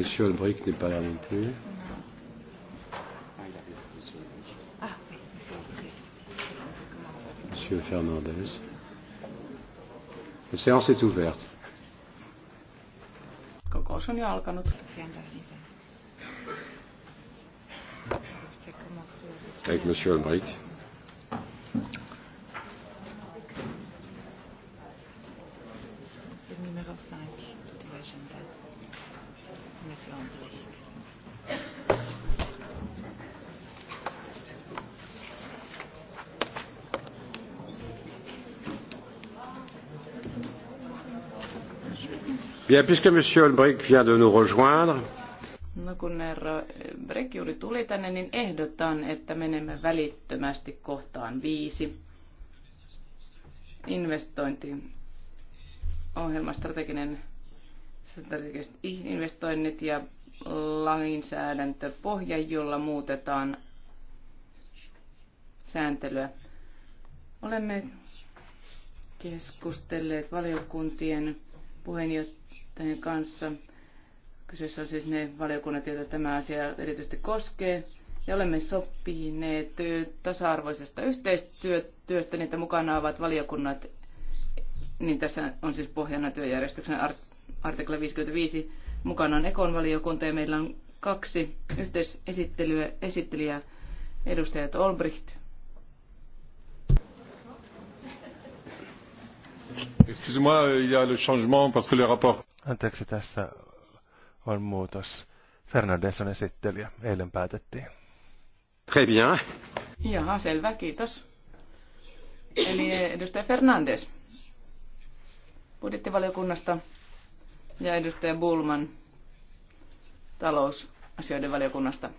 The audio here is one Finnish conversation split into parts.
Monsieur Olbrich n'est pas là non plus. Monsieur Fernandez. La séance est ouverte. Kokous on jo alkanut. Avec Monsieur Olbrich. Bien, puisque M. Olbrich vient de nous rejoindre. No kun herra Brek juuri tuli tänne, niin ehdotan, että menemme välittömästi kohtaan viisi. investointiohjelma, strateginen strategiset investoinnit ja lainsäädäntöpohja, jolla muutetaan sääntelyä. Olemme keskustelleet valiokuntien puheenjohtajan kanssa. Kyseessä on siis ne valiokunnat, joita tämä asia erityisesti koskee. Ja olemme sopineet tasa-arvoisesta yhteistyöstä, niitä mukana ovat valiokunnat, niin tässä on siis pohjana työjärjestyksen artikla 55, mukana on Ekon valiokunta ja meillä on kaksi yhteisesittelyä, esittelijä edustajat Olbricht Euh, Anteeksi, tässä on muutos. Fernandes on esittelijä. Eilen päätettiin. Très bien. Jaha, selvä, kiitos. Eli edustaja Fernandes budjettivaliokunnasta ja edustaja Bulman talousasioiden valiokunnasta.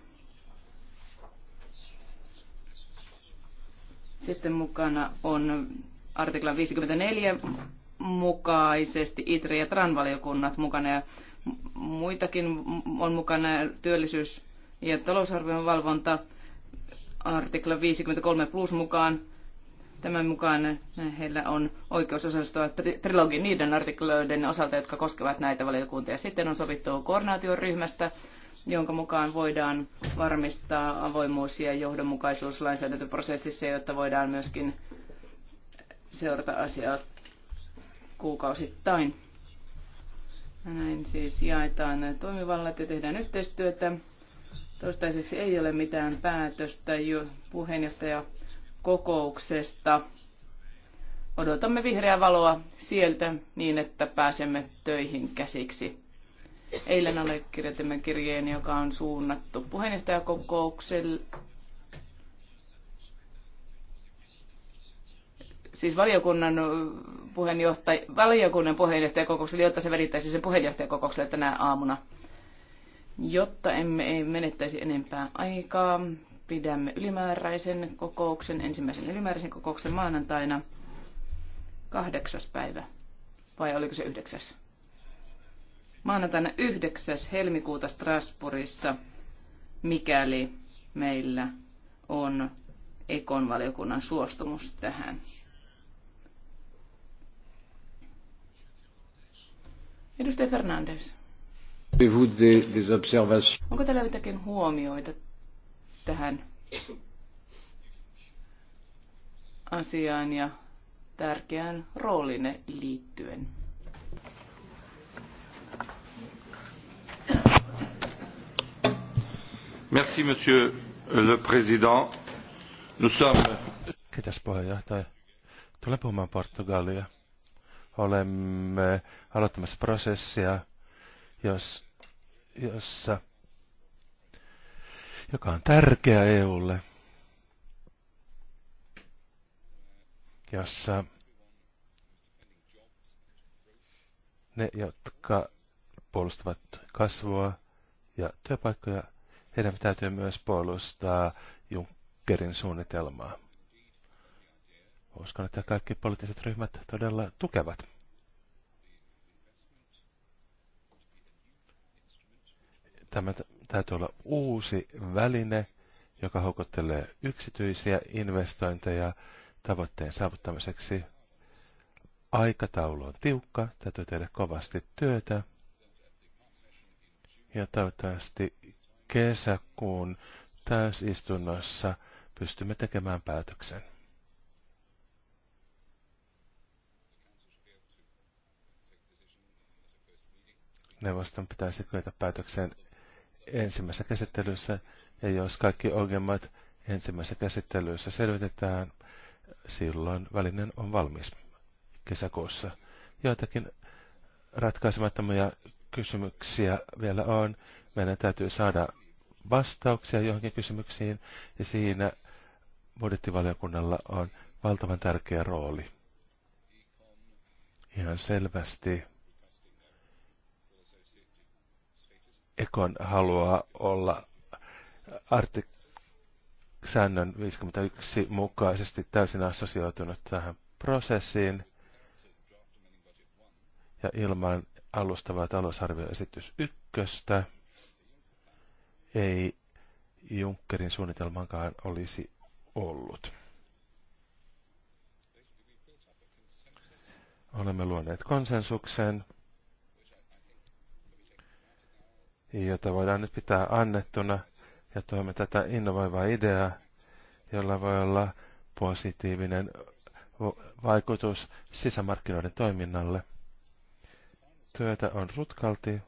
Sitten mukana on artikla 54 mukaisesti ITRE ja TRAN-valiokunnat mukana ja muitakin on mukana työllisyys- ja talousarvion valvonta artikla 53 plus mukaan. Tämän mukaan heillä on oikeus osallistua trilogin niiden artikloiden osalta, jotka koskevat näitä valiokuntia. Sitten on sovittu koordinaatioryhmästä, jonka mukaan voidaan varmistaa avoimuus ja johdonmukaisuus lainsäädäntöprosessissa, jotta voidaan myöskin seurata asiaa kuukausittain. Näin siis jaetaan toimivallat ja tehdään yhteistyötä. Toistaiseksi ei ole mitään päätöstä jo puheenjohtajakokouksesta. Odotamme vihreää valoa sieltä niin, että pääsemme töihin käsiksi. Eilen allekirjoitimme kirjeen, joka on suunnattu puheenjohtajakokoukselle siis valiokunnan puheenjohtaja, valiokunnan puheenjohtajakokoukselle, jotta se välittäisi sen puheenjohtajakokoukselle tänä aamuna. Jotta emme menettäisi enempää aikaa, pidämme ylimääräisen kokouksen, ensimmäisen ylimääräisen kokouksen maanantaina kahdeksas päivä, vai oliko se yhdeksäs? Maanantaina 9. helmikuuta Strasbourgissa, mikäli meillä on Ekon valiokunnan suostumus tähän. Edustaja Fernandes. Onko teillä jotakin huomioita tähän asiaan ja tärkeään roolinne liittyen? Merci, monsieur le président. Nous sommes... Kiitos puheenjohtaja. Tule puhumaan Portugalia olemme aloittamassa prosessia, jos, jossa, joka on tärkeä EUlle, jossa ne, jotka puolustavat kasvua ja työpaikkoja, heidän täytyy myös puolustaa Junckerin suunnitelmaa. Uskon, että kaikki poliittiset ryhmät todella tukevat. Tämä täytyy olla uusi väline, joka houkuttelee yksityisiä investointeja tavoitteen saavuttamiseksi. Aikataulu on tiukka, täytyy tehdä kovasti työtä. Ja toivottavasti kesäkuun täysistunnossa pystymme tekemään päätöksen. neuvoston pitäisi kyetä päätökseen ensimmäisessä käsittelyssä, ja jos kaikki ongelmat ensimmäisessä käsittelyssä selvitetään, silloin välinen on valmis kesäkuussa. Joitakin ratkaisemattomia kysymyksiä vielä on. Meidän täytyy saada vastauksia johonkin kysymyksiin, ja siinä budjettivaliokunnalla on valtavan tärkeä rooli. Ihan selvästi Ekon haluaa olla artik-säännön 51 mukaisesti täysin assosioitunut tähän prosessiin ja ilman alustavaa talousarvioesitys ykköstä ei Junckerin suunnitelmankaan olisi ollut. Olemme luoneet konsensuksen. jota voidaan nyt pitää annettuna, ja tuomme tätä innovoivaa ideaa, jolla voi olla positiivinen vaikutus sisämarkkinoiden toiminnalle. Työtä on rutkalti,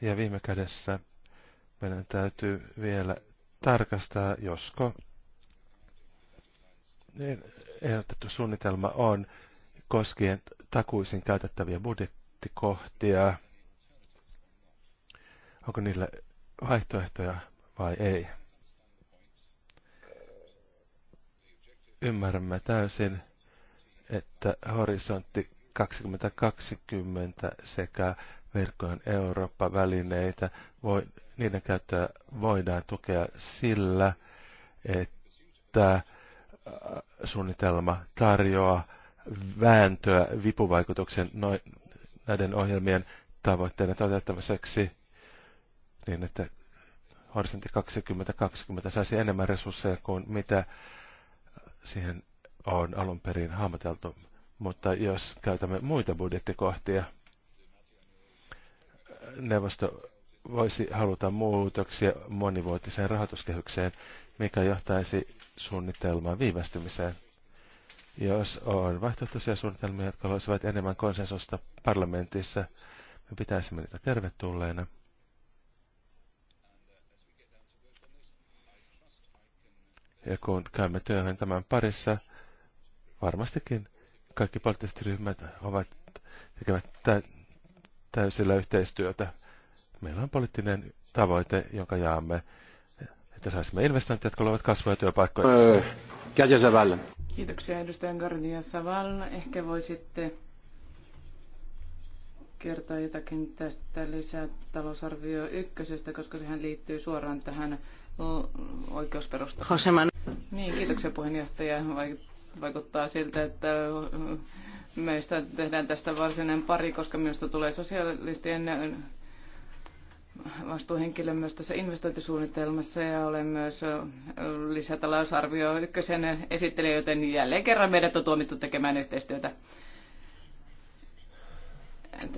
ja viime kädessä meidän täytyy vielä tarkastaa, josko niin ehdotettu suunnitelma on koskien takuisin käytettäviä budjettikohtia Onko niillä vaihtoehtoja vai ei? Ymmärrämme täysin, että horisontti 2020 sekä verkkojen Eurooppa-välineitä, voi, niiden käyttöä voidaan tukea sillä, että äh, suunnitelma tarjoaa vääntöä vipuvaikutuksen noin, näiden ohjelmien tavoitteiden toteuttamiseksi niin että horisontti 2020 saisi enemmän resursseja kuin mitä siihen on alun perin hahmoteltu. Mutta jos käytämme muita budjettikohtia, neuvosto voisi haluta muutoksia monivuotiseen rahoituskehykseen, mikä johtaisi suunnitelmaan viivästymiseen. Jos on vaihtoehtoisia suunnitelmia, jotka voisivat enemmän konsensusta parlamentissa, me pitäisimme niitä tervetulleina. Ja kun käymme työhön tämän parissa, varmastikin kaikki poliittiset ryhmät ovat tekevät tä täysillä yhteistyötä. Meillä on poliittinen tavoite, jonka jaamme, että saisimme investointeja, jotka luovat kasvua ja työpaikkoja. Öö, Kiitoksia edustaja Gardia Saval. Ehkä voisitte kertoa jotakin tästä lisää talousarvio ykkösestä, koska sehän liittyy suoraan tähän oikeusperusta. Joseman. Niin, kiitoksia puheenjohtaja. Vaikuttaa siltä, että meistä tehdään tästä varsinainen pari, koska minusta tulee sosialistien vastuuhenkilö myös tässä investointisuunnitelmassa ja olen myös lisätalousarvio ykkösen esittelijä, joten jälleen kerran meidät on tuomittu tekemään yhteistyötä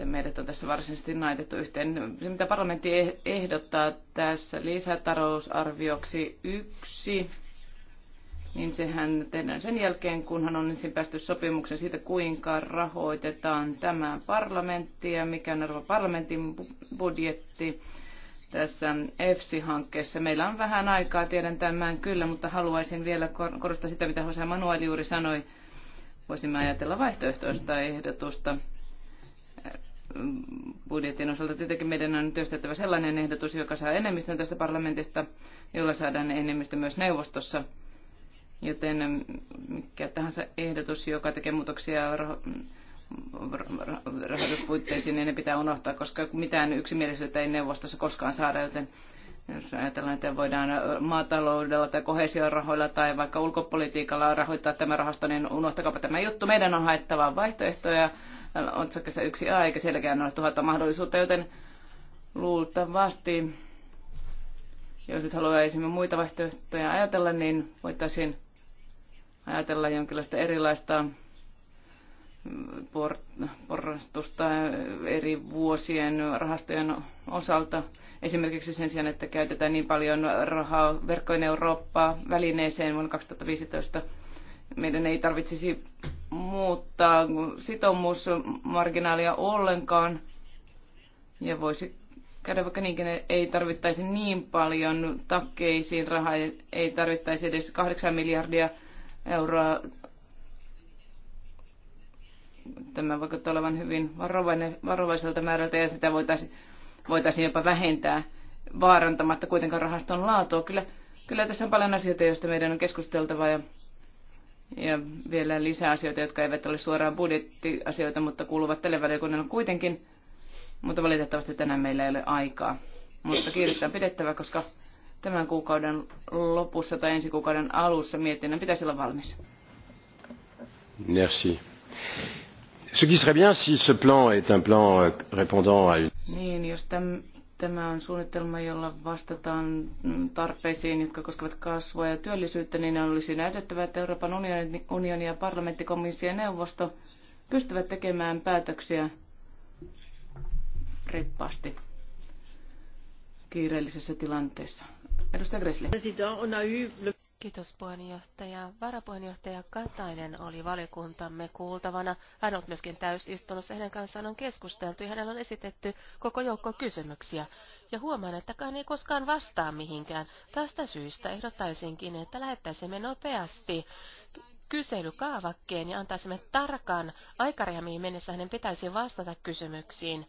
meidät on tässä varsinaisesti naitettu yhteen. Se, mitä parlamentti eh- ehdottaa tässä lisätarousarvioksi yksi, niin sehän tehdään sen jälkeen, kunhan on ensin päästy sopimuksen siitä, kuinka rahoitetaan tämä parlamentti ja mikä on arvo parlamentin budjetti tässä EFSI-hankkeessa. Meillä on vähän aikaa, tiedän tämän kyllä, mutta haluaisin vielä korostaa sitä, mitä Jose Manuel juuri sanoi. Voisimme ajatella vaihtoehtoista ehdotusta budjetin osalta tietenkin meidän on työstettävä sellainen ehdotus, joka saa enemmistön tästä parlamentista, jolla saadaan enemmistö myös neuvostossa. Joten mm, mikä tahansa ehdotus, joka tekee muutoksia mm, rahoituspuitteisiin, niin ne pitää unohtaa, koska mitään yksimielisyyttä ei neuvostossa koskaan saada, joten jos ajatellaan, että voidaan maataloudella tai kohesiorahoilla tai vaikka ulkopolitiikalla rahoittaa tämä rahasto, niin unohtakaapa tämä juttu. Meidän on haettava vaihtoehtoja otsakkeessa yksi a eikä sielläkään ole tuhatta mahdollisuutta, joten luultavasti, jos nyt haluaa esimerkiksi muita vaihtoehtoja ajatella, niin voitaisiin ajatella jonkinlaista erilaista mm, por- porrastusta eri vuosien rahastojen osalta. Esimerkiksi sen sijaan, että käytetään niin paljon rahaa verkkojen Eurooppaa välineeseen vuonna 2015 meidän ei tarvitsisi muuttaa sitoumusmarginaalia ollenkaan. Ja voisi käydä vaikka niinkin, ei tarvittaisi niin paljon takkeisiin rahaa, ei tarvittaisi edes 8 miljardia euroa. Tämä vaikuttaa olevan hyvin varovaiselta määrältä ja sitä voitaisiin, voitaisi jopa vähentää vaarantamatta kuitenkaan rahaston laatua. Kyllä, kyllä tässä on paljon asioita, joista meidän on keskusteltava ja ja vielä lisää asioita, jotka eivät ole suoraan budjettiasioita, mutta kuuluvat tälle valiokunnalle kuitenkin. Mutta valitettavasti tänään meillä ei ole aikaa. Mutta kiirettä on pidettävä, koska tämän kuukauden lopussa tai ensi kuukauden alussa mietinnän pitäisi olla valmis. Merci. Ce qui serait bien si ce plan est un plan euh, répondant à une... Niin, jos tämän Tämä on suunnitelma, jolla vastataan tarpeisiin, jotka koskevat kasvua ja työllisyyttä, niin olisi näytettävä, että Euroopan unioni, unioni ja parlamenttikomissio ja neuvosto pystyvät tekemään päätöksiä reippaasti kiireellisessä tilanteessa. Edustaja Gressle. Kiitos puheenjohtaja. Varapuheenjohtaja Katainen oli valiokuntamme kuultavana. Hän on myöskin täysistunnossa. Hänen kanssaan on keskusteltu ja hänellä on esitetty koko joukko kysymyksiä. Ja huomaan, että hän ei koskaan vastaa mihinkään. Tästä syystä ehdottaisinkin, että lähettäisimme nopeasti kyselykaavakkeen ja antaisimme tarkan aikarajan, mihin mennessä hänen pitäisi vastata kysymyksiin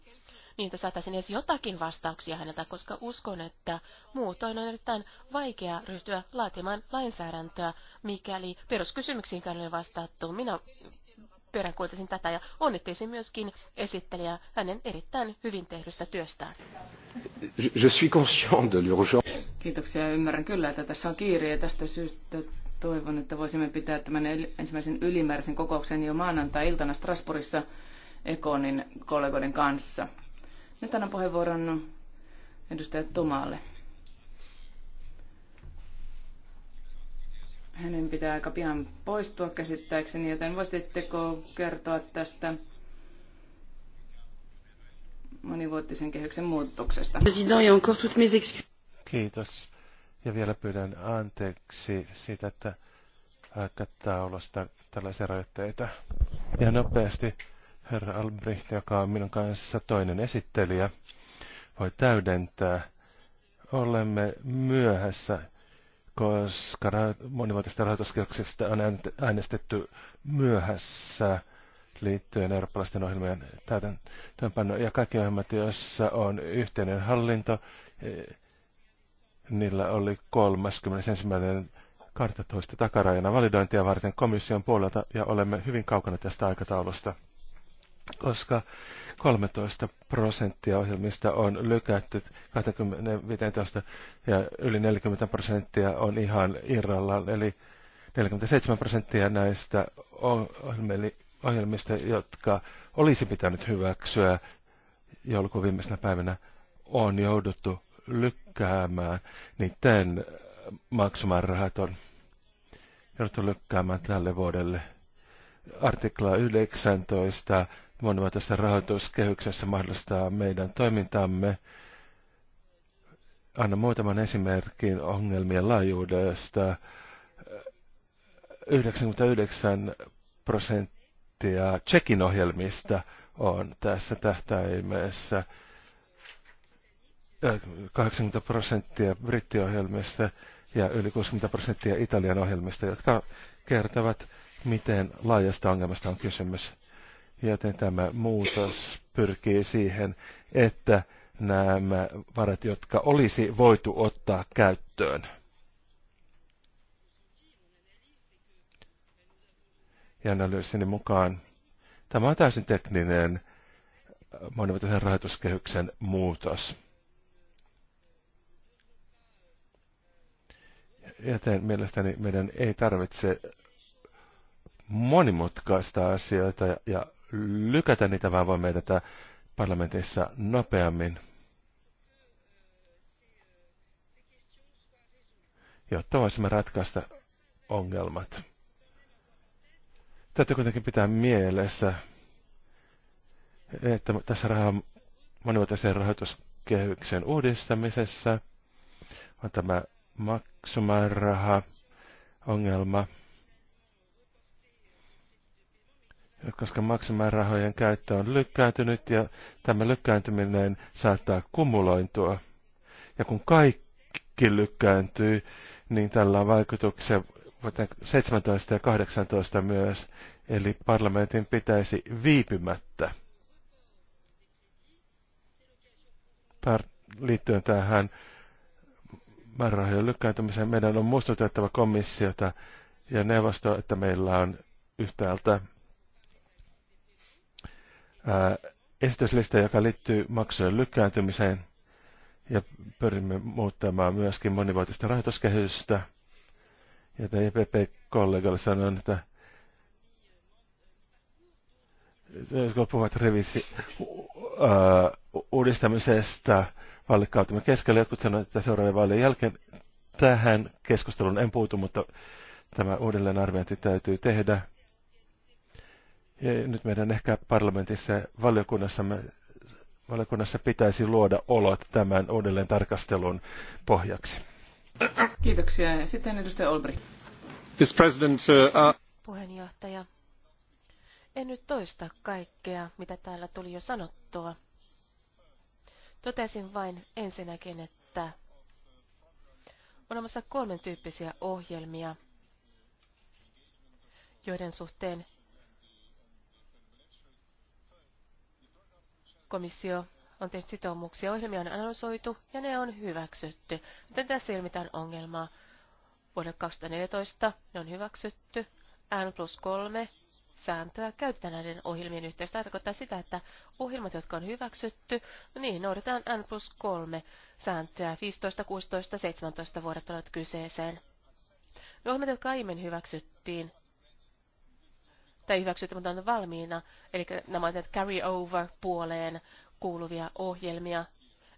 niin että saataisiin edes jotakin vastauksia häneltä, koska uskon, että muutoin on erittäin vaikea ryhtyä laatimaan lainsäädäntöä, mikäli peruskysymyksiin ei ole vastattu. Minä peräänkuultaisin tätä ja onnittelisin myöskin esittelijä hänen erittäin hyvin tehdystä työstään. Je suis conscient de l'urgence. Kiitoksia. Ymmärrän kyllä, että tässä on kiire ja tästä syystä toivon, että voisimme pitää tämän ensimmäisen ylimääräisen kokouksen jo maanantai-iltana Strasbourgissa Ekonin kollegoiden kanssa. Nyt annan puheenvuoron edustaja Tomalle. Hänen pitää aika pian poistua käsittääkseni, joten voisitteko kertoa tästä monivuotisen kehyksen muutoksesta? Kiitos. Ja vielä pyydän anteeksi siitä, että aikataulusta tällaisia rajoitteita. Ja nopeasti herra Albrecht, joka on minun kanssa toinen esittelijä, voi täydentää. Olemme myöhässä, koska monivuotisesta rahoituskeskuksesta on äänestetty myöhässä liittyen eurooppalaisten ohjelmien täytäntöönpanoon. Ja kaikki ohjelmat, joissa on yhteinen hallinto, e, niillä oli 31. 12. takarajana validointia varten komission puolelta ja olemme hyvin kaukana tästä aikataulusta koska 13 prosenttia ohjelmista on lykätty 2015 ja yli 40 prosenttia on ihan irrallaan. Eli 47 prosenttia näistä ohjelmista, jotka olisi pitänyt hyväksyä joulukuun viimeisenä päivänä, on jouduttu lykkäämään. Niiden maksumäärärahat on jouduttu lykkäämään tälle vuodelle. Artikla 19 monimuotoisessa rahoituskehyksessä mahdollistaa meidän toimintamme. Anna muutaman esimerkin ongelmien laajuudesta. 99 prosenttia Tsekin ohjelmista on tässä tähtäimessä. 80 prosenttia brittiohjelmista ja yli 60 prosenttia Italian ohjelmista, jotka kertovat, miten laajasta ongelmasta on kysymys. Joten tämä muutos pyrkii siihen, että nämä varat, jotka olisi voitu ottaa käyttöön. Ja analyysini mukaan tämä on täysin tekninen monivuotisen rahoituskehyksen muutos. Joten mielestäni meidän ei tarvitse monimutkaista asioita ja lykätä niitä, vaan voimme edetä parlamentissa nopeammin, jotta voisimme ratkaista ongelmat. Täytyy kuitenkin pitää mielessä, että tässä rahan monivuotisen rahoituskehyksen uudistamisessa on tämä maksumääräraha ongelma – koska rahojen käyttö on lykkääntynyt ja tämä lykkääntyminen saattaa kumulointua. Ja kun kaikki lykkääntyy, niin tällä on vaikutuksia vuoteen 17 ja 18 myös, eli parlamentin pitäisi viipymättä tar- liittyen tähän määrärahojen lykkääntymiseen meidän on muistutettava komissiota ja neuvostoa, että meillä on yhtäältä esityslista, joka liittyy maksujen lykkääntymiseen. Ja pyrimme muuttamaan myöskin monivuotista rahoituskehystä. Ja tämä EPP-kollegalle sanon, että kun puhuvat revisi uudistamisesta vallikautumme keskellä, jotkut sanoivat, että seuraavien vaalien jälkeen tähän keskusteluun en puutu, mutta tämä uudelleenarviointi täytyy tehdä. Ja nyt meidän ehkä parlamentissa valiokunnassa me valiokunnassa pitäisi luoda olot tämän uudelleen tarkastelun pohjaksi. Kiitoksia. Sitten edustaja Olbrich. This president, uh, uh, Puheenjohtaja, en nyt toista kaikkea, mitä täällä tuli jo sanottua. Totesin vain ensinnäkin, että on olemassa kolmen tyyppisiä ohjelmia, joiden suhteen Komissio on tehnyt sitoumuksia, ohjelmia on analysoitu ja ne on hyväksytty. Joten tässä ei ole mitään ongelmaa. Vuodelle 2014 ne on hyväksytty. N plus 3 sääntöä käytetään näiden ohjelmien yhteydessä. Tämä tarkoittaa sitä, että ohjelmat, jotka on hyväksytty, no niihin noudatetaan N plus 3 sääntöä. 15, 16, 17 vuodet tulevat kyseeseen. Ne ohjelmat, jotka aiemmin hyväksyttiin, tai on valmiina, eli nämä ovat carry over puoleen kuuluvia ohjelmia.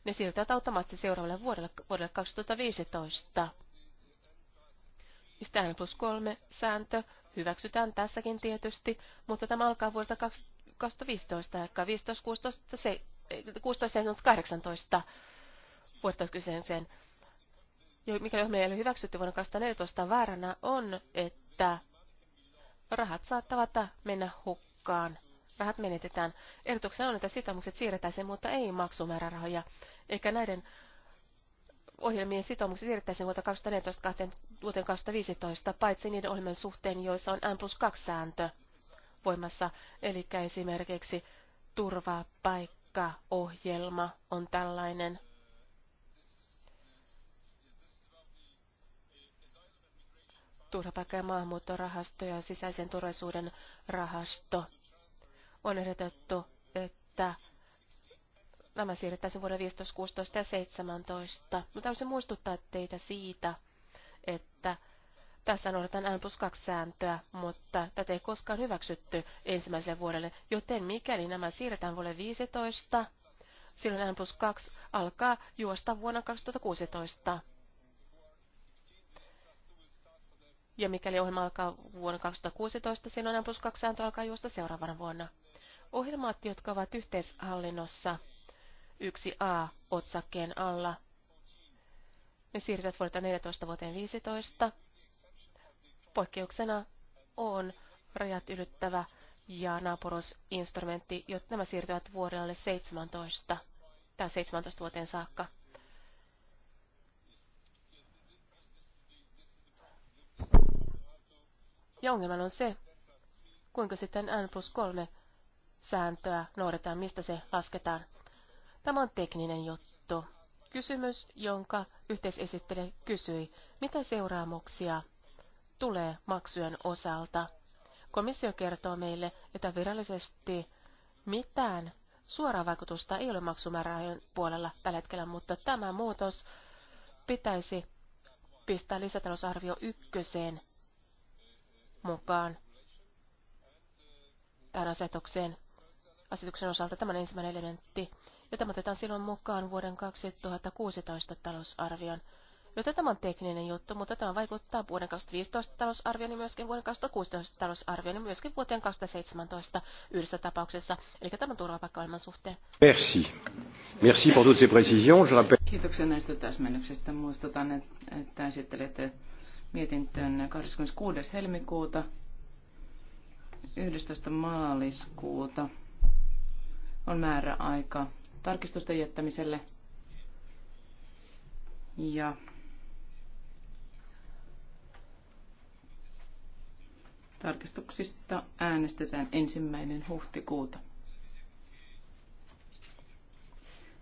Ne siirtyvät automaattisesti seuraavalle vuodelle, vuodelle 2015. Stan plus 3 sääntö hyväksytään tässäkin tietysti, mutta tämä alkaa vuodelta 2015, ehkä 15, 16, 16 17, 18 vuotta kyseeseen. Mikäli meillä ei ole hyväksytty vuonna 2014, vaarana on, että rahat saattavat mennä hukkaan. Rahat menetetään. Ehdotuksena on, että sitoumukset siirretään sen, mutta ei maksumäärärahoja. Eikä näiden ohjelmien sitoumukset siirrettäisiin vuotta 2014 vuoteen 2015, paitsi niiden ohjelmien suhteen, joissa on N plus 2 sääntö voimassa, eli esimerkiksi turvapaikkaohjelma on tällainen turvapaikka- ja maahanmuuttorahasto ja sisäisen turvallisuuden rahasto. On ehdotettu, että nämä siirrettäisiin vuoden 15, 16 ja 17. Mutta haluaisin muistuttaa teitä siitä, että tässä noudatetaan N plus 2 sääntöä, mutta tätä ei koskaan hyväksytty ensimmäiselle vuodelle, joten mikäli nämä siirretään vuodelle 15, silloin N plus 2 alkaa juosta vuonna 2016. Ja mikäli ohjelma alkaa vuonna 2016, silloin plus 2 sääntö alkaa juosta seuraavana vuonna. Ohjelmat, jotka ovat yhteishallinnossa 1A-otsakkeen alla, ne siirtyvät vuodelta 14 vuoteen 15. Poikkeuksena on rajat ylittävä ja naapuruusinstrumentti, jotta nämä siirtyvät vuodelle 17 tai 17 vuoteen saakka. Ja ongelma on se, kuinka sitten N plus 3 sääntöä noudetaan, mistä se lasketaan. Tämä on tekninen juttu. Kysymys, jonka yhteisesittelijä kysyi, mitä seuraamuksia tulee maksujen osalta. Komissio kertoo meille, että virallisesti mitään suoraa vaikutusta ei ole maksumäärärahojen puolella tällä hetkellä, mutta tämä muutos pitäisi pistää lisätalousarvio ykköseen mukaan tähän asetukseen. Asetuksen osalta on ensimmäinen elementti, ja tämä otetaan silloin mukaan vuoden 2016 talousarvion. Joten tämä on tekninen juttu, mutta tämä vaikuttaa vuoden 2015 talousarvioon, niin myöskin vuoden 2016 talousarvioon, niin myöskin vuoteen 2017 yhdessä tapauksessa, eli on turvapaikkaohjelman suhteen. Merci. Merci pour toutes ces précisions. Je rappelle... Kiitoksia näistä täsmennyksistä. Muistutan, että esittelette mietintöön 26. helmikuuta, 11. maaliskuuta on määräaika tarkistusten jättämiselle. Ja tarkistuksista äänestetään ensimmäinen huhtikuuta.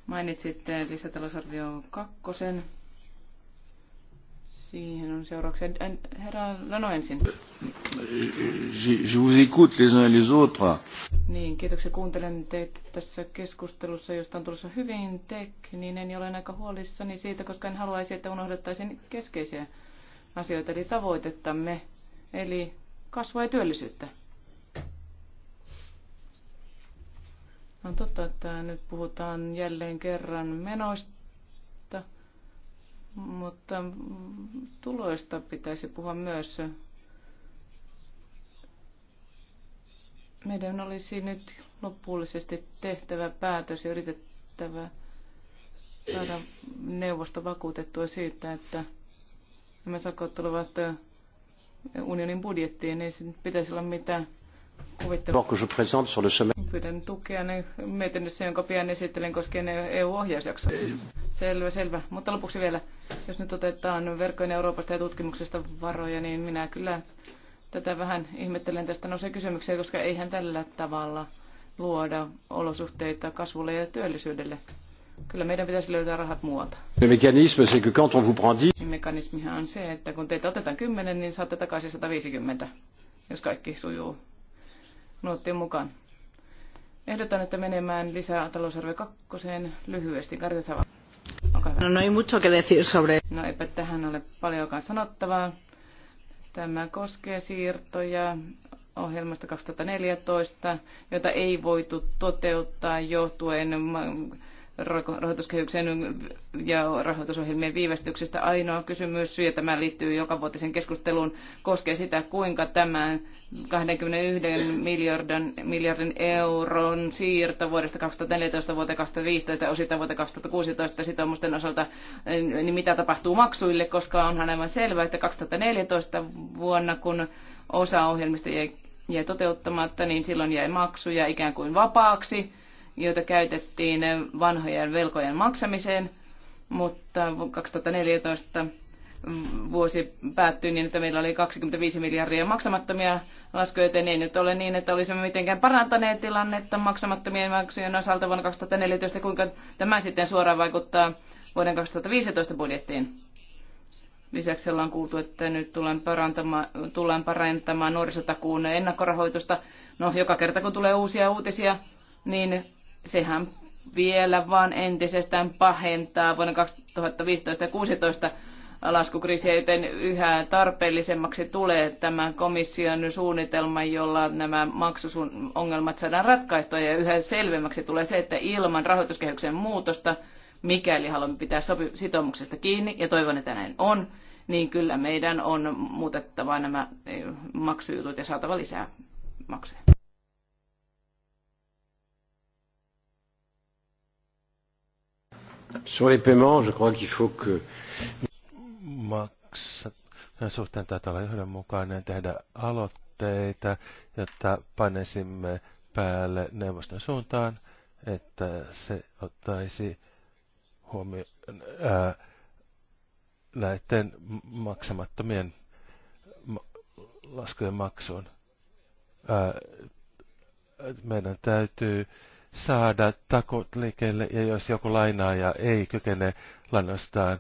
Mainitsitte lisätalousarvio kakkosen. Siihen on seurauksia. Herra Lano ensin. Je vous écoute les uns les autres. Niin, kiitoksia. Kuuntelen teitä tässä keskustelussa, josta on tulossa hyvin tekninen ja olen aika huolissani siitä, koska en haluaisi, että unohdettaisiin keskeisiä asioita, eli tavoitettamme, eli kasvua ja työllisyyttä. On totta, että nyt puhutaan jälleen kerran menoista mutta tuloista pitäisi puhua myös. Meidän olisi nyt lopullisesti tehtävä päätös ja yritettävä saada neuvosto vakuutettua siitä, että nämä sakot tulevat unionin budjettiin, ei sen pitäisi olla mitään kuvittelua. Pyydän tukea mietinnössä, jonka pian esittelen koskien EU-ohjausjaksoa. Selvä, selvä. Mutta lopuksi vielä, jos nyt otetaan verkkojen Euroopasta ja tutkimuksesta varoja, niin minä kyllä tätä vähän ihmettelen tästä nousee kysymyksiä, koska eihän tällä tavalla luoda olosuhteita kasvulle ja työllisyydelle. Kyllä meidän pitäisi löytää rahat muualta. Mekanismi, c'est que quand on vous prend 10... Niin mekanismihan on se, että kun teitä otetaan 10, niin saatte takaisin 150, jos kaikki sujuu nuottien mukaan. Ehdotan, että menemään lisää talousarvio kakkoseen lyhyesti. Kartetava. No, no, ei mucho que decir sobre... no eipä tähän ole paljonkaan sanottavaa. Tämä koskee siirtoja ohjelmasta 2014, jota ei voitu toteuttaa johtuen rahoituskehyksen ja rahoitusohjelmien viivästyksestä. Ainoa kysymys, ja tämä liittyy jokavuotisen keskusteluun, koskee sitä, kuinka tämä 21 miljardin, miljardin euron siirto vuodesta 2014 vuoteen 2015 ja osittain vuoteen 2016 sitoumusten osalta, niin mitä tapahtuu maksuille, koska onhan aivan selvää, että 2014 vuonna, kun osa ohjelmista jäi, jäi toteuttamatta, niin silloin jäi maksuja ikään kuin vapaaksi joita käytettiin vanhojen velkojen maksamiseen, mutta 2014 vuosi päättyi niin, että meillä oli 25 miljardia maksamattomia laskuja, joten ei nyt ole niin, että olisimme mitenkään parantaneet tilannetta maksamattomien maksujen osalta vuonna 2014, kuinka tämä sitten suoraan vaikuttaa vuoden 2015 budjettiin. Lisäksi ollaan kuultu, että nyt tullaan parantamaan, tullaan parantamaan nuorisotakuun ennakkorahoitusta. No, joka kerta kun tulee uusia uutisia, niin sehän vielä vaan entisestään pahentaa vuonna 2015 ja 2016 laskukriisiä, joten yhä tarpeellisemmaksi tulee tämä komission suunnitelma, jolla nämä maksusongelmat saadaan ratkaistua ja yhä selvemmäksi tulee se, että ilman rahoituskehyksen muutosta, mikäli haluamme pitää sopi- sitoumuksesta kiinni, ja toivon, että näin on, niin kyllä meidän on muutettava nämä eh, maksujutut ja saatava lisää maksuja. Sur les paiements, je crois qu'il faut que... Maksat suhteen täytyy olla yhdenmukainen tehdä aloitteita, jotta panesimme päälle neuvoston suuntaan, että se ottaisi huomioon ää, näiden maksamattomien laskujen maksuun. Ää, meidän täytyy saada takot liikkeelle ja jos joku lainaaja ei kykene lainastaan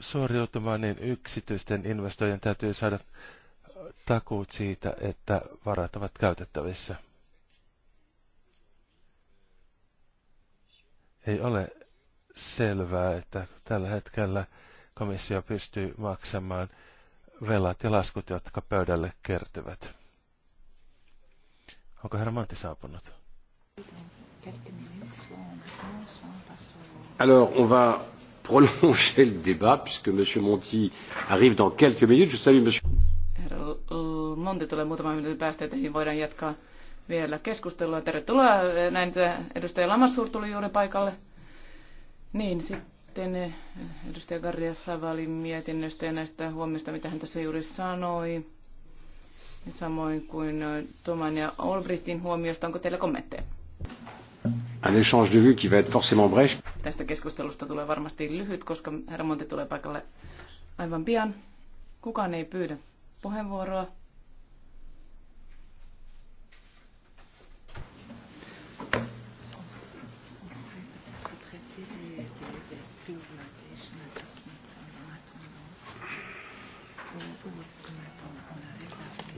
suoriutumaan, niin yksityisten investoijien täytyy saada takuut siitä, että varat ovat käytettävissä. Ei ole selvää, että tällä hetkellä komissio pystyy maksamaan velat ja laskut, jotka pöydälle kertyvät. Onko herra Mantti saapunut? Alors, on va prolonger le débat puisque M. Monti arrive dans quelques minutes. Je salue M. Herra Monti tulee muutaman minuutin päästä, että voidaan jatkaa vielä keskustelua. Tervetuloa. Näin, että edustaja Lamassuur tuli juuri paikalle. Niin, sitten edustaja Garria Savalin mietinnöstä ja näistä huomista, mitä hän tässä juuri sanoi. Samoin kuin Toman ja Olbrichtin huomiosta. Onko teillä kommentteja? un échange de vues qui va être forcément bref. Tästä keskustelusta tulee varmasti lyhyt, koska herra Monti tulee paikalle aivan pian. Kukaan ei pyydä puheenvuoroa.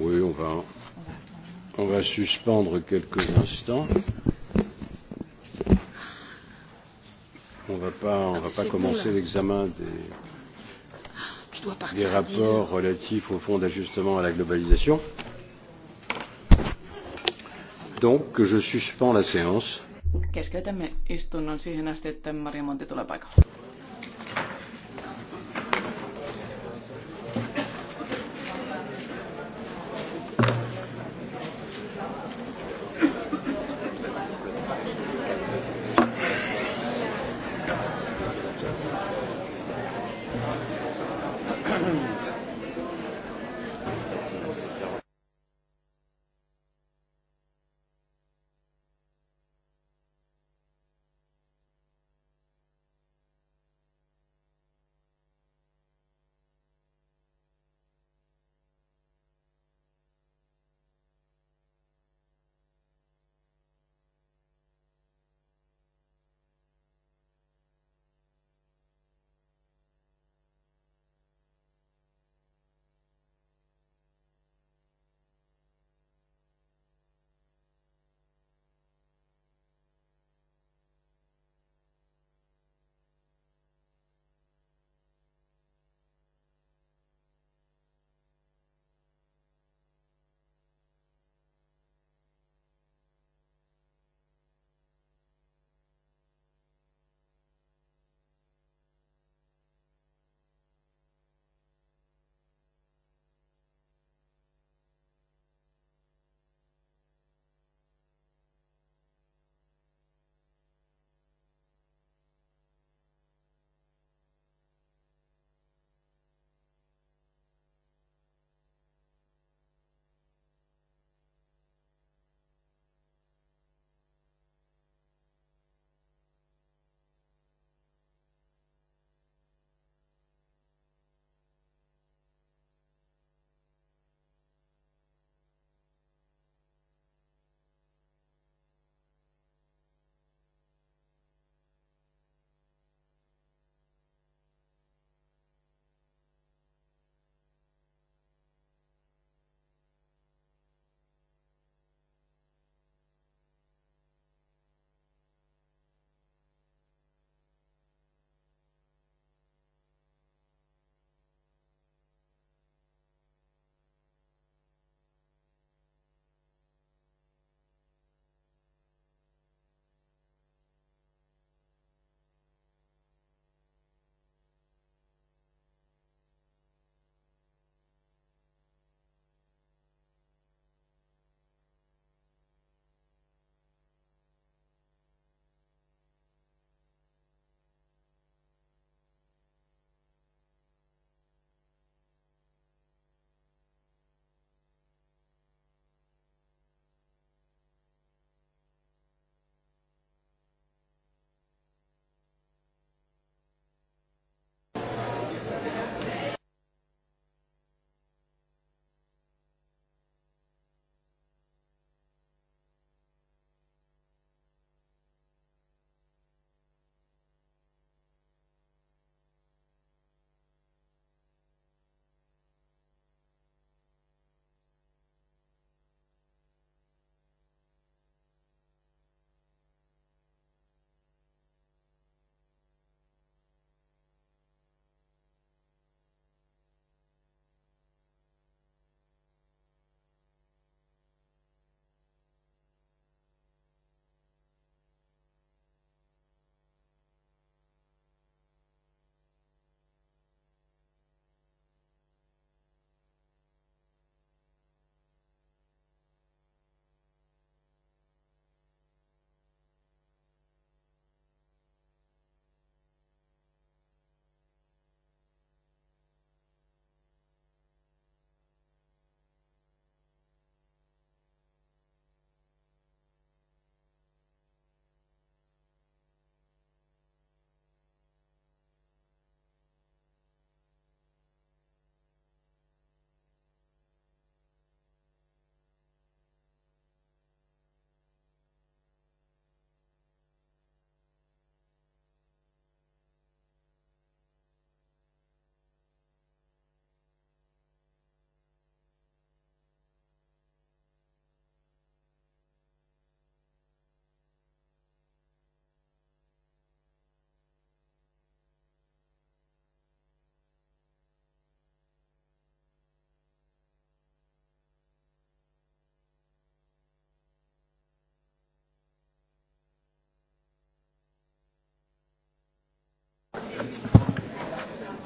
Oui, on va, on va suspendre quelques instants. pas, on ah, va pas commencer l'examen des, ah, des rapports relatifs au fonds d'ajustement à la globalisation. Donc, je suspends la séance. Keskeytämme istunnon siihen asti, että Maria Monti tulee paikalle.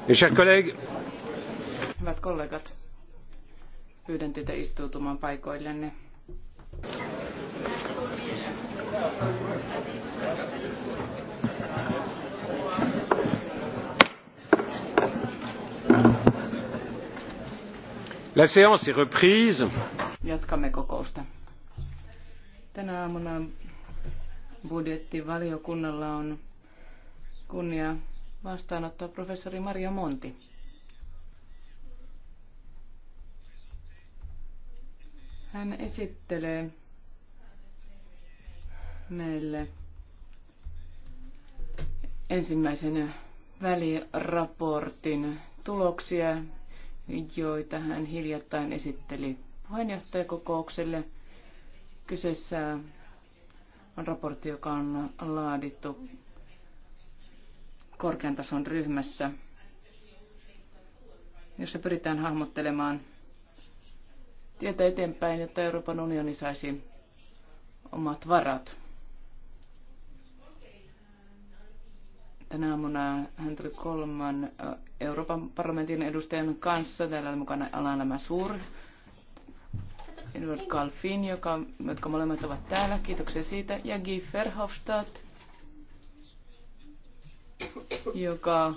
Mes chers collègues. Hyvät kollegat, pyydän teitä istuutumaan paikoillenne. La séance est reprise. Jatkamme kokousta. Tänä aamuna budjettivaliokunnalla on kunnia vastaanottaa professori Maria Monti. Hän esittelee meille ensimmäisenä väliraportin tuloksia, joita hän hiljattain esitteli puheenjohtajakokoukselle. Kyseessä on raportti, joka on laadittu korkean tason ryhmässä, jossa pyritään hahmottelemaan tietä eteenpäin, jotta Euroopan unioni saisi omat varat. Tänä aamuna hän tuli kolman Euroopan parlamentin edustajan kanssa. Täällä oli mukana Alana Suur, Edward Kalfin, joka, jotka molemmat ovat täällä. Kiitoksia siitä. Ja Guy Verhofstadt, joka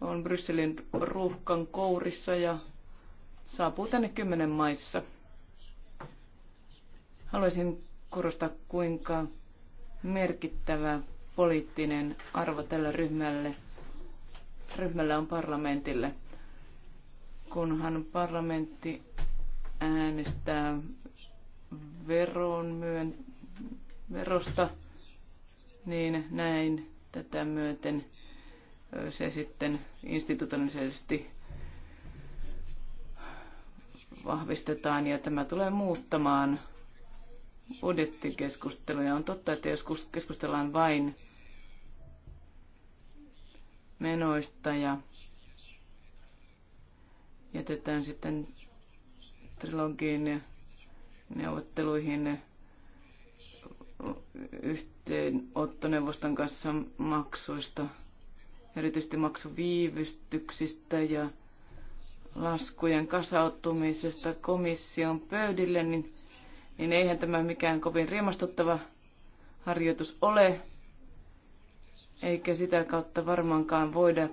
on Brysselin ruuhkan kourissa ja saapuu tänne kymmenen maissa. Haluaisin korostaa, kuinka merkittävä poliittinen arvo tällä ryhmälle, ryhmällä on parlamentille. Kunhan parlamentti äänestää veron myön, verosta, niin näin tätä myöten se sitten institutionaalisesti vahvistetaan ja tämä tulee muuttamaan budjettikeskusteluja. On totta, että jos keskustellaan vain menoista ja jätetään sitten trilogiin neuvotteluihin yhteenottoneuvoston kanssa maksuista erityisesti maksuviivystyksistä ja laskujen kasautumisesta komission pöydille, niin, niin eihän tämä mikään kovin riemastuttava harjoitus ole, eikä sitä kautta varmaankaan voida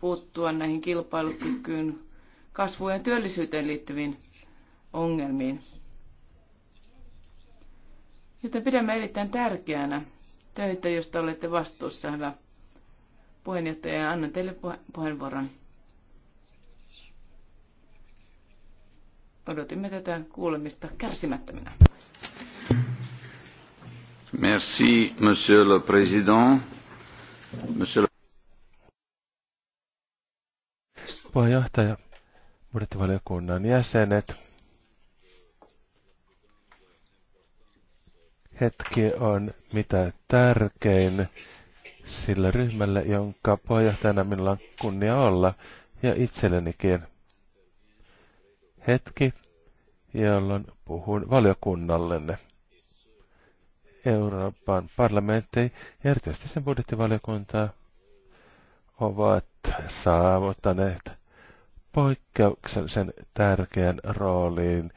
puuttua näihin kilpailukykyyn, kasvuun ja työllisyyteen liittyviin ongelmiin. Joten pidämme erittäin tärkeänä töitä, josta olette vastuussa, hyvä puheenjohtaja, annan teille puheenvuoron. Odotimme tätä kuulemista kärsimättöminä. Merci, monsieur le président. Monsieur le... Puheenjohtaja, budjettivaliokunnan jäsenet. Hetki on mitä tärkein sille ryhmälle, jonka puheenjohtajana minulla on kunnia olla, ja itsellenikin. Hetki, jolloin puhun valiokunnallenne. Euroopan parlamentti ja erityisesti sen budjettivaliokunta ovat saavuttaneet poikkeuksellisen tärkeän rooliin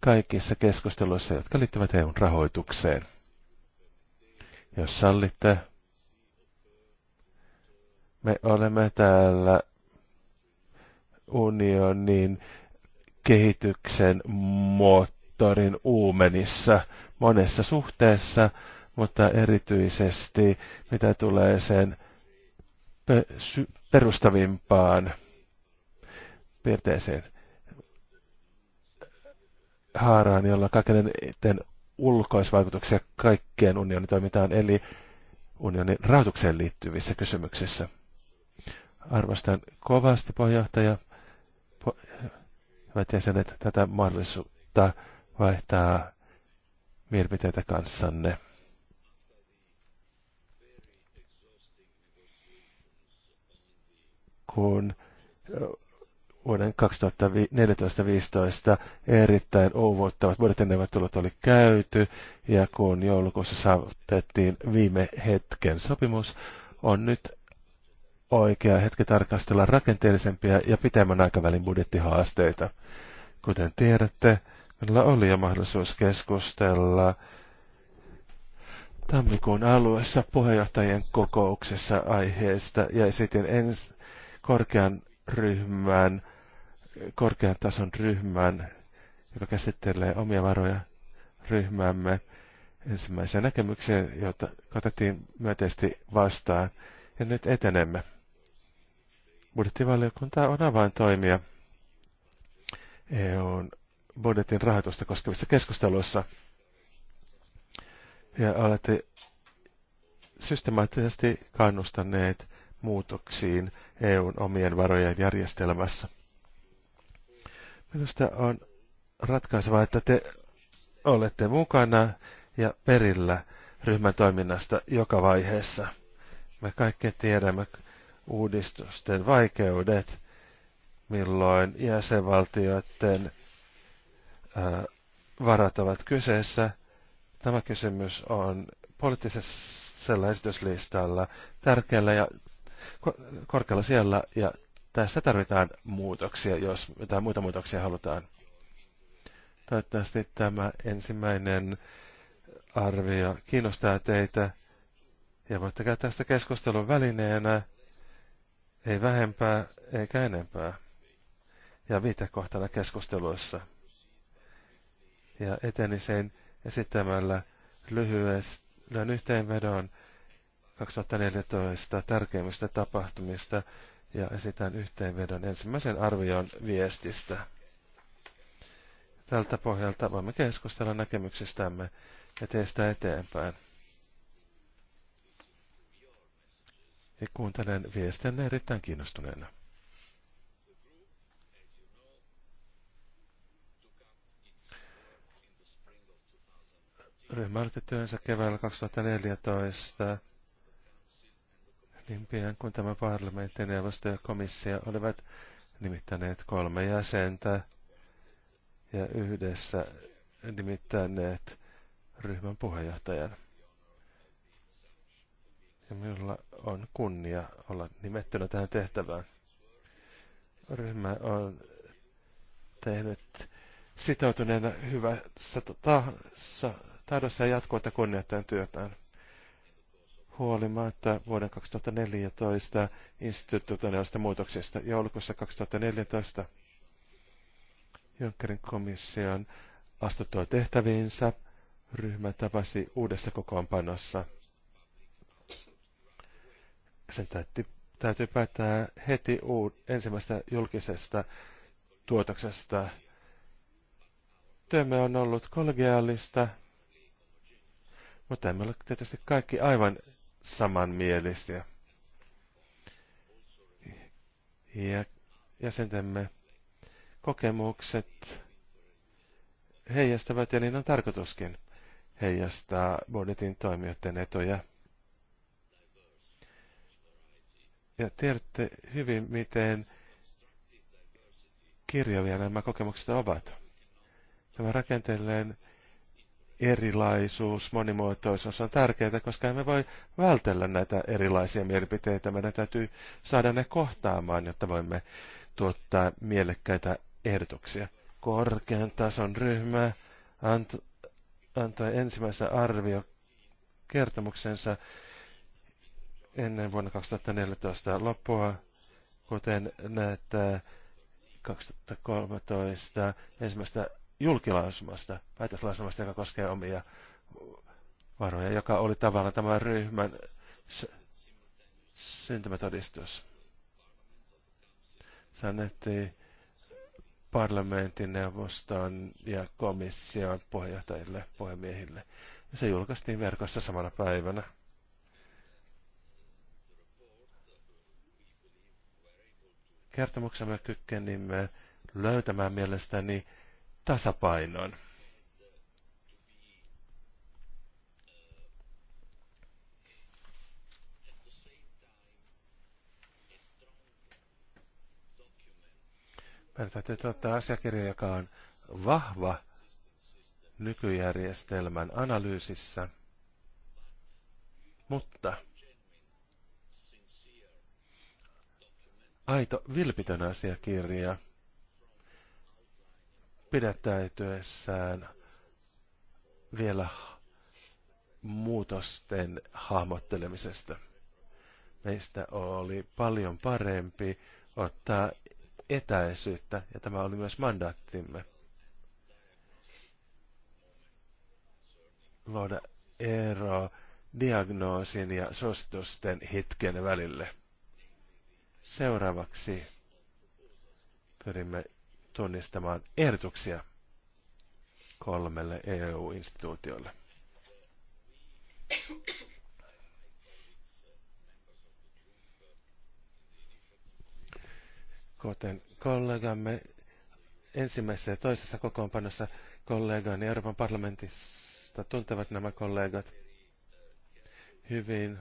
kaikissa keskusteluissa, jotka liittyvät EUn rahoitukseen. Jos sallitte, me olemme täällä unionin kehityksen moottorin uumenissa monessa suhteessa, mutta erityisesti mitä tulee sen perustavimpaan piirteeseen haaraan, jolla kaiken ulkoisvaikutuksia kaikkeen unionitoimintaan, eli unionin rahoitukseen liittyvissä kysymyksissä. Arvostan kovasti puheenjohtaja, po, hyvät jäsenet, tätä mahdollisuutta vaihtaa mielipiteitä kanssanne. Kun vuoden 2014-2015 erittäin uuvuuttavat budjettineuvottelut oli käyty ja kun joulukuussa saavutettiin viime hetken sopimus, on nyt oikea hetki tarkastella rakenteellisempia ja pitemmän aikavälin budjettihaasteita. Kuten tiedätte, meillä oli jo mahdollisuus keskustella tammikuun alueessa puheenjohtajien kokouksessa aiheesta ja esitin ens korkean ryhmän, korkean tason ryhmän, joka käsittelee omia varoja ryhmämme ensimmäiseen näkemykseen, jota otettiin myönteisesti vastaan. Ja nyt etenemme. Budjettivaliokunta on avaintoimija EUn budjetin rahoitusta koskevissa keskusteluissa. Ja olette systemaattisesti kannustaneet muutoksiin EUn omien varojen järjestelmässä. Minusta on ratkaisevaa, että te olette mukana ja perillä ryhmän toiminnasta joka vaiheessa. Me kaikki tiedämme, uudistusten vaikeudet, milloin jäsenvaltioiden varat ovat kyseessä. Tämä kysymys on poliittisella esityslistalla tärkeällä ja korkealla siellä, ja tässä tarvitaan muutoksia, jos jotain muita muutoksia halutaan. Toivottavasti tämä ensimmäinen arvio kiinnostaa teitä, ja voitte käyttää tästä keskustelun välineenä. Ei vähempää eikä enempää. Ja viitekohtana keskusteluissa. Ja etenisin esittämällä lyhyen yhteenvedon 2014 tärkeimmistä tapahtumista ja esitän yhteenvedon ensimmäisen arvion viestistä. Tältä pohjalta voimme keskustella näkemyksistämme ja teistä eteenpäin. kuuntelen viestenne erittäin kiinnostuneena. Ryhmä aloitti työnsä keväällä 2014 niin pian kuin tämä parlamentin neuvosto ja komissio olivat nimittäneet kolme jäsentä ja yhdessä nimittäneet ryhmän puheenjohtajan ja minulla on kunnia olla nimettynä tähän tehtävään. Ryhmä on tehnyt sitoutuneena hyvässä tahdossa, tahdossa ja jatkuvatta kunnioittajan työtään. Huolimatta vuoden 2014 institutionaalista muutoksista joulukuussa 2014 Junckerin komission astuttua tehtäviinsä ryhmä tapasi uudessa kokoonpanossa – sen täytyy, täytyy päättää heti uud, ensimmäisestä julkisesta tuotoksesta. Työmme on ollut kollegiaalista, mutta emme ole tietysti kaikki aivan samanmielisiä. Ja jäsentemme kokemukset heijastavat, ja niin on tarkoituskin heijastaa budjetin toimijoiden etuja. Ja tiedätte hyvin, miten kirjavia nämä kokemukset ovat. Tämä rakenteellinen erilaisuus, monimuotoisuus on tärkeää, koska emme voi vältellä näitä erilaisia mielipiteitä. Meidän täytyy saada ne kohtaamaan, jotta voimme tuottaa mielekkäitä ehdotuksia. Korkean tason ryhmä antoi ensimmäisen arvio kertomuksensa ennen vuonna 2014 loppua, kuten näette 2013 ensimmäistä julkilausumasta, päätöslausumasta, joka koskee omia varoja, joka oli tavallaan tämän ryhmän syntymätodistus. Se annettiin parlamentin neuvoston ja komission puheenjohtajille, puhemiehille. Se julkaistiin verkossa samana päivänä. kertomuksemme kykenimme löytämään mielestäni tasapainon. Meidän täytyy tuottaa asiakirja, joka on vahva nykyjärjestelmän analyysissä, mutta aito vilpitön asiakirja pidättäytyessään vielä muutosten hahmottelemisesta. Meistä oli paljon parempi ottaa etäisyyttä, ja tämä oli myös mandaattimme. Luoda ero diagnoosin ja suositusten hetken välille. Seuraavaksi pyrimme tunnistamaan ehdotuksia kolmelle EU-instituutiolle. Kuten kollegamme ensimmäisessä ja toisessa kokoonpanossa kollegani Euroopan parlamentista tuntevat nämä kollegat hyvin.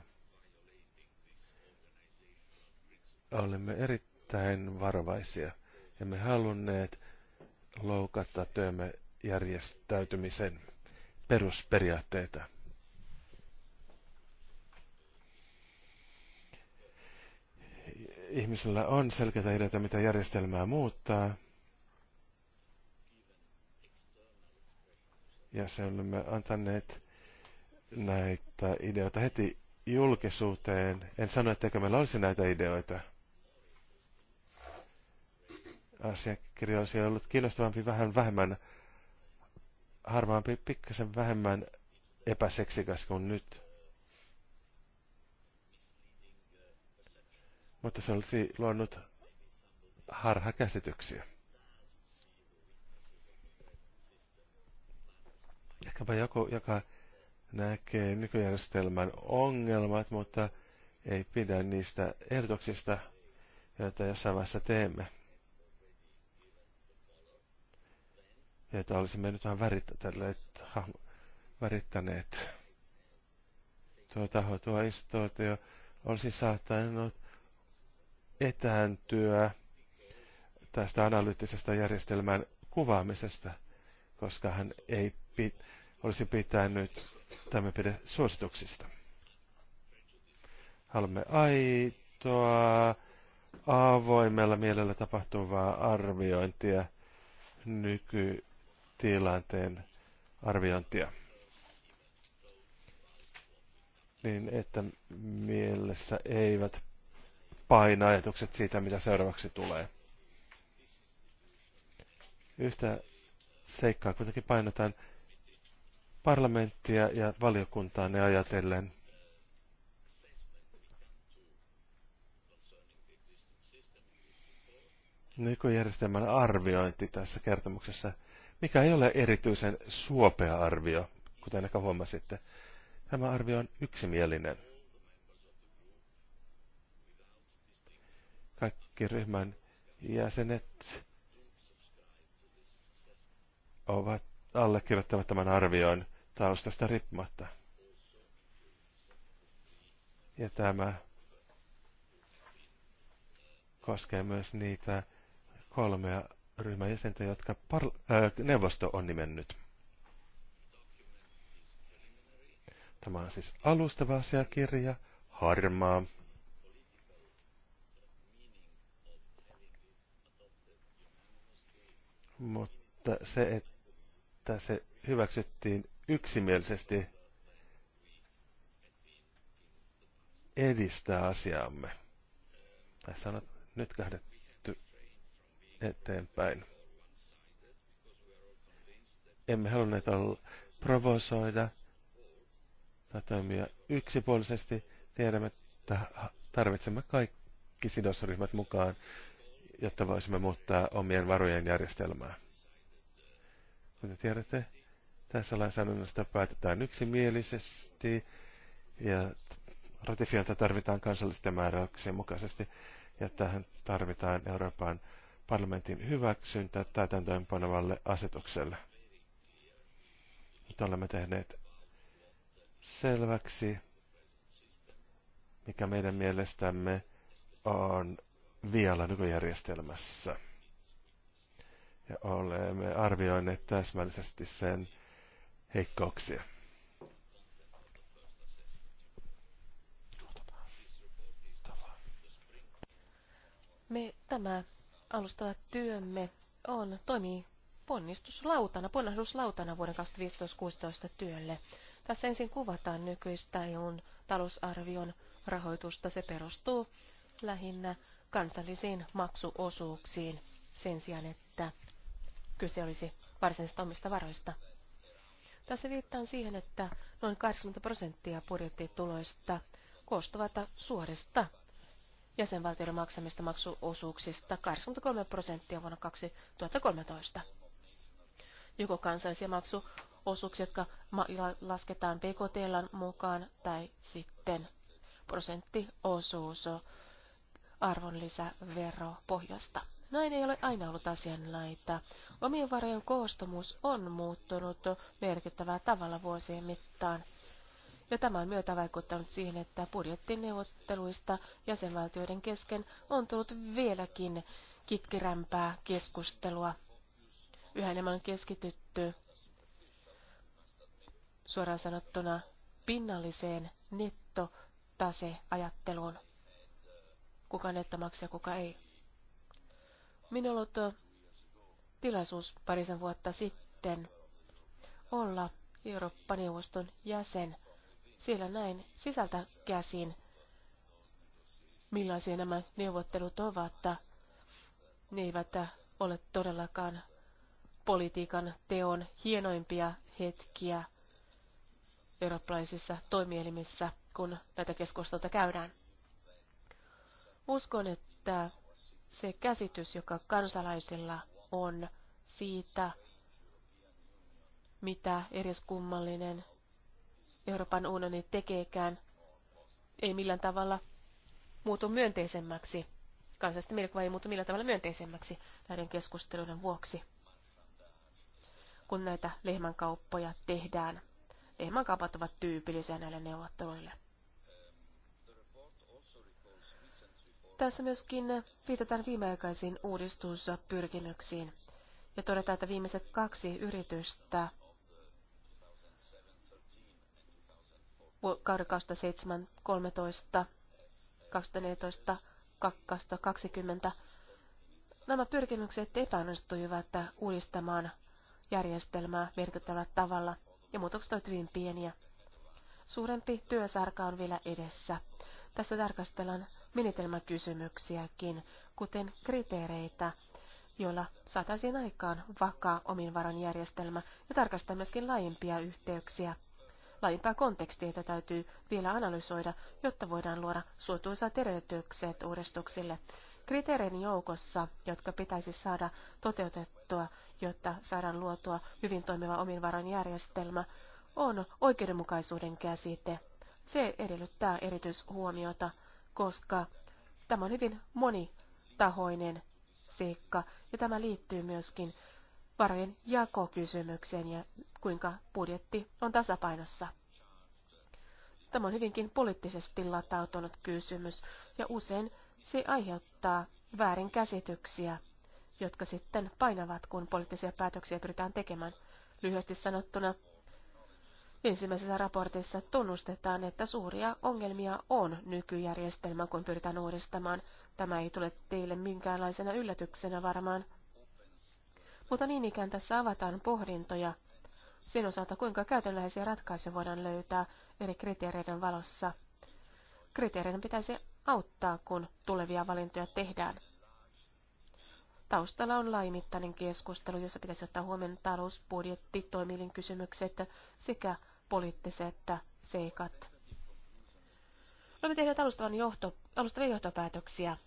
olemme erittäin varovaisia. me halunneet loukata työmme järjestäytymisen perusperiaatteita. Ihmisellä on selkeitä ideoita, mitä järjestelmää muuttaa. Ja se olemme antaneet näitä ideoita heti julkisuuteen. En sano, etteikö meillä olisi näitä ideoita – asiakirjallisia olisi ollut kiinnostavampi, vähän vähemmän harmaampi, pikkasen vähemmän epäseksikäs kuin nyt. Mutta se olisi luonut harhakäsityksiä. Ehkäpä joku, joka näkee nykyjärjestelmän ongelmat, mutta ei pidä niistä ehdotuksista, joita jossain vaiheessa teemme. että olisimme nyt vähän värittäneet, värittäneet. Tuo taho, tuo instituutio olisi saattanut etääntyä tästä analyyttisesta järjestelmän kuvaamisesta, koska hän ei pit, olisi pitänyt toimenpide suosituksista. Haluamme aitoa, avoimella mielellä tapahtuvaa arviointia nyky tilanteen arviointia. Niin että mielessä eivät paina ajatukset siitä, mitä seuraavaksi tulee. Yhtä seikkaa kuitenkin painotan parlamenttia ja valiokuntaa ne ajatellen. Nykyjärjestelmän arviointi tässä kertomuksessa – mikä ei ole erityisen suopea arvio, kuten ehkä huomasitte. Tämä arvio on yksimielinen. Kaikki ryhmän jäsenet ovat allekirjoittavat tämän arvion taustasta riippumatta. Ja tämä koskee myös niitä kolmea ryhmän jäsentä, jotka par- äh, neuvosto on nimennyt. Tämä on siis alustava asiakirja, harmaa. Mutta se, että se hyväksyttiin yksimielisesti, edistää asiaamme. Tai sanot nyt kahdet eteenpäin. Emme halunneet olla provosoida tai toimia yksipuolisesti. Tiedämme, että tarvitsemme kaikki sidosryhmät mukaan, jotta voisimme muuttaa omien varojen järjestelmää. Kuten tiedätte, tässä lainsäädännöstä päätetään yksimielisesti ja ratifiointa tarvitaan kansallisten määräyksien mukaisesti ja tähän tarvitaan Euroopan parlamentin hyväksyntä täytäntöönpanovalle asetukselle. Nyt olemme tehneet selväksi, mikä meidän mielestämme on vielä nykyjärjestelmässä. Ja olemme arvioineet täsmällisesti sen heikkouksia. Me tämä alustava työmme on, toimii ponnistuslautana, ponnahduslautana vuoden 2015-2016 työlle. Tässä ensin kuvataan nykyistä EUn talousarvion rahoitusta. Se perustuu lähinnä kansallisiin maksuosuuksiin sen sijaan, että kyse olisi varsinaisista omista varoista. Tässä viittaan siihen, että noin 80 prosenttia budjettituloista koostuvat suorista jäsenvaltioiden maksamista maksuosuuksista 83 prosenttia vuonna 2013. Joko kansallisia maksuosuuksia, jotka lasketaan BKT mukaan, tai sitten prosenttiosuus arvonlisävero pohjasta. Näin ei ole aina ollut asianlaita. Omien varojen koostumus on muuttunut merkittävää tavalla vuosien mittaan. Ja tämä on myötä vaikuttanut siihen, että budjettineuvotteluista jäsenvaltioiden kesken on tullut vieläkin kitkerämpää keskustelua. Yhä enemmän on keskitytty suoraan sanottuna pinnalliseen nettotaseajatteluun. Kuka nettomaksi ja kuka ei. Minulla on tilaisuus parisen vuotta sitten olla Eurooppa-neuvoston jäsen – siellä näin sisältä käsin, millaisia nämä neuvottelut ovat. Ne eivät ole todellakaan politiikan teon hienoimpia hetkiä eurooppalaisissa toimielimissä, kun näitä keskusteluita käydään. Uskon, että se käsitys, joka kansalaisilla on siitä, mitä eriskummallinen Euroopan unioni tekeekään, ei millään tavalla muutu myönteisemmäksi. Kansallista mielikuvaa ei muutu millään tavalla myönteisemmäksi näiden keskusteluiden vuoksi, kun näitä lehmänkauppoja tehdään. Lehmänkaupat ovat tyypillisiä näille neuvotteluille. Tässä myöskin viitataan viimeaikaisiin uudistuspyrkimyksiin ja todetaan, että viimeiset kaksi yritystä – kauden 2007, 13, 2014, 2020. Nämä pyrkimykset epäonnistuivat uudistamaan järjestelmää merkittävällä tavalla ja muutokset ovat hyvin pieniä. Suurempi työsarka on vielä edessä. Tässä tarkastellaan menetelmäkysymyksiäkin, kuten kriteereitä, joilla saataisiin aikaan vakaa ominvaran järjestelmä ja tarkastaa myöskin laajempia yhteyksiä laajempaa kontekstia, jota täytyy vielä analysoida, jotta voidaan luoda suotuisat edellytykset uudistuksille. Kriteerien joukossa, jotka pitäisi saada toteutettua, jotta saadaan luotua hyvin toimiva ominvaran järjestelmä, on oikeudenmukaisuuden käsite. Se edellyttää erityishuomiota, koska tämä on hyvin monitahoinen seikka, ja tämä liittyy myöskin varojen jakokysymykseen ja kuinka budjetti on tasapainossa. Tämä on hyvinkin poliittisesti latautunut kysymys ja usein se aiheuttaa väärinkäsityksiä, jotka sitten painavat, kun poliittisia päätöksiä pyritään tekemään. Lyhyesti sanottuna, ensimmäisessä raportissa tunnustetaan, että suuria ongelmia on nykyjärjestelmä, kun pyritään uudistamaan. Tämä ei tule teille minkäänlaisena yllätyksenä varmaan, mutta niin ikään tässä avataan pohdintoja sen osalta, kuinka käytännöllisiä ratkaisuja voidaan löytää eri kriteereiden valossa. Kriteereiden pitäisi auttaa, kun tulevia valintoja tehdään. Taustalla on laimittainen keskustelu, jossa pitäisi ottaa huomioon talous, budjetti, toimielin kysymykset sekä poliittiset seikat. Olemme tehneet alustavan johto, alustavia johtopäätöksiä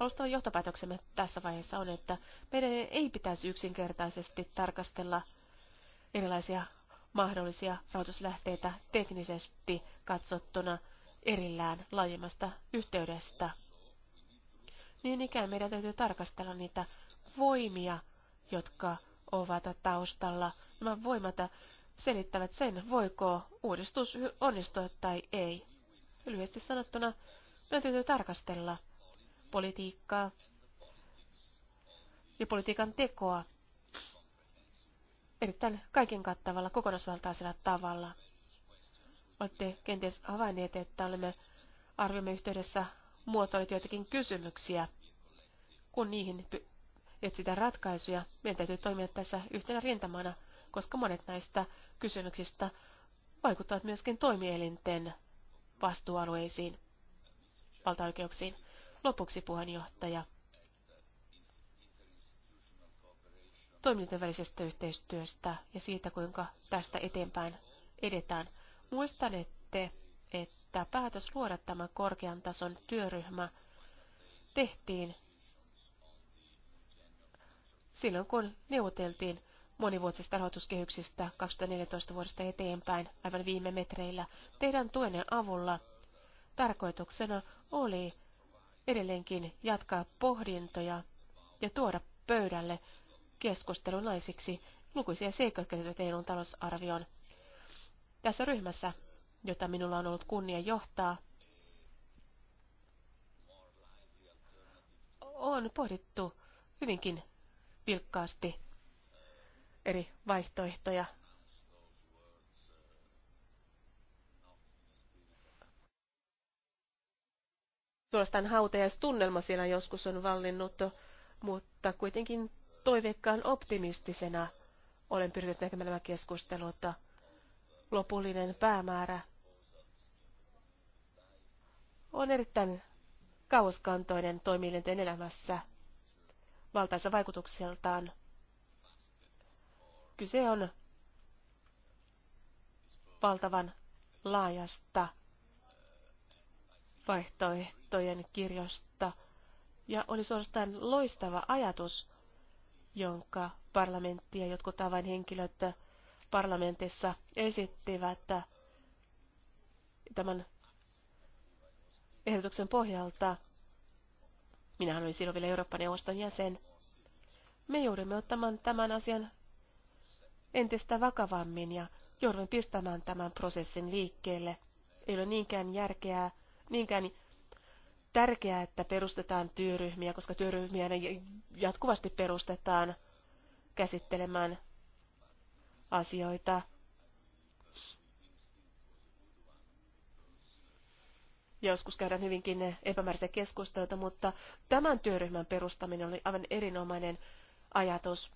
Alustavan johtopäätöksemme tässä vaiheessa on, että meidän ei pitäisi yksinkertaisesti tarkastella erilaisia mahdollisia rahoituslähteitä teknisesti katsottuna erillään laajemmasta yhteydestä. Niin ikään meidän täytyy tarkastella niitä voimia, jotka ovat taustalla. Nämä voimat selittävät sen, voiko uudistus onnistua tai ei. Lyhyesti sanottuna, meidän täytyy tarkastella politiikkaa ja politiikan tekoa erittäin kaiken kattavalla kokonaisvaltaisella tavalla. Olette kenties havainneet, että olemme arviomme yhteydessä muotoilleet joitakin kysymyksiä. Kun niihin etsitään ratkaisuja, meidän täytyy toimia tässä yhtenä rintamana, koska monet näistä kysymyksistä vaikuttavat myöskin toimielinten vastuualueisiin, valtaoikeuksiin. Lopuksi puheenjohtaja. Toimintojen välisestä yhteistyöstä ja siitä, kuinka tästä eteenpäin edetään. Muistanette, että päätös luoda tämä korkean tason työryhmä tehtiin silloin, kun neuvoteltiin monivuotisista rahoituskehyksistä 2014 vuodesta eteenpäin aivan viime metreillä. Teidän tuenne avulla tarkoituksena oli edelleenkin jatkaa pohdintoja ja tuoda pöydälle keskustelun naisiksi lukuisia seikkoja, teidän talousarvion. Tässä ryhmässä, jota minulla on ollut kunnia johtaa, on pohdittu hyvinkin vilkkaasti eri vaihtoehtoja suorastaan hautajaistunnelma siellä joskus on vallinnut, mutta kuitenkin toiveikkaan optimistisena olen pyrkinyt näkemään nämä keskustelut. Lopullinen päämäärä on erittäin kauaskantoinen toimielinten elämässä valtaisa vaikutukseltaan. Kyse on valtavan laajasta vaihtoehtojen kirjosta. Ja oli suorastaan loistava ajatus, jonka parlamentti ja jotkut avainhenkilöt parlamentissa esittivät tämän ehdotuksen pohjalta. Minähän olin silloin vielä Eurooppa-neuvoston jäsen. Me joudumme ottamaan tämän asian entistä vakavammin ja joudumme pistämään tämän prosessin liikkeelle. Ei ole niinkään järkeää niinkään niin tärkeää, että perustetaan työryhmiä, koska työryhmiä jatkuvasti perustetaan käsittelemään asioita. Joskus käydään hyvinkin epämääräisiä keskusteluita, mutta tämän työryhmän perustaminen oli aivan erinomainen ajatus,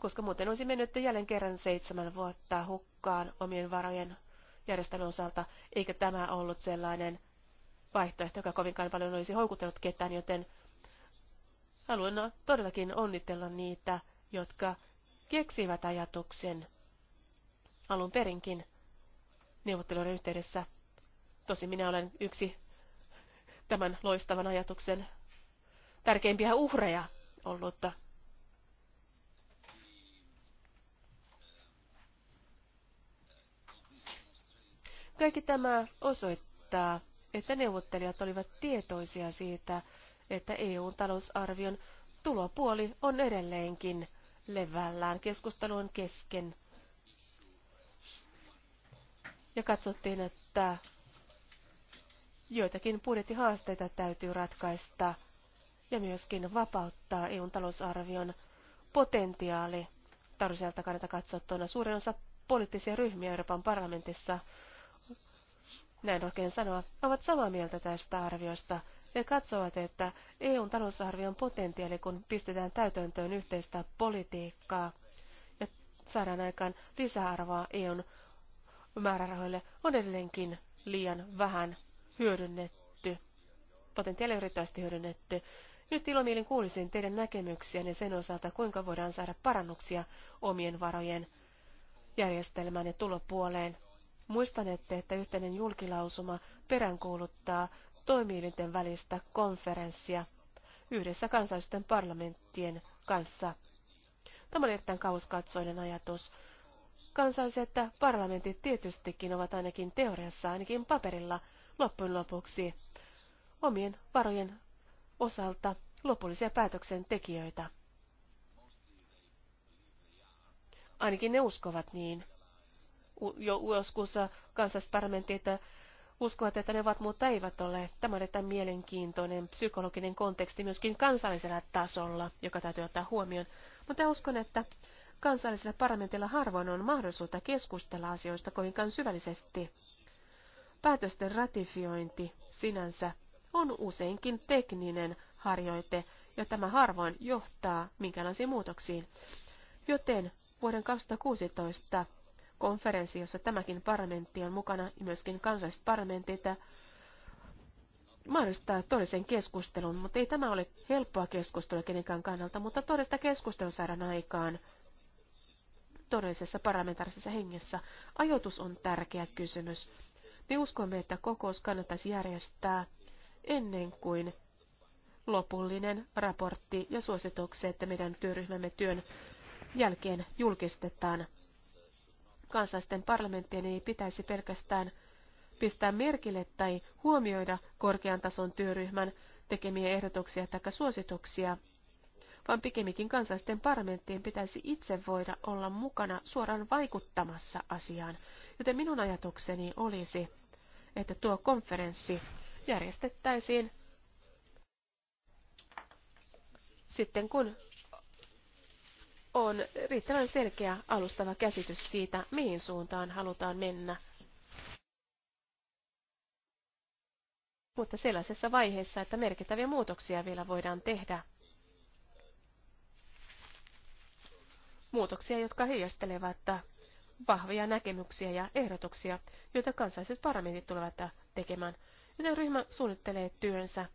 koska muuten olisi mennyt jälleen kerran seitsemän vuotta hukkaan omien varojen järjestelyn osalta, eikä tämä ollut sellainen vaihtoehto, joka kovinkaan paljon olisi houkutellut ketään, joten haluan todellakin onnitella niitä, jotka keksivät ajatuksen alun perinkin neuvotteluiden yhteydessä. Tosi minä olen yksi tämän loistavan ajatuksen tärkeimpiä uhreja ollutta. Kaikki tämä osoittaa, että neuvottelijat olivat tietoisia siitä, että EUn talousarvion tulopuoli on edelleenkin levällään keskustelun kesken. Ja katsottiin, että joitakin budjettihaasteita täytyy ratkaista ja myöskin vapauttaa EUn talousarvion potentiaali. Taloudelta kannalta katsottuna suurin osa poliittisia ryhmiä Euroopan parlamentissa näin oikein sanoa, ovat samaa mieltä tästä arviosta ja katsovat, että EUn talousarvion potentiaali, kun pistetään täytäntöön yhteistä politiikkaa ja saadaan aikaan lisäarvoa EUn määrärahoille, on edelleenkin liian vähän hyödynnetty, potentiaali yrittävästi hyödynnetty. Nyt ilomielin kuulisin teidän näkemyksiänne sen osalta, kuinka voidaan saada parannuksia omien varojen järjestelmään ja tulopuoleen. Muistanette, että yhteinen julkilausuma peräänkuuluttaa toimielinten välistä konferenssia yhdessä kansallisten parlamenttien kanssa. Tämä oli erittäin kauskatsoinen ajatus. Kansalliset parlamentit tietystikin ovat ainakin teoriassa, ainakin paperilla, loppujen lopuksi omien varojen osalta lopullisia päätöksentekijöitä. Ainakin ne uskovat niin jo joskus äh, kansallisparlamentit äh, uskovat, että ne ovat, mutta eivät ole. Tämä on että mielenkiintoinen psykologinen konteksti myöskin kansallisella tasolla, joka täytyy ottaa huomioon. Mutta uskon, että kansallisella parlamentilla harvoin on mahdollisuutta keskustella asioista kovinkaan syvällisesti. Päätösten ratifiointi sinänsä on useinkin tekninen harjoite, ja tämä harvoin johtaa minkäänlaisiin muutoksiin. Joten vuoden 2016 konferenssi, jossa tämäkin parlamentti on mukana ja myöskin kansalliset parlamentit mahdollistaa todellisen keskustelun, mutta ei tämä ole helppoa keskustelua kenenkään kannalta, mutta todellista keskustelua saadaan aikaan todellisessa parlamentaarisessa hengessä. Ajoitus on tärkeä kysymys. Me uskomme, että kokous kannattaisi järjestää ennen kuin lopullinen raportti ja suositukset meidän työryhmämme työn jälkeen julkistetaan kansallisten parlamenttien ei pitäisi pelkästään pistää merkille tai huomioida korkean tason työryhmän tekemiä ehdotuksia tai suosituksia, vaan pikemminkin kansallisten parlamenttien pitäisi itse voida olla mukana suoraan vaikuttamassa asiaan. Joten minun ajatukseni olisi, että tuo konferenssi järjestettäisiin sitten, kun on riittävän selkeä alustava käsitys siitä, mihin suuntaan halutaan mennä. Mutta sellaisessa vaiheessa, että merkittäviä muutoksia vielä voidaan tehdä. Muutoksia, jotka heijastelevat vahvoja näkemyksiä ja ehdotuksia, joita kansalliset parlamentit tulevat tekemään. Joten ryhmä suunnittelee työnsä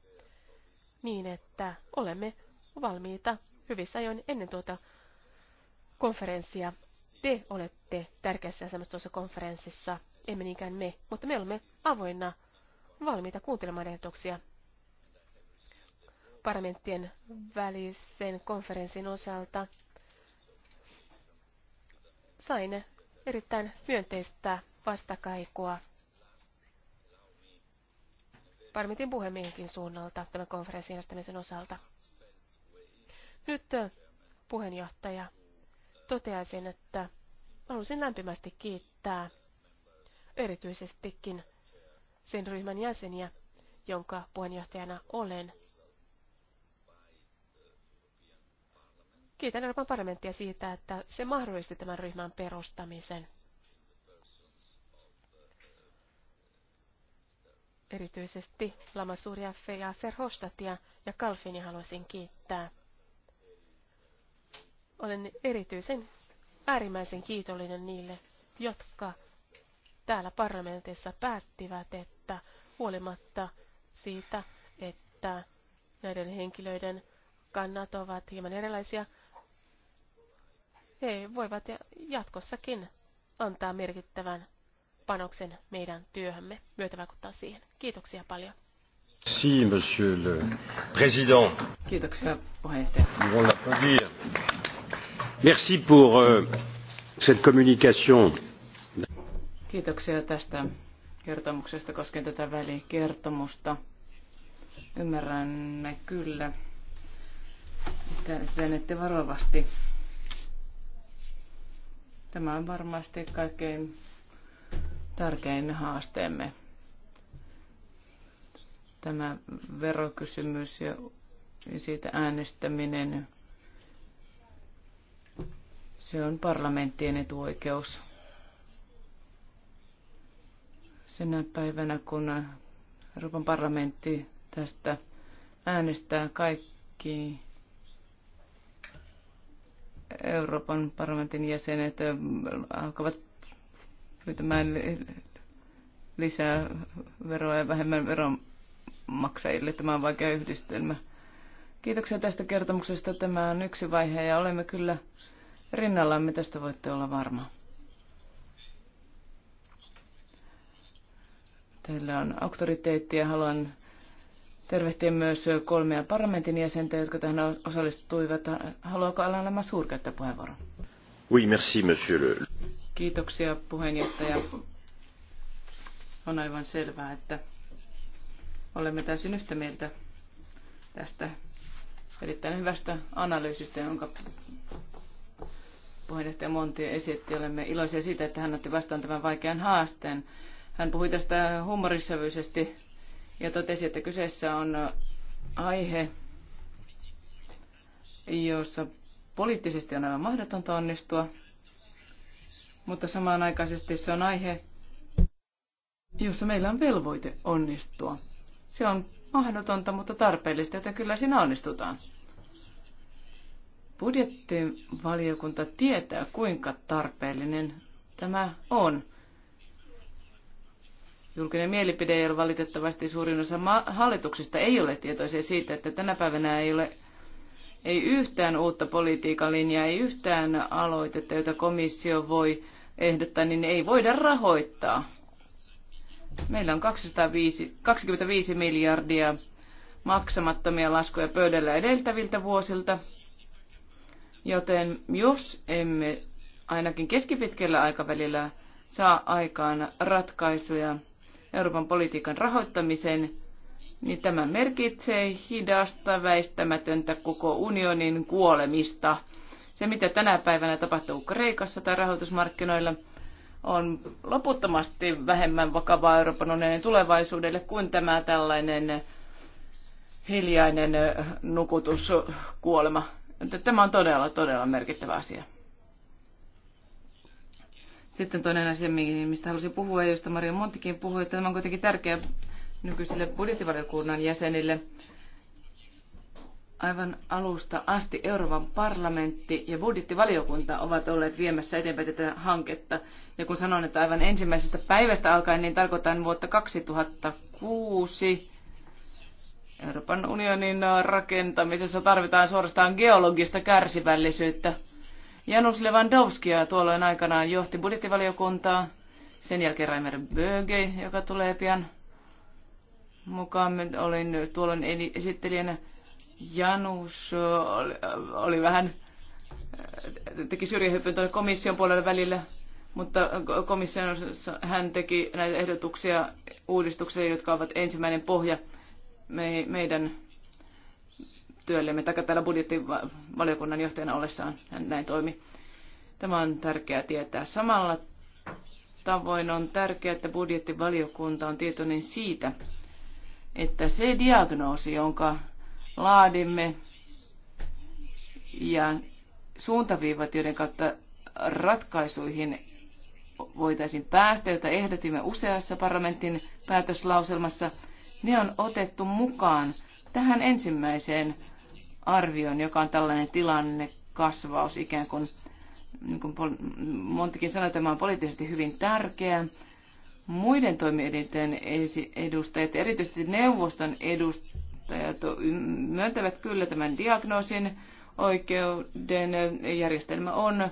niin, että olemme valmiita hyvissä ajoin ennen tuota konferenssia. Te olette tärkeässä asemassa tuossa konferenssissa, emme niinkään me, mutta me olemme avoinna valmiita kuuntelemaan ehdotuksia parlamenttien välisen konferenssin osalta. Sain erittäin myönteistä vastakaikua parlamentin puhemiehenkin suunnalta tämän konferenssin järjestämisen osalta. Nyt äh, puheenjohtaja toteaisin, että haluaisin lämpimästi kiittää erityisestikin sen ryhmän jäseniä, jonka puheenjohtajana olen. Kiitän Euroopan parlamenttia siitä, että se mahdollisti tämän ryhmän perustamisen. Erityisesti lama Lamassuria, ja Ferhostatia ja Kalfini haluaisin kiittää. Olen erityisen äärimmäisen kiitollinen niille, jotka täällä parlamentissa päättivät, että huolimatta siitä, että näiden henkilöiden kannat ovat hieman erilaisia, he voivat jatkossakin antaa merkittävän panoksen meidän työhömme, myötävaikuttaa siihen. Kiitoksia paljon. Si, monsieur le président. Kiitoksia puheenjohtaja. Merci pour euh, cette communication. Kiitoksia tästä kertomuksesta koskien tätä välikertomusta. Ymmärrän kyllä. että Tänette varovasti. Tämä on varmasti kaikkein tärkein haasteemme. Tämä verokysymys ja siitä äänestäminen se on parlamenttien etuoikeus. Senä päivänä, kun Euroopan parlamentti tästä äänestää kaikki Euroopan parlamentin jäsenet alkavat pyytämään lisää veroa ja vähemmän veronmaksajille. Tämä on vaikea yhdistelmä. Kiitoksia tästä kertomuksesta. Tämä on yksi vaihe ja olemme kyllä rinnallamme, tästä voitte olla varma. Teillä on auktoriteetti ja haluan tervehtiä myös kolmea parlamentin jäsentä, jotka tähän osallistuivat. Haluaako Alan nämä Suur Oui, merci, monsieur le... Kiitoksia puheenjohtaja. On aivan selvää, että olemme täysin yhtä mieltä tästä erittäin hyvästä analyysistä, jonka puheenjohtaja Monti esitti. Olemme iloisia siitä, että hän otti vastaan tämän vaikean haasteen. Hän puhui tästä humorissävyisesti ja totesi, että kyseessä on aihe, jossa poliittisesti on aivan mahdotonta onnistua, mutta samanaikaisesti se on aihe, jossa meillä on velvoite onnistua. Se on mahdotonta, mutta tarpeellista, että kyllä siinä onnistutaan. Budjettivaliokunta tietää, kuinka tarpeellinen tämä on. Julkinen mielipide ja valitettavasti suurin osa hallituksista ei ole tietoisia siitä, että tänä päivänä ei ole ei yhtään uutta politiikan linjaa, ei yhtään aloitetta, jota komissio voi ehdottaa, niin ei voida rahoittaa. Meillä on 205, 25 miljardia maksamattomia laskuja pöydällä edeltäviltä vuosilta. Joten jos emme ainakin keskipitkällä aikavälillä saa aikaan ratkaisuja Euroopan politiikan rahoittamiseen, niin tämä merkitsee hidasta, väistämätöntä koko unionin kuolemista. Se, mitä tänä päivänä tapahtuu Kreikassa tai rahoitusmarkkinoilla, on loputtomasti vähemmän vakavaa Euroopan unionin tulevaisuudelle kuin tämä tällainen hiljainen nukutuskuolema tämä on todella, todella merkittävä asia. Sitten toinen asia, mistä halusin puhua, ja josta Maria Montikin puhui, että tämä on kuitenkin tärkeä nykyisille budjettivaliokunnan jäsenille. Aivan alusta asti Euroopan parlamentti ja budjettivaliokunta ovat olleet viemässä eteenpäin tätä hanketta. Ja kun sanon, että aivan ensimmäisestä päivästä alkaen, niin tarkoitan vuotta 2006 Euroopan unionin äh, rakentamisessa tarvitaan suorastaan geologista kärsivällisyyttä. Janus Lewandowskia tuolloin aikanaan johti budjettivaliokuntaa, sen jälkeen Raimer Böge, joka tulee pian mukaan. Olin tuolloin esittelijänä. Janus äh, oli, äh, oli vähän, teki syrjähyppyn tuonne komission puolelle välillä, mutta komissio hän teki näitä ehdotuksia uudistuksia, jotka ovat ensimmäinen pohja – me, meidän työllemme, tai täällä budjettivaliokunnan johtajana ollessaan hän näin toimi. Tämä on tärkeää tietää. Samalla tavoin on tärkeää, että budjettivaliokunta on tietoinen siitä, että se diagnoosi, jonka laadimme ja suuntaviivat, joiden kautta ratkaisuihin voitaisiin päästä, jota ehdotimme useassa parlamentin päätöslauselmassa, ne on otettu mukaan tähän ensimmäiseen arvioon, joka on tällainen kasvaus ikään kuin, niin kuin Montikin sanoi, tämä on poliittisesti hyvin tärkeä. Muiden toimielinten edustajat, erityisesti neuvoston edustajat, myöntävät kyllä tämän diagnoosin oikeuden järjestelmä on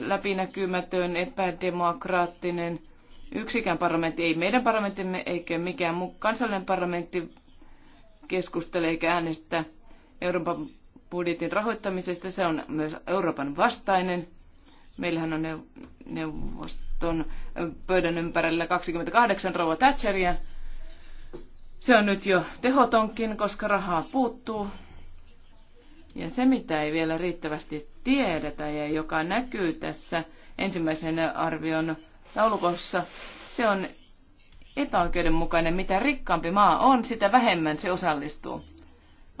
läpinäkymätön, epädemokraattinen Yksikään parlamentti, ei meidän parlamenttimme eikä mikään muu kansallinen parlamentti keskustele eikä äänestä Euroopan budjetin rahoittamisesta. Se on myös Euroopan vastainen. Meillähän on neuvoston pöydän ympärillä 28 rouva Thatcheria. Se on nyt jo tehotonkin, koska rahaa puuttuu. Ja se, mitä ei vielä riittävästi tiedetä ja joka näkyy tässä ensimmäisen arvion taulukossa, se on epäoikeudenmukainen. Mitä rikkaampi maa on, sitä vähemmän se osallistuu.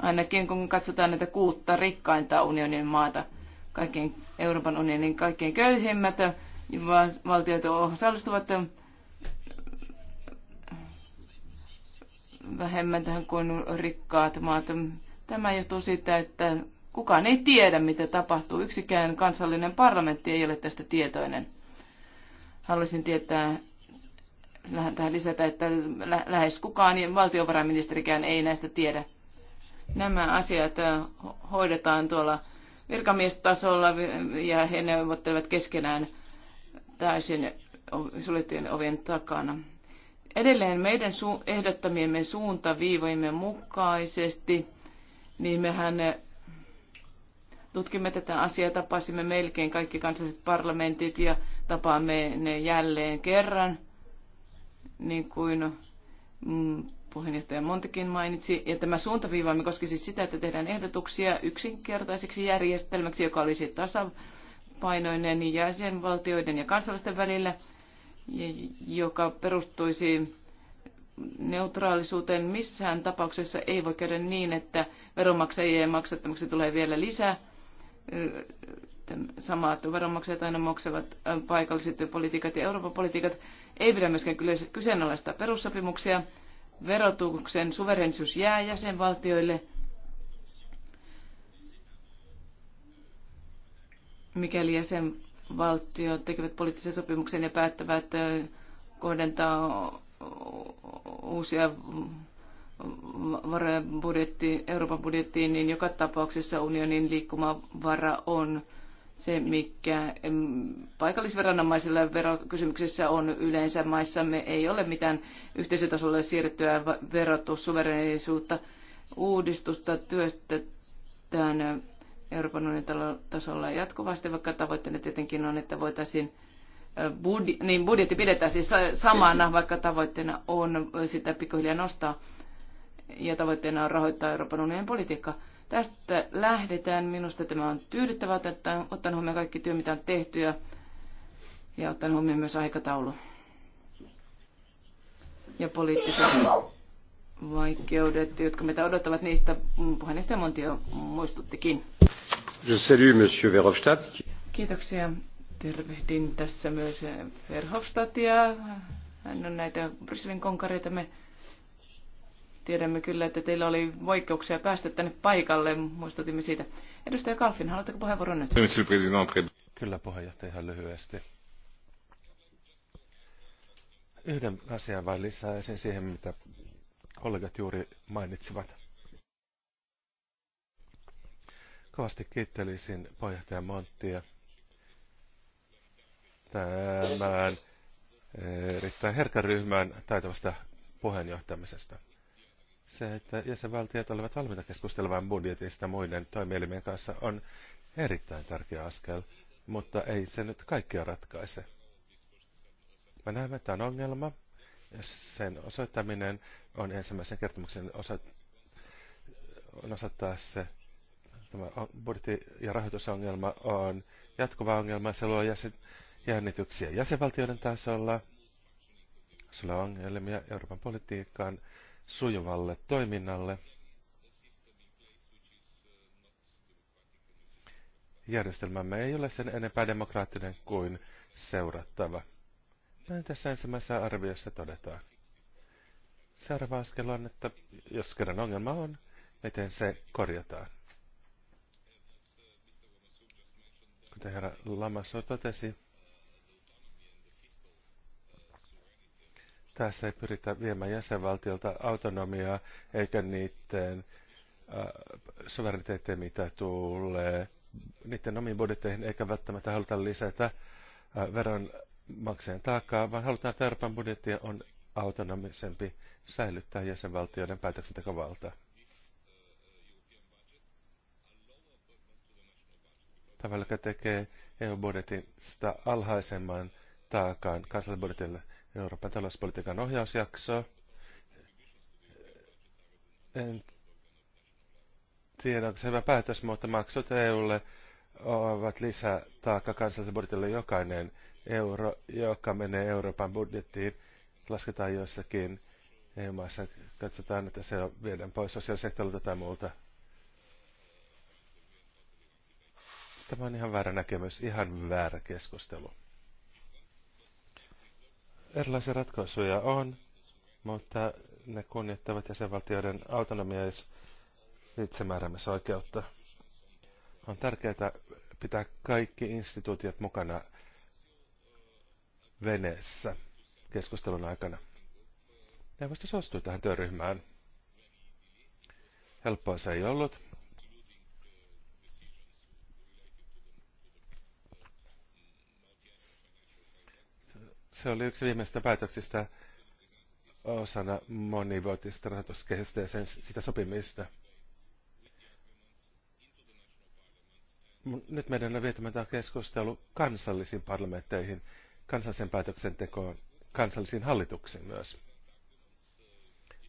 Ainakin kun katsotaan näitä kuutta rikkainta unionin maata, kaikkein, Euroopan unionin kaikkein köyhimmät valtiot osallistuvat vähemmän tähän kuin rikkaat maat. Tämä johtuu siitä, että kukaan ei tiedä, mitä tapahtuu. Yksikään kansallinen parlamentti ei ole tästä tietoinen. Haluaisin tietää, tähän lisätä, että lähes kukaan niin valtiovarainministerikään ei näistä tiedä. Nämä asiat hoidetaan tuolla virkamiestasolla ja he neuvottelevat keskenään täysin suljettujen ovien takana. Edelleen meidän su- ehdottamiemme suuntaviivoimme mukaisesti, niin mehän tutkimme tätä asiaa, tapasimme melkein kaikki kansalliset parlamentit ja tapaamme ne jälleen kerran, niin kuin mm, puheenjohtaja Montekin mainitsi. Ja tämä suuntaviivaamme siis sitä, että tehdään ehdotuksia yksinkertaiseksi järjestelmäksi, joka olisi tasapainoinen jäsenvaltioiden ja kansalaisten välillä, joka perustuisi neutraalisuuteen missään tapauksessa ei voi käydä niin, että veronmaksajien maksettamaksi tulee vielä lisää samat veronmaksajat aina maksavat paikalliset politiikat ja Euroopan politiikat. Ei pidä myöskään kyseenalaistaa perussopimuksia. Verotuksen suverenisuus jää jäsenvaltioille. Mikäli jäsenvaltiot tekevät poliittisen sopimuksen ja päättävät kohdentaa uusia budjetti, Euroopan budjettiin, niin joka tapauksessa unionin liikkumavara on se, mikä paikallisveranomaisilla verokysymyksissä on yleensä maissamme. Ei ole mitään yhteisötasolle siirrettyä verotussuverenisuutta. Uudistusta työstetään Euroopan unionin tasolla jatkuvasti, vaikka tavoitteena tietenkin on, että voitaisiin budjetti, niin budjetti pidetään siis samana, vaikka tavoitteena on sitä pikkuhiljaa nostaa ja tavoitteena on rahoittaa Euroopan unionin politiikka. Tästä lähdetään. Minusta tämä on tyydyttävää, että ottan huomioon kaikki työ, mitä on tehty ja, ja ottan huomioon myös aikataulu ja poliittiset vaikeudet, jotka meitä odottavat niistä. Puheenjohtaja jo muistuttikin. Je salue Monsieur Verhofstadt. Kiitoksia. Tervehdin tässä myös Verhofstadtia. Hän on näitä Brysselin konkareita. Me Tiedämme kyllä, että teillä oli vaikeuksia päästä tänne paikalle. Muistutimme siitä. Edustaja Kalfin, haluatteko puheenvuoron nyt? Kyllä puheenjohtaja ihan lyhyesti. Yhden asian vain sen siihen, mitä kollegat juuri mainitsivat. Kovasti kiittelisin puheenjohtaja Monttia tämän eh, erittäin herkän ryhmän taitavasta puheenjohtamisesta. Se, että jäsenvaltiot olivat valmiita keskustelemaan budjetista muiden toimielimien kanssa, on erittäin tärkeä askel, mutta ei se nyt kaikkia ratkaise. Me näemme, että on ongelma, ja sen osoittaminen on ensimmäisen kertomuksen osa, on osoittaa se, tämä budjetti- ja rahoitusongelma on jatkuva ongelma, se luo jäsen, jännityksiä jäsenvaltioiden tasolla, sillä on ongelmia Euroopan politiikkaan sujuvalle toiminnalle. Järjestelmämme ei ole sen enempää demokraattinen kuin seurattava. Näin tässä ensimmäisessä arviossa todetaan. Seuraava askel on, että jos kerran ongelma on, miten se korjataan. Kuten herra Lamassa totesi, Tässä ei pyritä viemään jäsenvaltiolta autonomiaa eikä niiden äh, suvereniteettiin, mitä tulee niiden omiin budjetteihin, eikä välttämättä haluta lisätä äh, veronmaksajan taakkaa, vaan halutaan, että Euroopan budjetti on autonomisempi säilyttää jäsenvaltioiden päätöksentekovaltaa. Tavallaan tekee EU-budjetista alhaisemman taakan kansallisbudjetille. Euroopan talouspolitiikan ohjausjaksoa. En tiedä, onko se hyvä päätös, mutta maksut EUlle ovat taakka kansalliselle budjetille jokainen euro, joka menee Euroopan budjettiin, lasketaan jossakin eu maissa katsotaan, että se on viedään pois sosiaalisektorilta tai muulta. Tämä on ihan väärä näkemys, ihan väärä keskustelu. Erilaisia ratkaisuja on, mutta ne kunnioittavat jäsenvaltioiden autonomia ja itsemääräämisoikeutta. On tärkeää pitää kaikki instituutiot mukana veneessä keskustelun aikana. Neuvosto suostui tähän työryhmään. Helppoa se ei ollut, Se oli yksi viimeistä päätöksistä osana monivuotista rahoituskehystä ja sen, sitä sopimista. Nyt meidän on vietämään tämä keskustelu kansallisiin parlamentteihin, kansallisen päätöksentekoon, kansallisiin hallituksiin myös.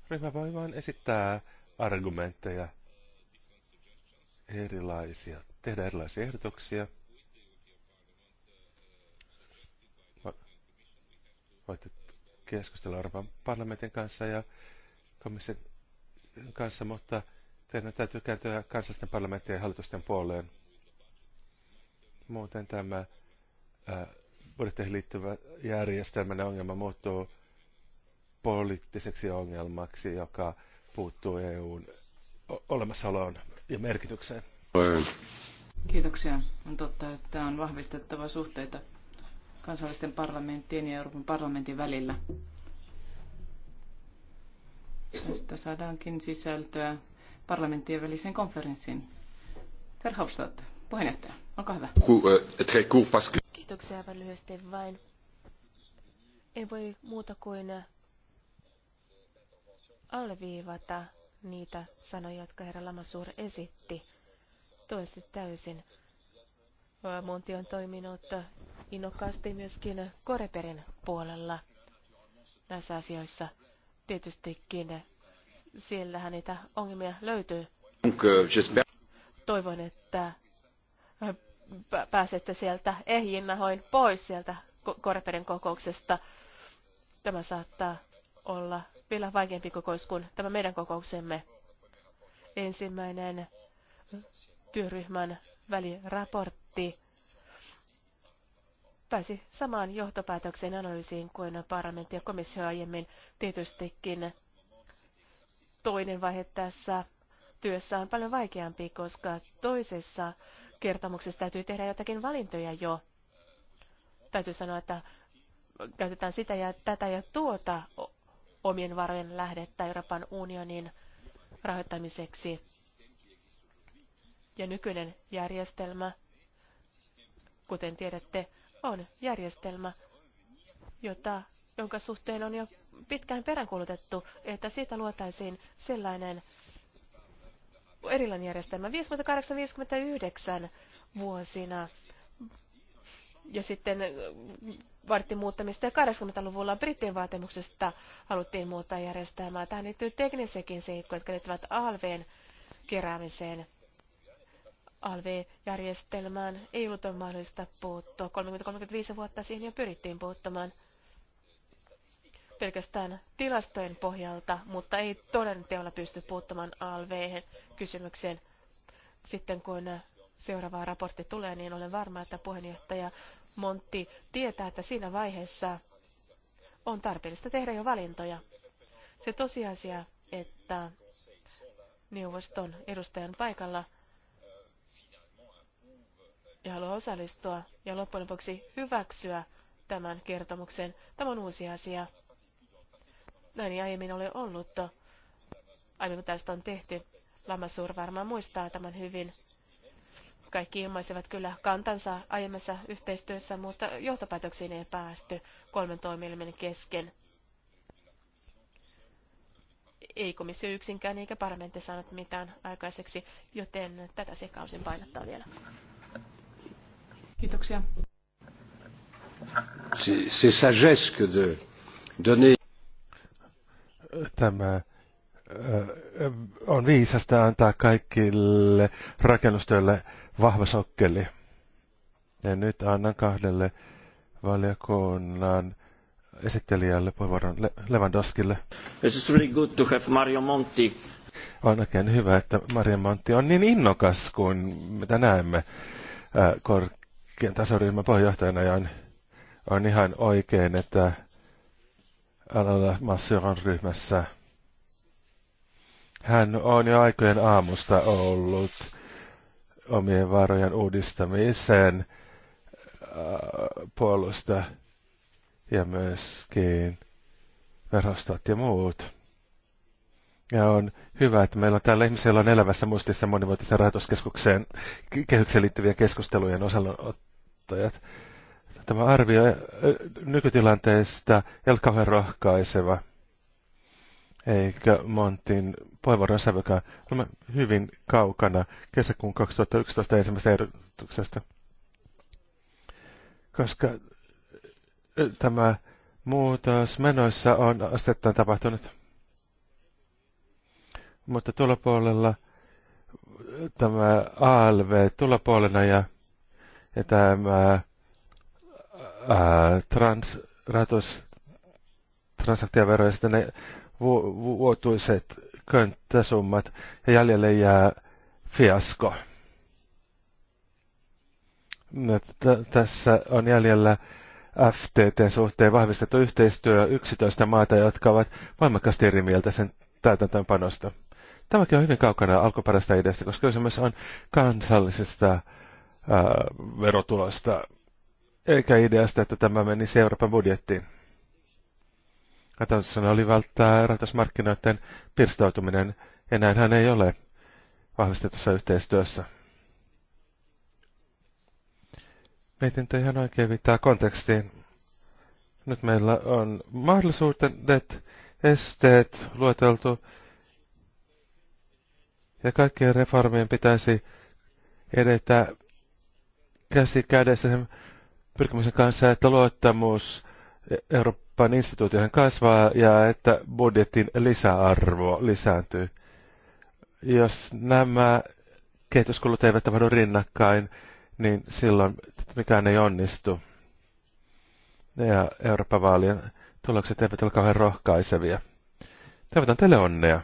Ryhmä voi vain esittää argumentteja erilaisia, tehdä erilaisia ehdotuksia – voitte keskustella Euroopan parlamentin kanssa ja komission kanssa, mutta teidän täytyy kääntyä kansallisten parlamenttien ja hallitusten puoleen. Muuten tämä ää, budjetteihin liittyvä ja ongelma muuttuu poliittiseksi ongelmaksi, joka puuttuu EUn olemassaoloon ja merkitykseen. Kiitoksia. On totta, että on vahvistettava suhteita kansallisten parlamenttien ja Euroopan parlamentin välillä. Tästä saadaankin sisältöä parlamenttien välisen konferenssin. Verhofstadt, puheenjohtaja, olkaa hyvä. Kiitoksia aivan lyhyesti vain. En voi muuta kuin alleviivata niitä sanoja, jotka herra Lamassuur esitti. Toisti täysin. Monti on toiminut innokkaasti myöskin Koreperin puolella näissä asioissa. Tietystikin siellähän niitä ongelmia löytyy. Toivon, että pääsette sieltä ehjinnahoin pois sieltä Koreperin kokouksesta. Tämä saattaa olla vielä vaikeampi kokous kuin tämä meidän kokouksemme. Ensimmäinen työryhmän väliraportti pääsi samaan johtopäätökseen analyysiin kuin parlamentti ja komissio aiemmin. Tietystikin toinen vaihe tässä työssä on paljon vaikeampi, koska toisessa kertomuksessa täytyy tehdä jotakin valintoja jo. Täytyy sanoa, että käytetään sitä ja tätä ja tuota omien varojen lähdettä Euroopan unionin rahoittamiseksi. Ja nykyinen järjestelmä, kuten tiedätte, on järjestelmä, jota, jonka suhteen on jo pitkään peräänkuulutettu, että siitä luotaisiin sellainen erilainen järjestelmä 58-59 vuosina. Ja sitten vartti muuttamista ja 80-luvulla brittien vaatimuksesta haluttiin muuttaa järjestelmää. Tähän liittyy teknisekin seikkoja, jotka liittyvät alveen keräämiseen ALV-järjestelmään ei ollut mahdollista puuttua. 30-35 vuotta siihen jo pyrittiin puuttumaan pelkästään tilastojen pohjalta, mutta ei todenteolla pysty puuttumaan ALV-kysymykseen. Sitten kun seuraava raportti tulee, niin olen varma, että puheenjohtaja Montti tietää, että siinä vaiheessa on tarpeellista tehdä jo valintoja. Se tosiasia, että neuvoston edustajan paikalla – ja haluaa osallistua ja loppujen lopuksi hyväksyä tämän kertomuksen. Tämä on uusi asia. Näin ei aiemmin ole ollut. Aiemmin tästä on tehty. Lamassur varmaan muistaa tämän hyvin. Kaikki ilmaisivat kyllä kantansa aiemmassa yhteistyössä, mutta johtopäätöksiin ei päästy kolmen toimielimen kesken. Ei komissio yksinkään eikä parlamentti saanut mitään aikaiseksi, joten tätä sekausin painottaa vielä. Kiitoksia. Se sagesse de donner... Tämä äh, on viisasta antaa kaikille rakennustyölle vahva sokkeli. Ja nyt annan kahdelle valiokunnan esittelijälle puheenvuoron Le Lewandowskille. really good to have Mario Monti. On oikein hyvä, että Mario Monti on niin innokas kuin mitä näemme. Äh, kor- tasoryhmän puheenjohtajana on, on ihan oikein, että alalla Masseron ryhmässä hän on jo aikojen aamusta ollut omien varojen uudistamiseen äh, puolusta ja myöskin verostat ja muut. Ja on hyvä, että meillä on täällä ihmisillä on elävässä muistissa monivuotisen rahoituskeskukseen kehykseen liittyvien keskustelujen kuluttajat. Tämä arvio nykytilanteesta ei ole kauhean rohkaiseva, eikä Montin puheenvuoron sävykään. Olemme hyvin kaukana kesäkuun 2011 ensimmäisestä ehdotuksesta, koska tämä muutos menoissa on astettaan tapahtunut. Mutta tulopuolella puolella tämä ALV tulopuolena ja ja tämä äh, äh, trans, transaktiovero ja sitten ne vu, vu, vuotuiset könttäsummat ja jäljelle jää fiasko. No, tässä on jäljellä ftt suhteen vahvistettu yhteistyö 11 maata, jotka ovat voimakkaasti eri mieltä sen täytäntöönpanosta. Tämäkin on hyvin kaukana alkuperäistä ideasta, koska kysymys on kansallisista ää, verotuloista, eikä ideasta, että tämä meni Euroopan budjettiin. Ajatuksena oli välttää rahoitusmarkkinoiden pirstautuminen, ja näinhän ei ole vahvistetussa yhteistyössä. Mietintö ihan oikein viittaa kontekstiin. Nyt meillä on mahdollisuudet, esteet lueteltu, ja kaikkien reformien pitäisi edetä käsi kädessä sen pyrkimyksen kanssa, että luottamus Euroopan instituutioihin kasvaa ja että budjetin lisäarvo lisääntyy. Jos nämä kehityskulut eivät tapahdu rinnakkain, niin silloin mikään ei onnistu. Ja Euroopan vaalien tulokset eivät ole kauhean rohkaisevia. Toivotan teille onnea.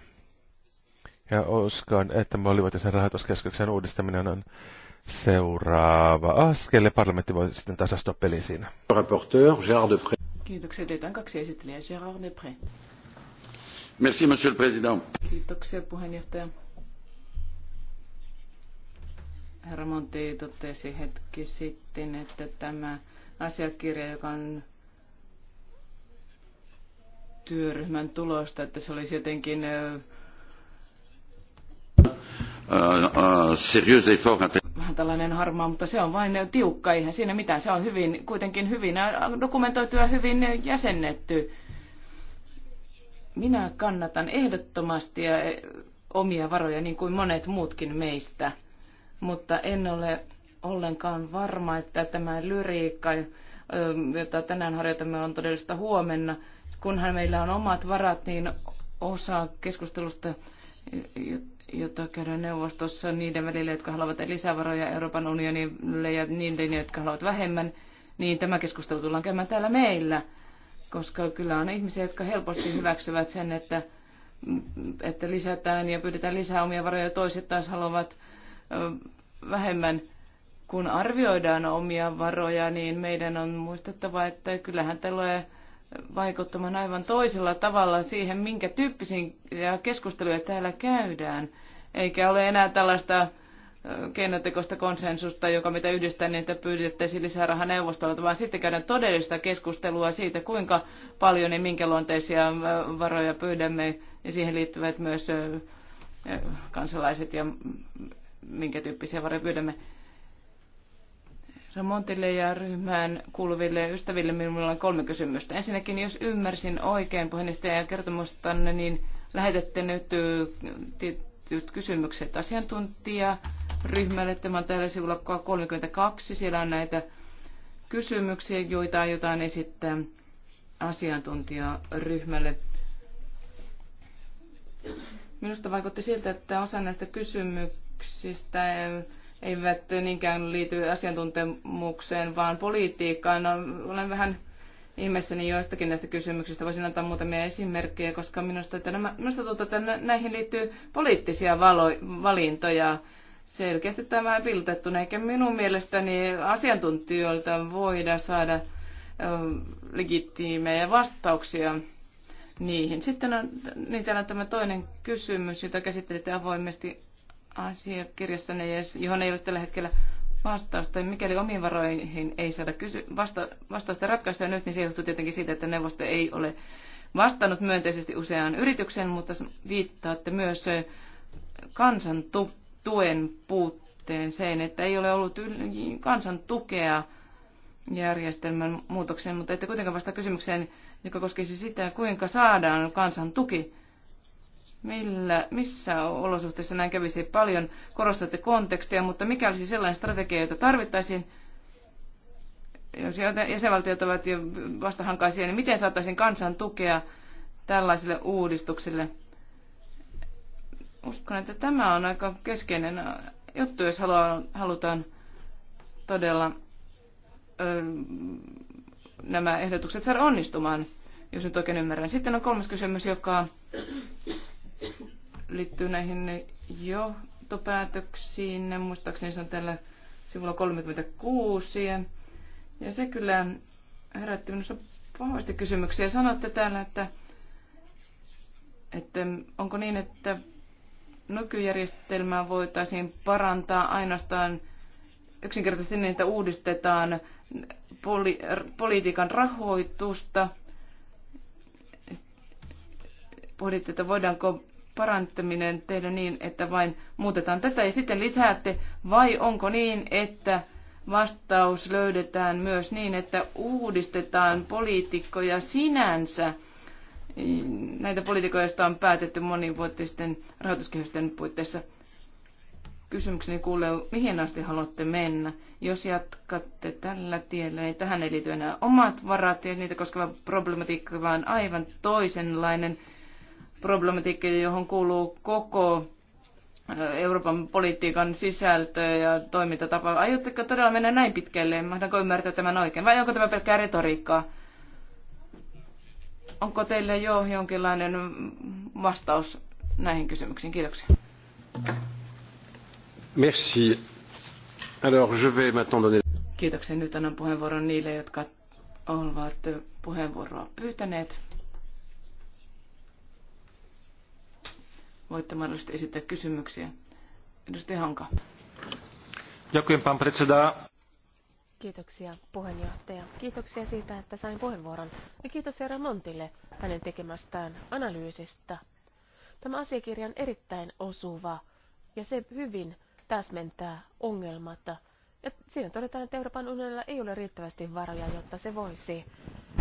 Ja uskon, että sen rahoituskeskuksen uudistaminen on seuraava askel ja parlamentti voi sitten tasastua pelin siinä. Kiitoksia. Teitä on kaksi esittelijää. Gérard Depré. Merci, monsieur le président. Kiitoksia, puheenjohtaja. Herra Monti totesi hetki sitten, että tämä asiakirja, joka on työryhmän tulosta, että se olisi jotenkin... Uh, uh, tällainen harmaa, mutta se on vain tiukka, eihän siinä mitään. Se on hyvin, kuitenkin hyvin dokumentoitu ja hyvin jäsennetty. Minä kannatan ehdottomasti eh, omia varoja, niin kuin monet muutkin meistä, mutta en ole ollenkaan varma, että tämä lyriikka, eh, jota tänään harjoitamme, on todellista huomenna. Kunhan meillä on omat varat, niin osa keskustelusta eh, jota käydään neuvostossa niiden välillä, jotka haluavat lisävaroja Euroopan unionille ja niiden, jotka haluavat vähemmän, niin tämä keskustelu tullaan käymään täällä meillä, koska kyllä on ihmisiä, jotka helposti hyväksyvät sen, että, että lisätään ja pyydetään lisää omia varoja, toiset taas haluavat vähemmän. Kun arvioidaan omia varoja, niin meidän on muistettava, että kyllähän tällöin vaikuttamaan aivan toisella tavalla siihen, minkä tyyppisiä keskusteluja täällä käydään. Eikä ole enää tällaista keinotekoista konsensusta, joka mitä yhdistää niin, että pyydettäisiin lisää rahaa neuvostolta, vaan sitten käydään todellista keskustelua siitä, kuinka paljon ja minkä luonteisia varoja pyydämme, ja siihen liittyvät myös kansalaiset ja minkä tyyppisiä varoja pyydämme. Ramontille ja ryhmään kuuluville ystäville minulla on kolme kysymystä. Ensinnäkin, jos ymmärsin oikein puheenjohtajan kertomustanne, niin lähetätte nyt tietyt kysymykset asiantuntijaryhmälle. Tämä on täällä sivulla 32. Siellä on näitä kysymyksiä, joita aiotaan esittää asiantuntijaryhmälle. Minusta vaikutti siltä, että osa näistä kysymyksistä eivät niinkään liity asiantuntemukseen, vaan politiikkaan. No, olen vähän ihmeessäni joistakin näistä kysymyksistä. Voisin antaa muutamia esimerkkejä, koska minusta, että nämä, minusta tulta, että näihin liittyy poliittisia valo, valintoja. Selkeästi tämä on piltettu, eikä minun mielestäni asiantuntijoilta voida saada legitiimejä vastauksia niihin. Sitten on, niin on tämä toinen kysymys, jota käsittelitte avoimesti asiakirjassanne, johon ei ole tällä hetkellä vastausta. Niin mikäli omiin varoihin ei saada kysy- vasta- vastausta ratkaisua nyt, niin se johtuu tietenkin siitä, että neuvosto ei ole vastannut myönteisesti useaan yritykseen, mutta viittaatte myös kansan tu- tuen puutteeseen, että ei ole ollut yl- kansan tukea järjestelmän muutokseen, mutta ette kuitenkaan vastaa kysymykseen, joka koskisi sitä, kuinka saadaan kansan tuki millä, missä olosuhteissa näin kävisi paljon, korostatte kontekstia, mutta mikä olisi sellainen strategia, jota tarvittaisiin, jos jäsenvaltiot ovat jo vastahankaisia, niin miten saataisiin kansan tukea tällaisille uudistuksille? Uskon, että tämä on aika keskeinen juttu, jos halutaan todella nämä ehdotukset saada onnistumaan, jos nyt oikein ymmärrän. Sitten on kolmas kysymys, joka liittyy näihin johtopäätöksiin. Muistaakseni se on täällä sivulla 36. Ja se kyllä herätti minussa vahvasti kysymyksiä. Sanotte täällä, että, että onko niin, että nykyjärjestelmää voitaisiin parantaa ainoastaan yksinkertaisesti niin, että uudistetaan poli- politiikan rahoitusta – pohditte, että voidaanko parantaminen tehdä niin, että vain muutetaan tätä ja sitten lisäätte, vai onko niin, että vastaus löydetään myös niin, että uudistetaan poliitikkoja sinänsä, näitä poliitikkoja, joista on päätetty monivuotisten rahoituskehysten puitteissa. Kysymykseni kuulee, mihin asti haluatte mennä? Jos jatkatte tällä tiellä, niin tähän ei liity enää omat varat ja niitä koskeva problematiikka, vaan aivan toisenlainen – problematiikka, johon kuuluu koko Euroopan politiikan sisältö ja toimintatapa. Aiotteko todella mennä näin pitkälle? Mahdanko ymmärtää tämän oikein? Vai onko tämä pelkkää retoriikkaa? Onko teille jo jonkinlainen vastaus näihin kysymyksiin? Kiitoksia. Merci. Alors, je vais maintenant donner... Kiitoksia. Nyt annan puheenvuoron niille, jotka ovat puheenvuoroa pyytäneet. voitte mahdollisesti esittää kysymyksiä. Edustaja Hanka. Jokin pan predseda. Kiitoksia puheenjohtaja. Kiitoksia siitä, että sain puheenvuoron. Ja kiitos herra Montille hänen tekemästään analyysistä. Tämä asiakirja on erittäin osuva ja se hyvin täsmentää ongelmatta. Ja siinä todetaan, että Euroopan unionilla ei ole riittävästi varoja, jotta se voisi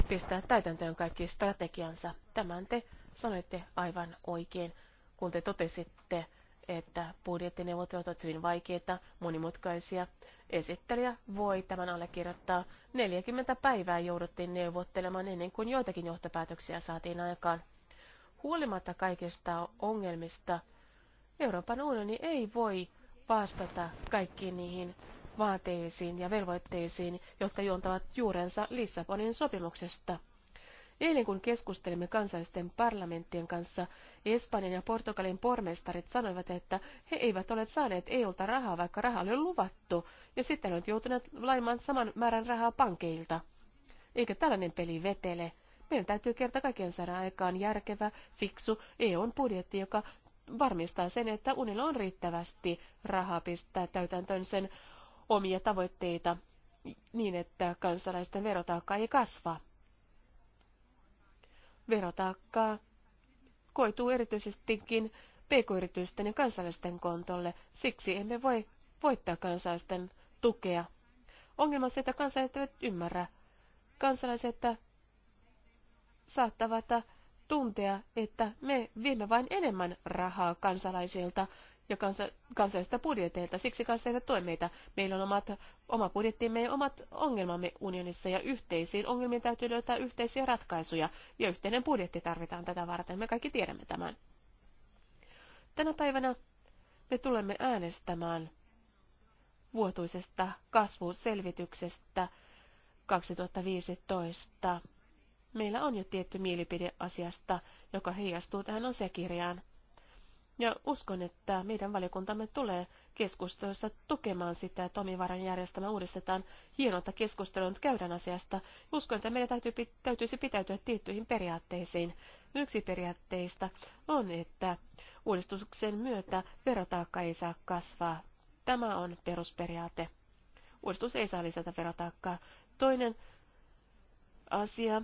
pistää täytäntöön kaikki strategiansa. Tämän te sanoitte aivan oikein kun te totesitte, että budjettineuvottelut ovat hyvin vaikeita, monimutkaisia. Esittelijä voi tämän allekirjoittaa. 40 päivää jouduttiin neuvottelemaan ennen kuin joitakin johtopäätöksiä saatiin aikaan. Huolimatta kaikista ongelmista, Euroopan unioni ei voi vastata kaikkiin niihin vaateisiin ja velvoitteisiin, jotka juontavat juurensa Lissabonin sopimuksesta – Eilen kun keskustelimme kansallisten parlamenttien kanssa, Espanjan ja Portugalin pormestarit sanoivat, että he eivät ole saaneet EUlta rahaa, vaikka raha oli luvattu, ja sitten ovat joutuneet laimaan saman määrän rahaa pankeilta. Eikä tällainen peli vetele. Meidän täytyy kerta kaiken saada aikaan järkevä, fiksu EUn budjetti, joka varmistaa sen, että unilla on riittävästi rahaa pistää täytäntöön sen omia tavoitteita niin, että kansalaisten verotaakka ei kasva verotaakkaa koituu erityisestikin pk-yritysten ja kansalaisten kontolle. Siksi emme voi voittaa kansalaisten tukea. Ongelma on se, että kansalaiset eivät ymmärrä. Kansalaiset saattavat tuntea, että me viemme vain enemmän rahaa kansalaisilta ja kansa, kansallisilta budjeteilta. Siksi kanssa eivät tue meitä. Meillä on omat, oma budjettimme ja omat ongelmamme unionissa ja yhteisiin ongelmiin täytyy löytää yhteisiä ratkaisuja ja yhteinen budjetti tarvitaan tätä varten. Me kaikki tiedämme tämän. Tänä päivänä me tulemme äänestämään vuotuisesta kasvuselvityksestä 2015. Meillä on jo tietty mielipide asiasta, joka heijastuu tähän asiakirjaan. Ja uskon, että meidän valiokuntamme tulee keskustelussa tukemaan sitä, että omivaran järjestelmä uudistetaan. Hienolta keskustelua nyt käydään asiasta. Uskon, että meidän täytyy, täytyisi pitäytyä tiettyihin periaatteisiin. Yksi periaatteista on, että uudistuksen myötä verotaakka ei saa kasvaa. Tämä on perusperiaate. Uudistus ei saa lisätä verotaakkaa. Toinen asia.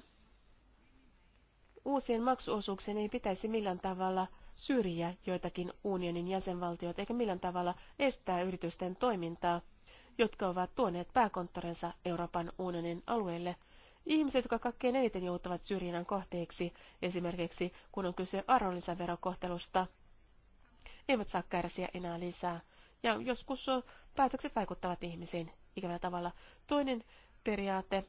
Uusien maksuosuuksien ei pitäisi millään tavalla – syrjiä joitakin unionin jäsenvaltioita eikä millään tavalla estää yritysten toimintaa, jotka ovat tuoneet pääkonttorensa Euroopan unionin alueelle. Ihmiset, jotka kaikkein eniten joutuvat syrjinnän kohteeksi, esimerkiksi kun on kyse arvonlisäverokohtelusta, eivät saa kärsiä enää lisää. Ja joskus päätökset vaikuttavat ihmisiin ikävällä tavalla. Toinen periaate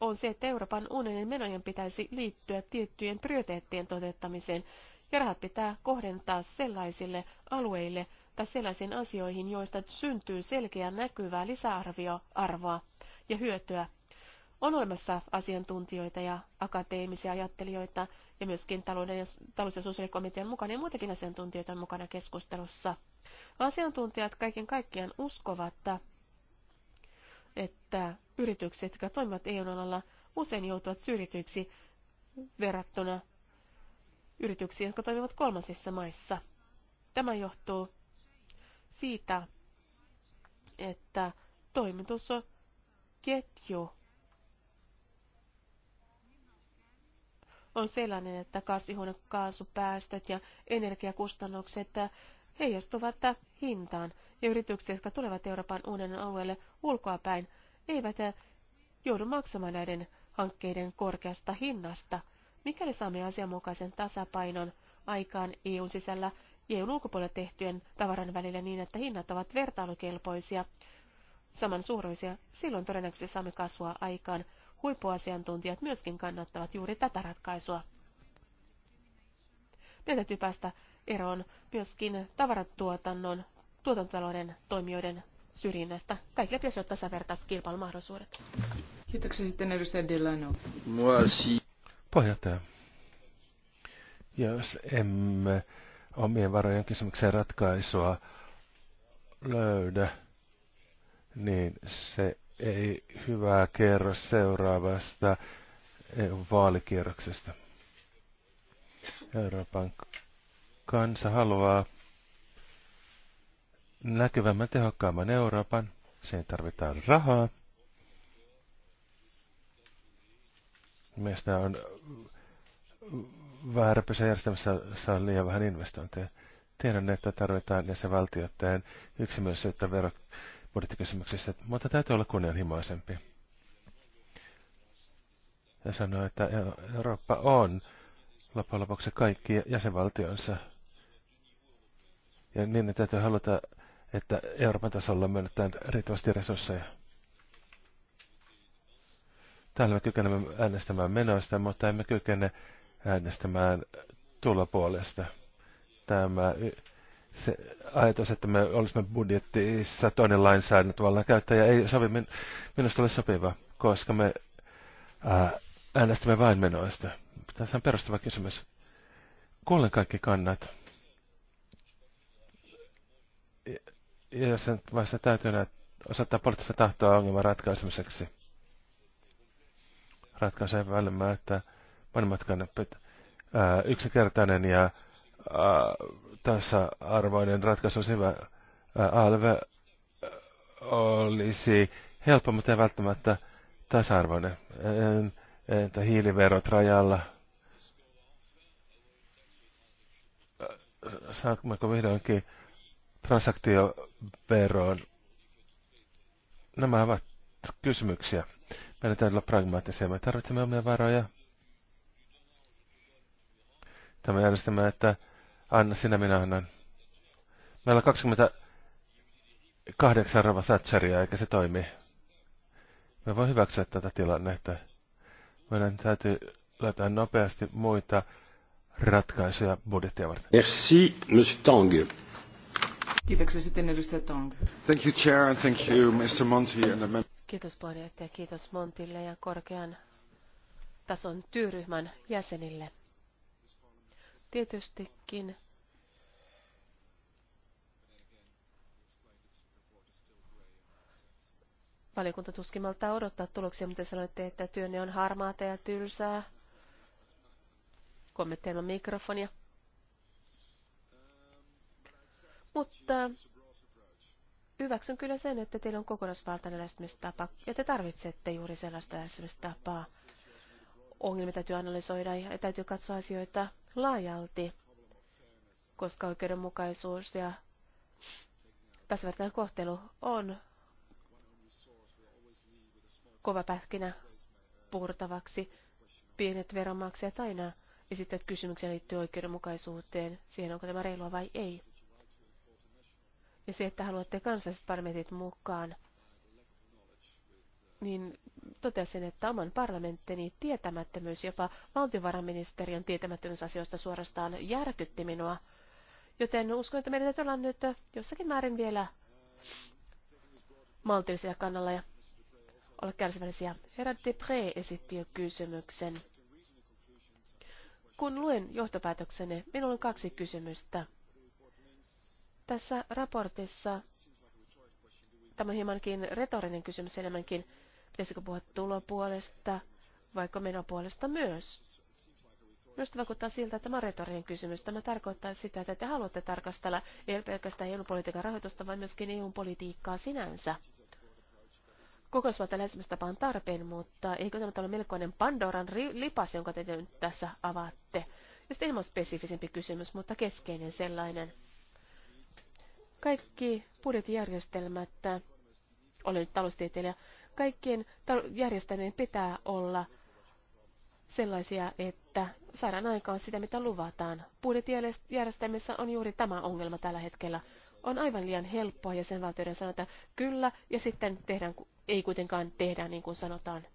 on se, että Euroopan unionin menojen pitäisi liittyä tiettyjen prioriteettien toteuttamiseen, ja rahat pitää kohdentaa sellaisille alueille tai sellaisiin asioihin, joista syntyy selkeä näkyvää lisäarvio, ja hyötyä. On olemassa asiantuntijoita ja akateemisia ajattelijoita ja myöskin talouden ja, talous- ja sosiaalikomitean mukana ja muitakin asiantuntijoita on mukana keskustelussa. Asiantuntijat kaiken kaikkiaan uskovat, että yritykset, jotka toimivat EU-alalla, usein joutuvat syrjityiksi verrattuna yrityksiä, jotka toimivat kolmansissa maissa. Tämä johtuu siitä, että ketju on sellainen, että kasvihuonekaasupäästöt ja energiakustannukset heijastuvat hintaan, ja yritykset, jotka tulevat Euroopan unionin alueelle ulkoapäin, eivät joudu maksamaan näiden hankkeiden korkeasta hinnasta – Mikäli saamme asianmukaisen tasapainon aikaan EUn sisällä ja EUn ulkopuolella tehtyjen tavaran välillä niin, että hinnat ovat vertailukelpoisia, samansuuruisia, silloin todennäköisesti saamme kasvua aikaan. Huippuasiantuntijat myöskin kannattavat juuri tätä ratkaisua. Meidän täytyy päästä eroon myöskin tavaratuotannon, tuotantotalouden toimijoiden syrjinnästä. Kaikille pitäisi olla tasavertaiset kilpailumahdollisuudet. Kiitoksia sitten edustaja Delano. Moi, si. Puheenjohtaja, jos emme omien varojen kysymykseen ratkaisua löydä, niin se ei hyvää kerro seuraavasta vaalikierroksesta. Euroopan kansa haluaa näkyvämmän tehokkaamman Euroopan. Siihen tarvitaan rahaa. Meistä on vääräpäisessä järjestelmässä saa liian vähän investointeja. Tiedän, että tarvitaan ja se, jäsenvaltioiden yksimielisyyttä verobudjettikysymyksissä, mutta täytyy olla kunnianhimoisempi. Ja sanoo, että Eurooppa on loppujen lopuksi kaikki jäsenvaltionsa. Ja niin että täytyy haluta, että Euroopan tasolla myönnetään riittävästi resursseja. Täällä me kykenemme äänestämään menoista, mutta emme kykene äänestämään tulopuolesta. Tämä se ajatus, että me olisimme budjettissa toinen tavallaan käyttäjä, ei sovi min, minusta ole sopiva, koska me ää, äänestämme vain menoista. Tässä on perustava kysymys. Kuulen kaikki kannat. Ja, ja sen vaiheessa täytyy näyttää osoittaa poliittista tahtoa ongelman ratkaisemiseksi ratkaisee välillä, että monimatkainen yksinkertainen ja tässä arvoinen ratkaisu on ALV olisi helppo, mutta ei välttämättä tasa-arvoinen. Entä hiiliverot rajalla? Saanko vihdoinkin transaktioveroon? Nämä ovat kysymyksiä. Meidän täytyy olla pragmaattisia. Me tarvitsemme omia varoja. Tämä järjestelmä, että anna sinä, minä annan. Meillä on 28 Rova Thatcheria, eikä se toimi. Me voi hyväksyä tätä tilannetta. Meidän täytyy löytää nopeasti muita ratkaisuja budjettia varten. Merci, Monsieur Tang. Kiitoksia sitten edustaja Tang. Thank you, Chair, and thank you, Mr. Monti and the members. Kiitos puheenjohtaja, kiitos Montille ja korkean tason työryhmän jäsenille. Tietystikin valiokunta tuskimalta odottaa tuloksia, mutta sanoitte, että työnne on harmaata ja tylsää. Kommentteilla mikrofonia. Mutta hyväksyn kyllä sen, että teillä on kokonaisvaltainen lähestymistapa ja te tarvitsette juuri sellaista lähestymistapaa. Ongelmia täytyy analysoida ja täytyy katsoa asioita laajalti, koska oikeudenmukaisuus ja pääsevärtäinen kohtelu on kova pähkinä purtavaksi. Pienet veronmaksajat aina esittävät kysymyksiä liittyen oikeudenmukaisuuteen, siihen onko tämä reilua vai ei ja se, että haluatte kansalliset parlamentit mukaan, niin totesin, että oman parlamenttini tietämättömyys, jopa valtiovarainministeriön tietämättömyys asioista suorastaan järkytti minua. Joten uskon, että meidän täytyy olla nyt jossakin määrin vielä maltillisia kannalla ja olla kärsivällisiä. Herra pre esitti jo kysymyksen. Kun luen johtopäätöksenne, minulla on kaksi kysymystä. Tässä raportissa tämä on hiemankin retorinen kysymys enemmänkin. Pitäisikö puhua tulopuolesta vaikka menopuolesta myös? Myös vaikuttaa siltä, että tämä on retorinen kysymys. Tämä tarkoittaa sitä, että te haluatte tarkastella ei pelkästään EU-politiikan rahoitusta, vaan myöskin EU-politiikkaa sinänsä. Kokonaisvalta lähestymistapa on tarpeen, mutta eikö tämä ole melkoinen Pandoran lipas, jonka te nyt tässä avaatte? Ja sitten ilman spesifisempi kysymys, mutta keskeinen sellainen. Kaikki budjettijärjestelmät, olen nyt taloustieteilijä, kaikkien järjestelmien pitää olla sellaisia, että saadaan aikaan sitä, mitä luvataan. Budjettijärjestelmissä on juuri tämä ongelma tällä hetkellä. On aivan liian helppoa ja sen valtioiden sanota kyllä, ja sitten tehdään, ei kuitenkaan tehdä niin kuin sanotaan.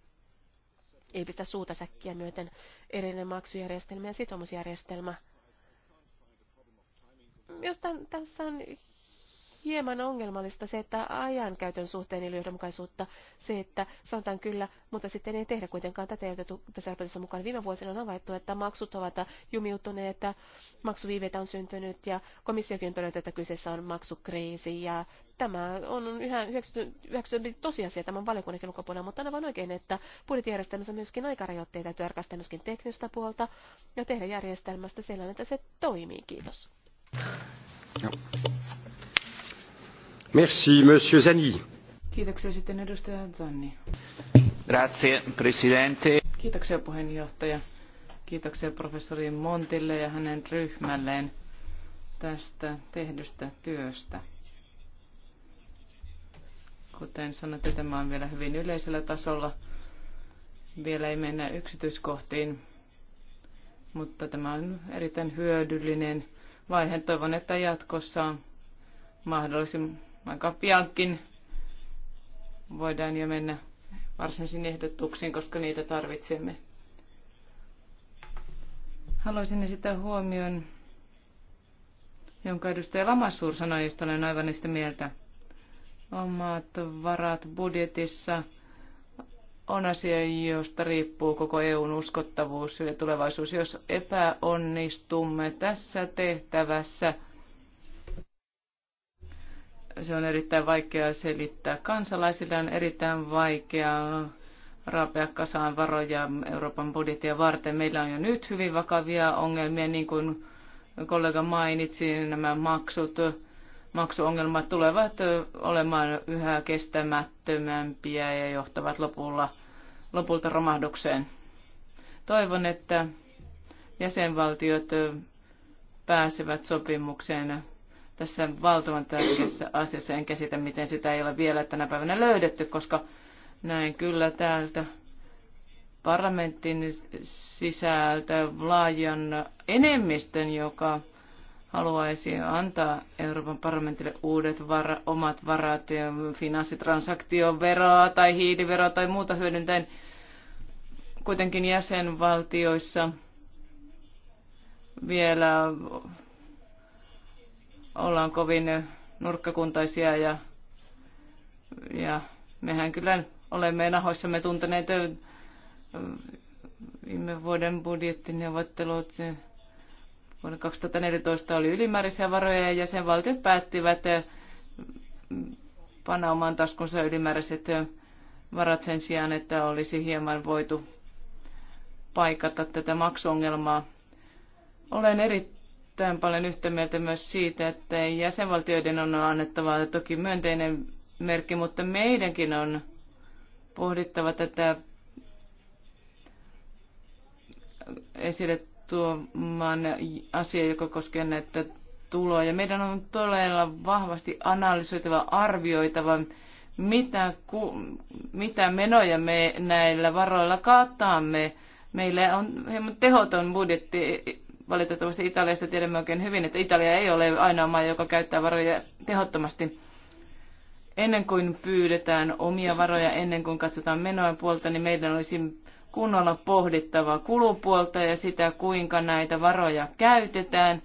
Ei pistä suuta säkkiä myöten erillinen maksujärjestelmä ja Jos tämän, tässä on hieman ongelmallista se, että ajan käytön suhteen ei ole johdonmukaisuutta. Se, että sanotaan kyllä, mutta sitten ei tehdä kuitenkaan tätä ei tässä raportissa mukaan. Viime vuosina on havaittu, että maksut ovat jumiutuneet, maksuviiveitä on syntynyt ja komissiokin on todennut, että kyseessä on maksukriisi ja tämä on yhä 90 tosiasia tämän valiokunnankin ulkopuolella, mutta on aivan oikein, että budjettijärjestelmässä on myöskin aikarajoitteita ja tarkastaa myöskin teknistä puolta ja tehdä järjestelmästä sellainen, että se toimii. Kiitos. No. Merci, Monsieur Kiitoksia sitten edustaja Zanni. Grazie, Presidente. Kiitoksia puheenjohtaja. Kiitoksia professori Montille ja hänen ryhmälleen tästä tehdystä työstä. Kuten sanoitte, tämä on vielä hyvin yleisellä tasolla. Vielä ei mennä yksityiskohtiin, mutta tämä on erittäin hyödyllinen vaihe. Toivon, että jatkossa mahdollisimman aika piankin voidaan jo mennä varsinaisiin ehdotuksiin, koska niitä tarvitsemme. Haluaisin esittää huomion, jonka edustaja Lamassuur sanoi, josta olen aivan yhtä mieltä. Omat varat budjetissa on asia, josta riippuu koko EUn uskottavuus ja tulevaisuus. Jos epäonnistumme tässä tehtävässä, se on erittäin vaikea selittää kansalaisille, on erittäin vaikea raapea kasaan varoja Euroopan budjettia varten. Meillä on jo nyt hyvin vakavia ongelmia, niin kuin kollega mainitsi, nämä maksut, maksuongelmat tulevat olemaan yhä kestämättömämpiä ja johtavat lopulla, lopulta romahdukseen. Toivon, että jäsenvaltiot pääsevät sopimukseen tässä valtavan tärkeässä asiassa. En käsitä, miten sitä ei ole vielä tänä päivänä löydetty, koska näin kyllä täältä parlamentin sisältä laajan enemmistön, joka haluaisi antaa Euroopan parlamentille uudet vara, omat varat, ja finanssitransaktioveroa tai hiiliveroa tai muuta hyödyntäen kuitenkin jäsenvaltioissa vielä ollaan kovin nurkkakuntaisia ja, ja mehän kyllä olemme nahoissamme tunteneet viime vuoden budjettineuvottelut. Vuonna 2014 oli ylimääräisiä varoja ja jäsenvaltiot päättivät panna oman taskunsa ylimääräiset varat sen sijaan, että olisi hieman voitu paikata tätä maksuongelmaa. Olen erittäin erittäin paljon yhtä mieltä myös siitä, että jäsenvaltioiden on annettava toki myönteinen merkki, mutta meidänkin on pohdittava tätä esille tuomaan asia, joka koskee näitä tuloja. Meidän on todella vahvasti analysoitava, arvioitava, mitä, ku, mitä menoja me näillä varoilla kaataamme. Meillä on hieman tehoton budjetti valitettavasti Italiassa tiedämme oikein hyvin, että Italia ei ole ainoa maa, joka käyttää varoja tehottomasti. Ennen kuin pyydetään omia varoja, ennen kuin katsotaan menojen puolta, niin meidän olisi kunnolla pohdittava kulupuolta ja sitä, kuinka näitä varoja käytetään.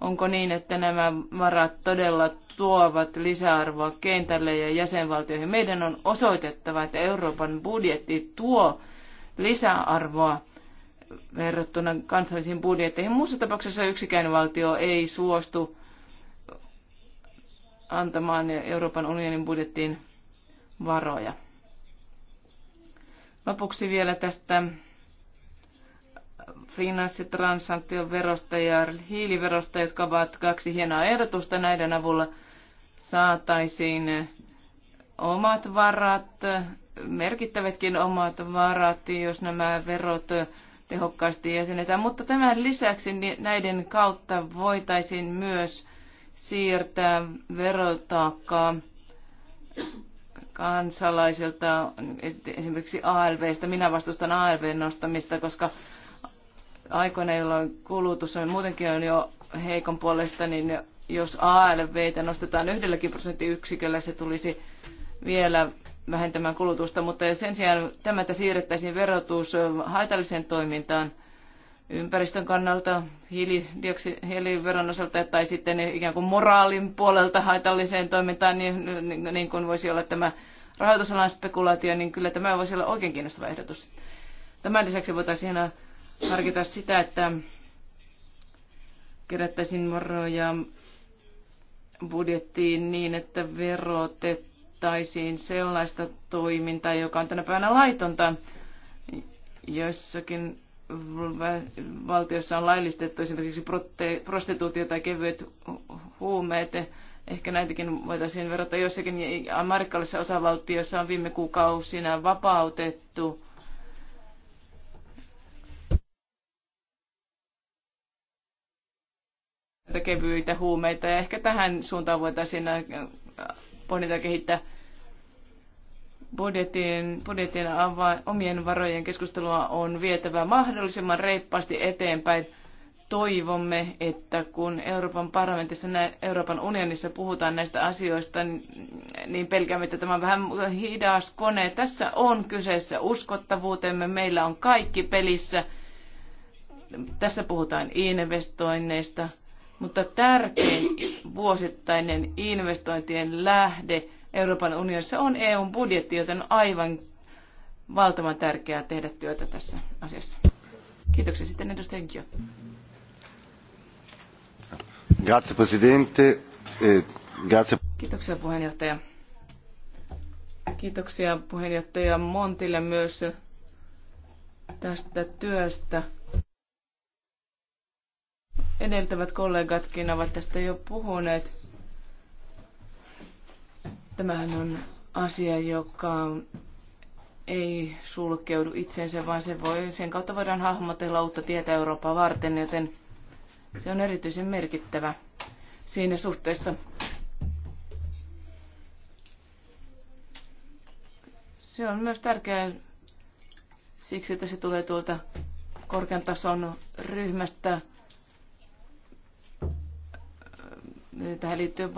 Onko niin, että nämä varat todella tuovat lisäarvoa kentälle ja jäsenvaltioihin? Meidän on osoitettava, että Euroopan budjetti tuo lisäarvoa verrattuna kansallisiin budjetteihin. Muussa tapauksessa yksikään valtio ei suostu antamaan Euroopan unionin budjettiin varoja. Lopuksi vielä tästä finanssitransaktioverosta ja hiiliverosta, jotka ovat kaksi hienoa ehdotusta. Näiden avulla saataisiin omat varat, merkittävätkin omat varat, jos nämä verot tehokkaasti jäsenetään. Mutta tämän lisäksi näiden kautta voitaisiin myös siirtää verotaakkaa kansalaisilta, esimerkiksi ALVstä. Minä vastustan ALVn nostamista, koska aikoina, jolloin kulutus on muutenkin on jo heikon puolesta, niin jos ALVtä nostetaan yhdelläkin prosenttiyksiköllä, se tulisi vielä vähentämään kulutusta, mutta sen sijaan tämä, että siirrettäisiin verotus haitalliseen toimintaan ympäristön kannalta hiiliveron osalta tai sitten ikään kuin moraalin puolelta haitalliseen toimintaan, niin, niin, niin kuin voisi olla tämä rahoitusalan spekulaatio, niin kyllä tämä voisi olla oikein kiinnostava ehdotus. Tämän lisäksi voitaisiin harkita sitä, että kerättäisiin varoja budjettiin niin, että verotettaisiin tuomittaisiin sellaista toimintaa, joka on tänä päivänä laitonta. Joissakin valtiossa on laillistettu esimerkiksi prostituutio tai kevyet huumeet. Ehkä näitäkin voitaisiin verrata. Joissakin amerikkalaisissa osavaltiossa on viime kuukausina vapautettu kevyitä huumeita. Ja ehkä tähän suuntaan voitaisiin pohdita kehittää budjetin, budjetin ava, omien varojen keskustelua on vietävä mahdollisimman reippaasti eteenpäin. Toivomme, että kun Euroopan parlamentissa, Euroopan unionissa puhutaan näistä asioista, niin pelkäämme, että tämä on vähän hidas kone. Tässä on kyseessä uskottavuutemme. Meillä on kaikki pelissä. Tässä puhutaan investoinneista, mutta tärkein vuosittainen investointien lähde Euroopan unionissa on EUn budjetti, joten on aivan valtavan tärkeää tehdä työtä tässä asiassa. Kiitoksia sitten edustaja Gio. E, Kiitoksia puheenjohtaja. Kiitoksia puheenjohtaja Montille myös tästä työstä edeltävät kollegatkin ovat tästä jo puhuneet. Tämähän on asia, joka ei sulkeudu itseensä vaan se voi, sen kautta voidaan hahmotella uutta tietä Eurooppaa varten, joten se on erityisen merkittävä siinä suhteessa. Se on myös tärkeää siksi, että se tulee tuolta korkean tason ryhmästä, Tähän liittyy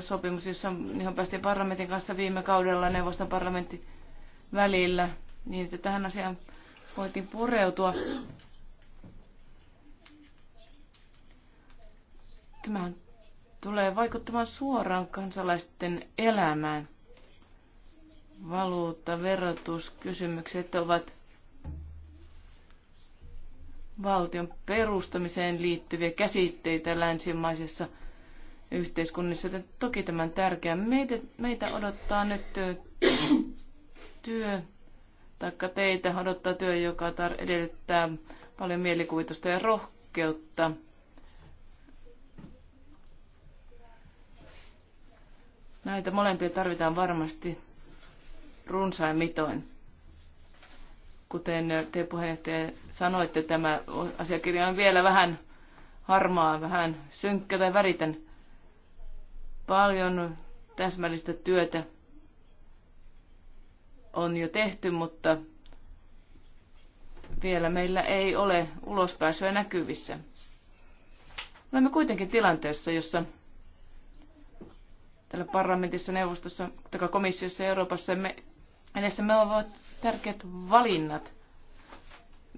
sopimus, jossa ihan päästiin parlamentin kanssa viime kaudella neuvoston parlamentin välillä, niin että tähän asiaan voitiin pureutua. Tämähän tulee vaikuttamaan suoraan kansalaisten elämään. Valuutta, kysymykset ovat valtion perustamiseen liittyviä käsitteitä länsimaisessa – yhteiskunnissa. Toki tämän tärkeä. Meitä, meitä odottaa nyt työ, taikka teitä odottaa työ, joka tar- edellyttää paljon mielikuvitusta ja rohkeutta. Näitä molempia tarvitaan varmasti runsain mitoin. Kuten te puheenjohtaja sanoitte, tämä asiakirja on vielä vähän harmaa, vähän synkkä tai väritön. Paljon täsmällistä työtä on jo tehty, mutta vielä meillä ei ole ulospääsyä näkyvissä. Olemme kuitenkin tilanteessa, jossa tällä parlamentissa, neuvostossa, tai komissiossa Euroopassa me, edessä me ovat tärkeät valinnat.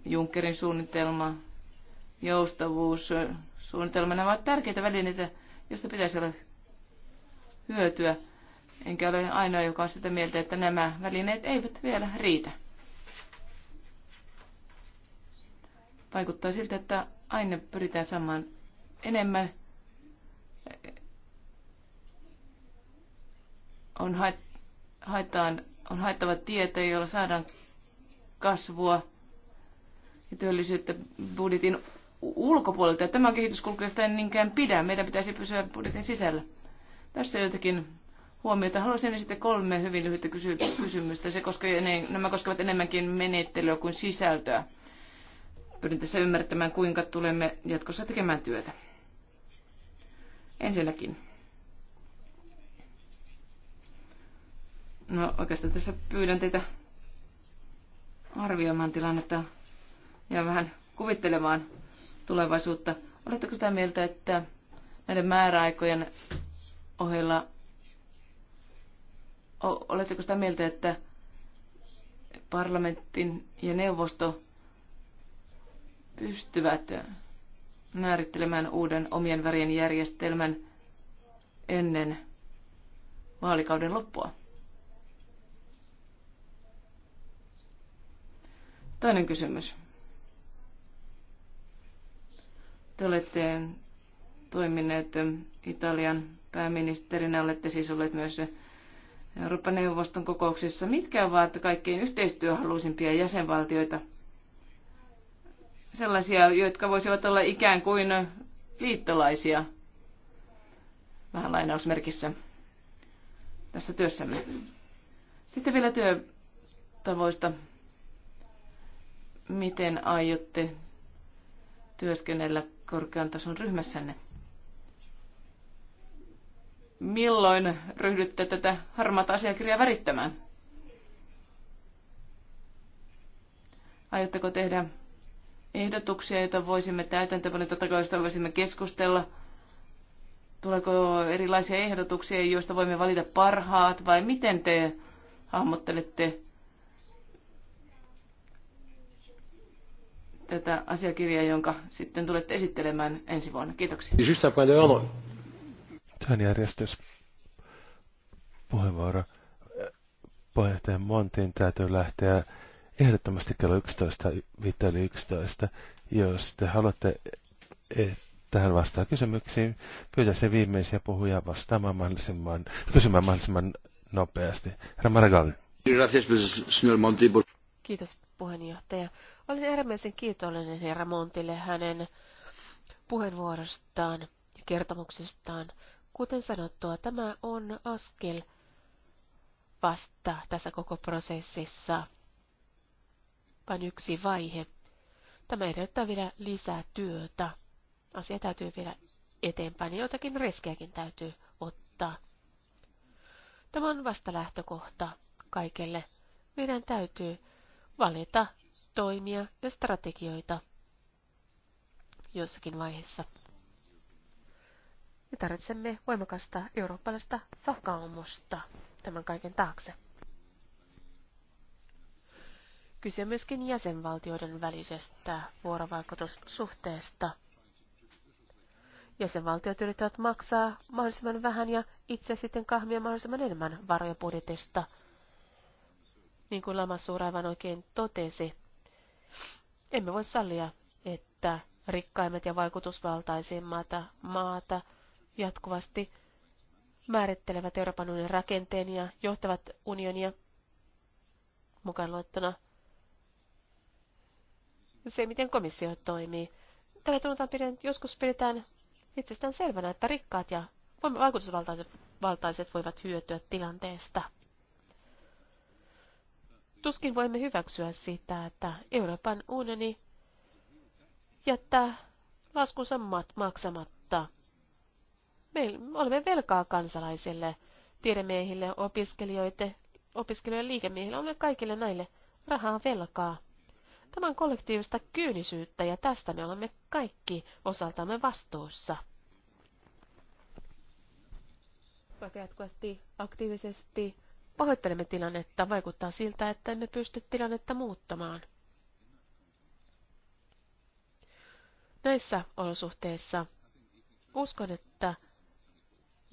Junckerin suunnitelma, joustavuus, suunnitelma, nämä ovat tärkeitä välineitä, joista pitäisi olla hyötyä. Enkä ole ainoa, joka on sitä mieltä, että nämä välineet eivät vielä riitä. Vaikuttaa siltä, että aina pyritään saamaan enemmän. On, haetaan, on haettava tietoa, jolla saadaan kasvua ja työllisyyttä budjetin ulkopuolelta. Ja tämä on kehityskulku, josta en niinkään pidä. Meidän pitäisi pysyä budjetin sisällä. Tässä joitakin huomiota. Haluaisin esittää kolme hyvin lyhyttä kysymystä. Se koskee, ne, nämä koskevat enemmänkin menettelyä kuin sisältöä. Pyrin tässä ymmärtämään, kuinka tulemme jatkossa tekemään työtä. Ensinnäkin. No oikeastaan tässä pyydän teitä arvioimaan tilannetta ja vähän kuvittelemaan tulevaisuutta. Oletteko sitä mieltä, että näiden määräaikojen ohella. Oletteko sitä mieltä, että parlamentin ja neuvosto pystyvät määrittelemään uuden omien värien järjestelmän ennen vaalikauden loppua? Toinen kysymys. Te olette toimineet Italian Pääministerinä olette siis olleet myös Euroopan neuvoston kokouksissa. Mitkä ovat kaikkein yhteistyöhaluisimpia jäsenvaltioita? Sellaisia, jotka voisivat olla ikään kuin liittolaisia, vähän lainausmerkissä, tässä työssämme. Sitten vielä työtavoista. Miten aiotte työskennellä korkean tason ryhmässänne? milloin ryhdytte tätä harmaata asiakirjaa värittämään? Aiotteko tehdä ehdotuksia, joita voisimme täytäntöpanen, totta kai joista voisimme keskustella? Tuleeko erilaisia ehdotuksia, joista voimme valita parhaat, vai miten te hahmottelette tätä asiakirjaa, jonka sitten tulette esittelemään ensi vuonna? Kiitoksia järjestys Puheenvuoro. Puheenjohtaja Montin täytyy lähteä ehdottomasti kello 11, 5 yli 11. Jos te haluatte, että hän vastaa kysymyksiin, pyytäisin viimeisiä puhujia vastaamaan mahdollisimman, kysymään mahdollisimman nopeasti. Herra Maragall. Kiitos puheenjohtaja. Olen äärimmäisen kiitollinen herra Montille hänen puheenvuorostaan ja kertomuksestaan. Kuten sanottua, tämä on askel vasta tässä koko prosessissa, vain yksi vaihe. Tämä edellyttää vielä lisää työtä. Asia täytyy vielä eteenpäin, jotakin riskejäkin täytyy ottaa. Tämä on vasta lähtökohta kaikelle. Meidän täytyy valita toimia ja strategioita jossakin vaiheessa. Me tarvitsemme voimakasta eurooppalaista vakaumusta tämän kaiken taakse. Kyse on myöskin jäsenvaltioiden välisestä vuorovaikutussuhteesta. Jäsenvaltiot yrittävät maksaa mahdollisimman vähän ja itse sitten kahmia mahdollisimman enemmän varoja budjetista. Niin kuin lama Suuraivan oikein totesi, emme voi sallia, että rikkaimmat ja vaikutusvaltaisimmat maata jatkuvasti määrittelevät Euroopan unionin rakenteen ja johtavat unionia mukaan luettuna se, miten komissio toimii. Tällä tunnetaan pidän, joskus pidetään itsestään selvänä, että rikkaat ja vaikutusvaltaiset voivat hyötyä tilanteesta. Tuskin voimme hyväksyä sitä, että Euroopan unioni jättää laskunsa maksamatta. Me olemme velkaa kansalaisille, tiedemiehille, opiskelijoille, opiskelijoille, liikemiehille, olemme kaikille näille rahaa velkaa. Tämä on kollektiivista kyynisyyttä ja tästä me olemme kaikki osaltamme vastuussa. Vaikka jatkuvasti aktiivisesti pahoittelemme tilannetta, vaikuttaa siltä, että emme pysty tilannetta muuttamaan. Näissä olosuhteissa uskon, että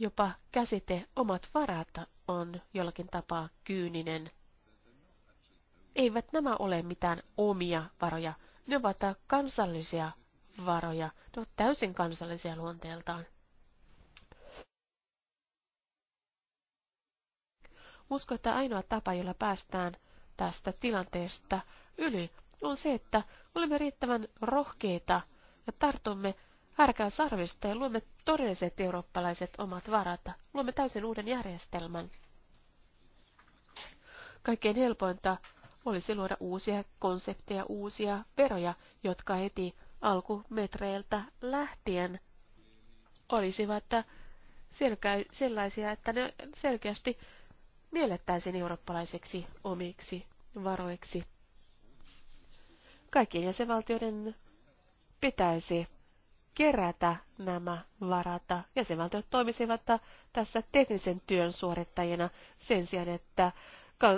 Jopa käsite omat varat on jollakin tapaa kyyninen. Eivät nämä ole mitään omia varoja, ne ovat kansallisia varoja, ne ovat täysin kansallisia luonteeltaan. Usko, että ainoa tapa, jolla päästään tästä tilanteesta yli, on se, että olemme riittävän rohkeita ja tartumme härkän sarvista ja luomme todelliset eurooppalaiset omat varat. Luomme täysin uuden järjestelmän. Kaikkein helpointa olisi luoda uusia konsepteja, uusia veroja, jotka heti alkumetreiltä lähtien olisivat sellaisia, että ne selkeästi miellettäisiin eurooppalaiseksi omiksi varoiksi. Kaikkien jäsenvaltioiden pitäisi kerätä nämä varata. Jäsenvaltiot toimisivat tässä teknisen työn suorittajina sen sijaan, että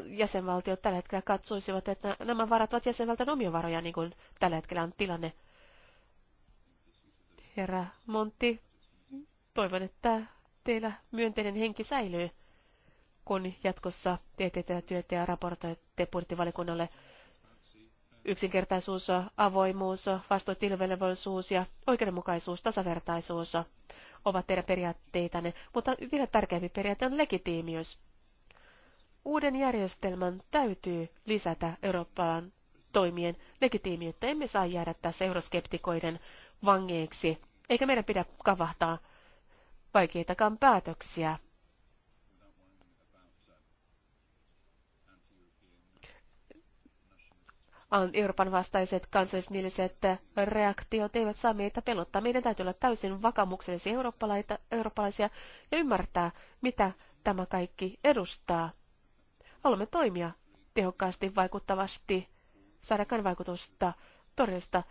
jäsenvaltiot tällä hetkellä katsoisivat, että nämä varat ovat jäsenvaltion omia varoja, niin kuin tällä hetkellä on tilanne. Herra Montti, toivon, että teillä myönteinen henki säilyy, kun jatkossa teette tätä työtä ja raportoitte budjettivalikunnalle yksinkertaisuus, avoimuus, vastuutilvelvollisuus ja oikeudenmukaisuus, tasavertaisuus ovat teidän periaatteitanne, mutta vielä tärkeämpi periaate on legitiimiys. Uuden järjestelmän täytyy lisätä Euroopan toimien legitiimiyttä. Emme saa jäädä tässä euroskeptikoiden vangeiksi, eikä meidän pidä kavahtaa vaikeitakaan päätöksiä Euroopan vastaiset kansallismieliset reaktiot eivät saa meitä pelottaa. Meidän täytyy olla täysin vakamuksellisia eurooppalaisia ja ymmärtää, mitä tämä kaikki edustaa. Haluamme toimia tehokkaasti, vaikuttavasti, saadakaan vaikutusta todellista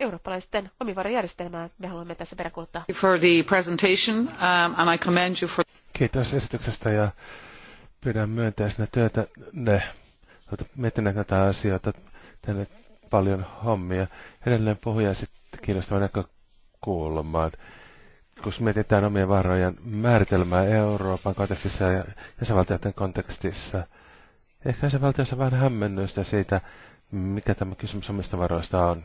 eurooppalaisten omivarajärjestelmää me haluamme tässä peräkuuttaa. For the presentation, um, and I commend you for... Kiitos esityksestä ja pidän myönteisenä työtä ne, olette näitä asioita tänne paljon hommia. Edelleen pohjaa sitten kiinnostava näkökulmaan. Kun mietitään omien varojen määritelmää Euroopan kontekstissa ja jäsenvaltioiden kontekstissa, ehkä jäsenvaltioissa vähän hämmennystä siitä, mikä tämä kysymys omista varoista on.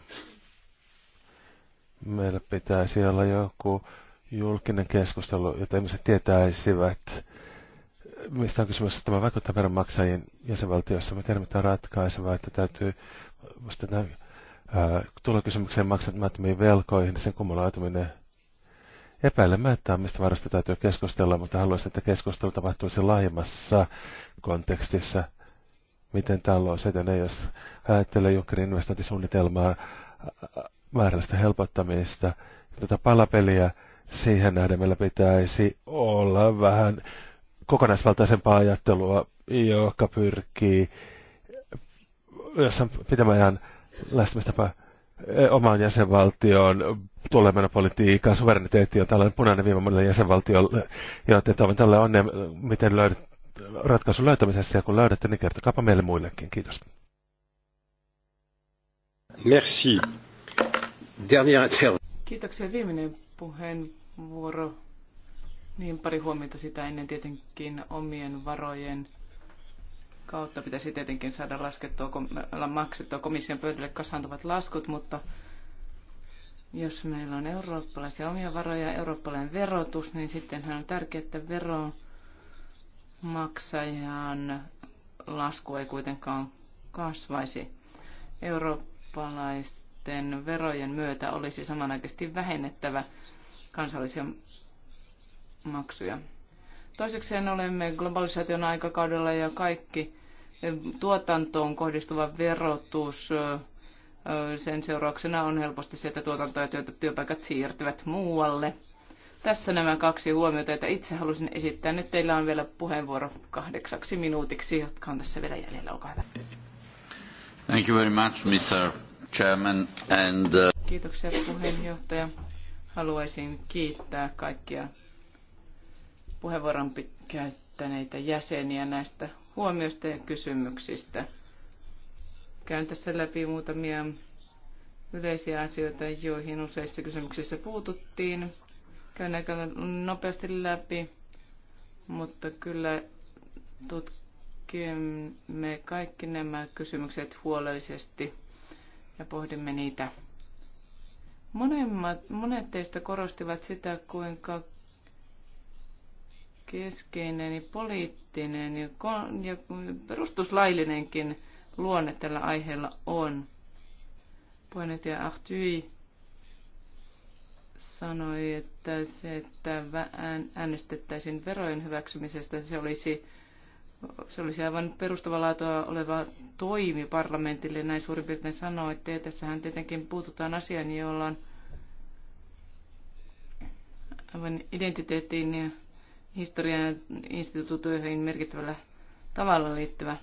Meillä pitäisi olla joku julkinen keskustelu, jota ihmiset tietäisivät, mistä on kysymys, että tämä vaikuttaa veronmaksajien jäsenvaltioissa. Me tiedämme, että on ratkaisevaa, että täytyy vasta tulokysymykseen maksamattomiin velkoihin, sen kumuloituminen epäilemättä, mistä varasta täytyy keskustella, mutta haluaisin, että keskustelu tapahtuisi laajemmassa kontekstissa. Miten talous etenee, jos ajattelee Junckerin investointisuunnitelmaa, määrällistä helpottamista, tätä palapeliä, siihen nähden meillä pitäisi olla vähän kokonaisvaltaisempaa ajattelua, joka pyrkii jossain pitämään ihan lähestymistapa eh, omaan jäsenvaltioon, tulemana politiikkaan, suvereniteetti on tällainen punainen viime monelle jäsenvaltiolle, joten toivon tälle onne miten löydät, ratkaisun löytämisessä, ja kun löydätte, niin kertokaapa meille muillekin. Kiitos. Merci. Dernier Kiitoksia. Viimeinen puheenvuoro niin pari huomiota sitä ennen tietenkin omien varojen kautta pitäisi tietenkin saada laskettua, äh, maksettua komission pöydälle kasantuvat laskut, mutta jos meillä on eurooppalaisia omia varoja ja eurooppalainen verotus, niin sittenhän on tärkeää, että veronmaksajan lasku ei kuitenkaan kasvaisi. Eurooppalaisten verojen myötä olisi samanaikaisesti vähennettävä kansallisia maksuja. Toiseksi olemme globalisaation aikakaudella ja kaikki tuotantoon kohdistuva verotus sen seurauksena on helposti se, että tuotanto- ja työpaikat siirtyvät muualle. Tässä nämä kaksi huomiota, joita itse halusin esittää. Nyt teillä on vielä puheenvuoro kahdeksaksi minuutiksi, jotka on tässä vielä jäljellä. Olkaa hyvä. Thank you very much, Mr. Chairman. And, uh... Kiitoksia puheenjohtaja. Haluaisin kiittää kaikkia puheenvuoron käyttäneitä jäseniä näistä huomioista ja kysymyksistä. Käyn tässä läpi muutamia yleisiä asioita, joihin useissa kysymyksissä puututtiin. Käyn aika nopeasti läpi, mutta kyllä tutkimme kaikki nämä kysymykset huolellisesti ja pohdimme niitä. Monemmat, monet teistä korostivat sitä, kuinka keskeinen ja poliittinen ja, ja perustuslaillinenkin luonne tällä aiheella on. ja Ahtyi sanoi, että se, että äänestettäisiin verojen hyväksymisestä, se olisi, se olisi aivan perustavalaatua oleva toimi parlamentille, näin suurin piirtein sanoi, että tässähän tietenkin puututaan asiaan, jolla on aivan identiteettiin ja historian instituutioihin merkittävällä tavalla liittyvä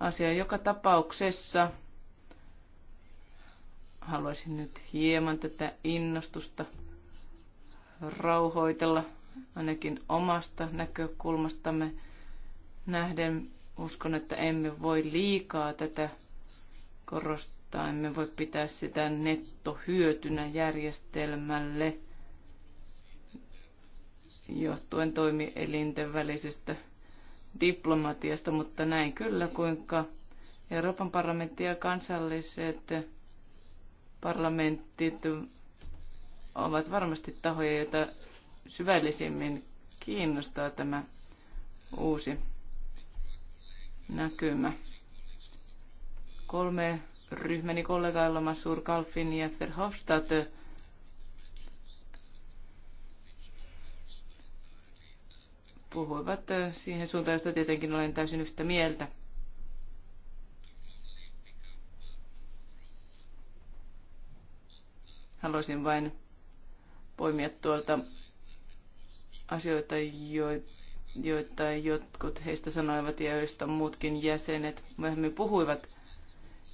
asia. Joka tapauksessa haluaisin nyt hieman tätä innostusta rauhoitella ainakin omasta näkökulmastamme nähden. Uskon, että emme voi liikaa tätä korostaa, emme voi pitää sitä nettohyötynä järjestelmälle – johtuen toimielinten välisestä diplomatiasta, mutta näin kyllä, kuinka Euroopan parlamentti ja kansalliset parlamentit ovat varmasti tahoja, joita syvällisimmin kiinnostaa tämä uusi näkymä. Kolme ryhmäni kollegailla massur Kalfin ja Verhofstadt puhuivat siihen suuntaan, josta tietenkin olen täysin yhtä mieltä. Haluaisin vain poimia tuolta asioita, joita jotkut heistä sanoivat ja joista muutkin jäsenet myöhemmin puhuivat.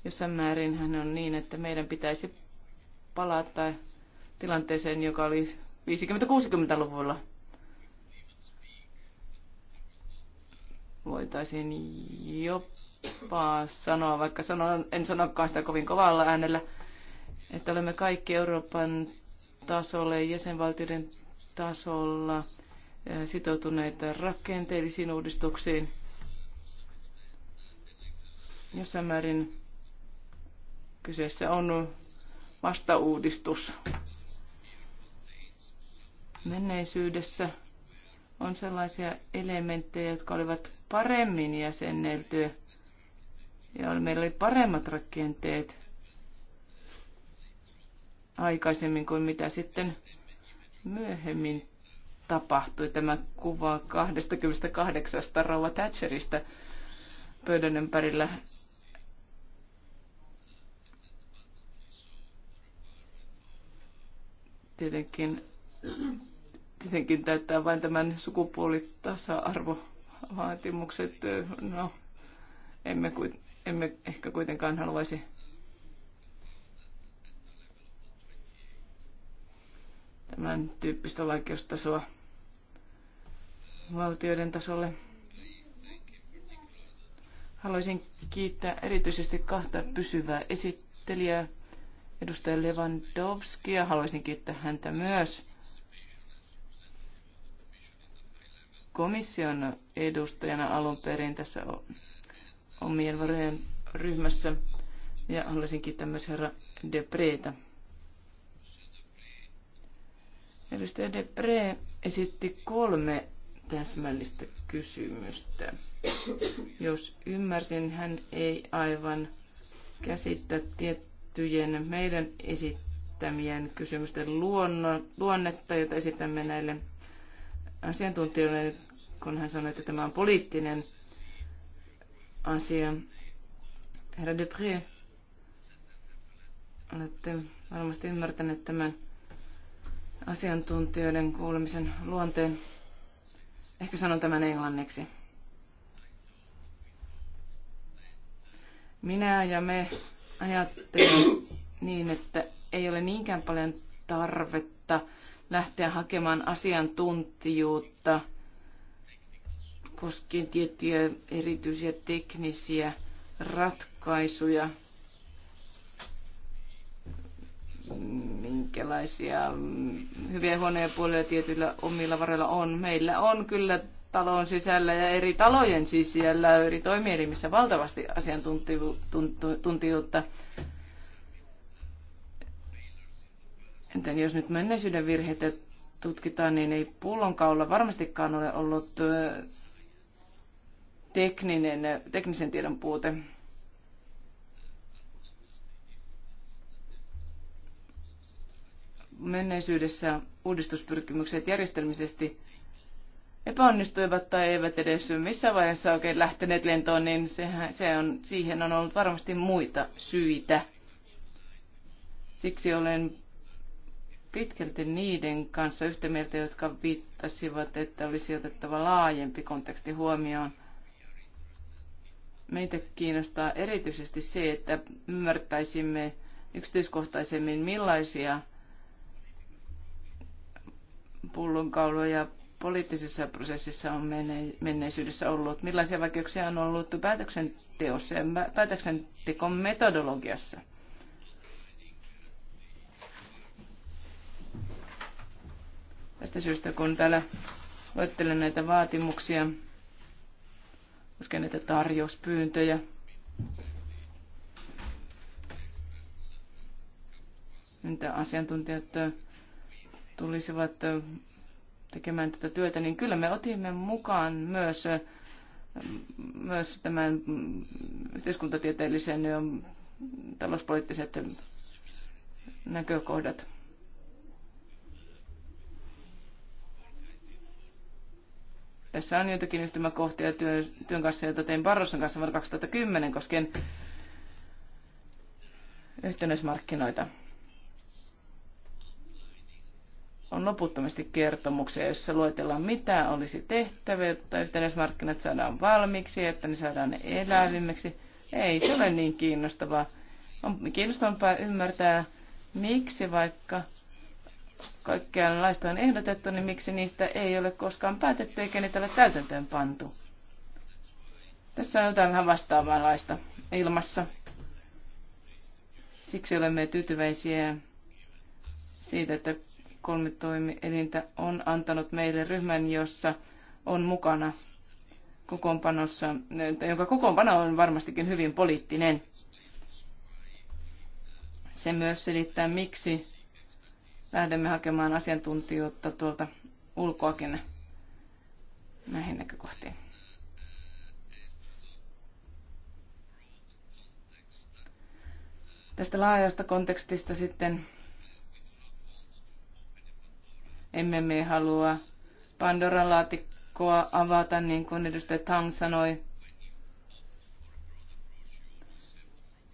Jossain määrin hän on niin, että meidän pitäisi palata tilanteeseen, joka oli 50-60-luvulla voitaisiin jopa sanoa, vaikka sanon, en sanokaan sitä kovin kovalla äänellä, että olemme kaikki Euroopan tasolla ja jäsenvaltioiden tasolla eh, sitoutuneita rakenteellisiin uudistuksiin. Jossain määrin kyseessä on vastauudistus menneisyydessä – on sellaisia elementtejä, jotka olivat paremmin jäsenneltyä. Ja meillä oli paremmat rakenteet aikaisemmin kuin mitä sitten myöhemmin tapahtui. Tämä kuva 28 Rova Thatcherista pöydän ympärillä tietenkin tietenkin täyttää vain tämän sukupuolitasa-arvovaatimukset. No, emme, emme ehkä kuitenkaan haluaisi tämän tyyppistä vaikeustasoa valtioiden tasolle. Haluaisin kiittää erityisesti kahta pysyvää esittelijää, edustaja Lewandowskia. Haluaisin kiittää häntä myös komission edustajana alun perin tässä omien varojen ryhmässä ja haluaisin kiittää myös herra Depreetä. Edustaja Depre esitti kolme täsmällistä kysymystä. Jos ymmärsin, hän ei aivan käsittää tiettyjen meidän esittämien kysymysten luonnetta, jota esitämme näille asiantuntijoille, kun hän sanoi, että tämä on poliittinen asia. Herra Dupré, olette varmasti ymmärtäneet tämän asiantuntijoiden kuulemisen luonteen. Ehkä sanon tämän englanniksi. Minä ja me ajattelemme niin, että ei ole niinkään paljon tarvetta lähteä hakemaan asiantuntijuutta koskien tiettyjä erityisiä teknisiä ratkaisuja, minkälaisia hyviä ja puolia tietyillä omilla varoilla on. Meillä on kyllä talon sisällä ja eri talojen sisällä eri toimielimissä valtavasti asiantuntijuutta. Entä jos nyt menneisyyden virheitä tutkitaan, niin ei pullonkaula varmastikaan ole ollut tekninen, teknisen tiedon puute. Menneisyydessä uudistuspyrkimykset järjestelmisesti epäonnistuivat tai eivät edes missään vaiheessa oikein lähteneet lentoon, niin sehän, se on, siihen on ollut varmasti muita syitä. Siksi olen pitkälti niiden kanssa yhtä mieltä, jotka viittasivat, että olisi otettava laajempi konteksti huomioon. Meitä kiinnostaa erityisesti se, että ymmärtäisimme yksityiskohtaisemmin, millaisia pullonkauloja poliittisessa prosessissa on menneisyydessä ollut, millaisia vaikeuksia on ollut päätöksenteossa ja päätöksentekon metodologiassa – Tästä syystä, kun täällä luettelen näitä vaatimuksia, koskien näitä tarjouspyyntöjä, mitä asiantuntijat tulisivat tekemään tätä työtä, niin kyllä me otimme mukaan myös, myös tämän yhteiskuntatieteellisen ja talouspoliittiset näkökohdat. Tässä on jotakin yhtymäkohtia työn, työn kanssa, jota tein Barroson kanssa vuonna 2010 koskien yhtenäismarkkinoita. On loputtomasti kertomuksia, joissa luetellaan, mitä olisi tehtävä, jotta yhtenäismarkkinat saadaan valmiiksi, että ne saadaan elävimmiksi. Ei se ole niin kiinnostavaa. On kiinnostavampaa ymmärtää, miksi vaikka – kaikkianlaista on ehdotettu, niin miksi niistä ei ole koskaan päätetty eikä niitä ole täytäntöön pantu? Tässä on jotain vähän vastaavanlaista ilmassa. Siksi olemme tyytyväisiä siitä, että kolme toimielintä on antanut meille ryhmän, jossa on mukana kokoonpanossa, jonka kokoonpano on varmastikin hyvin poliittinen. Se myös selittää, miksi lähdemme hakemaan asiantuntijuutta tuolta ulkoakin näihin näkökohtiin. Tästä laajasta kontekstista sitten emme me halua Pandoran laatikkoa avata, niin kuin edustaja Tang sanoi.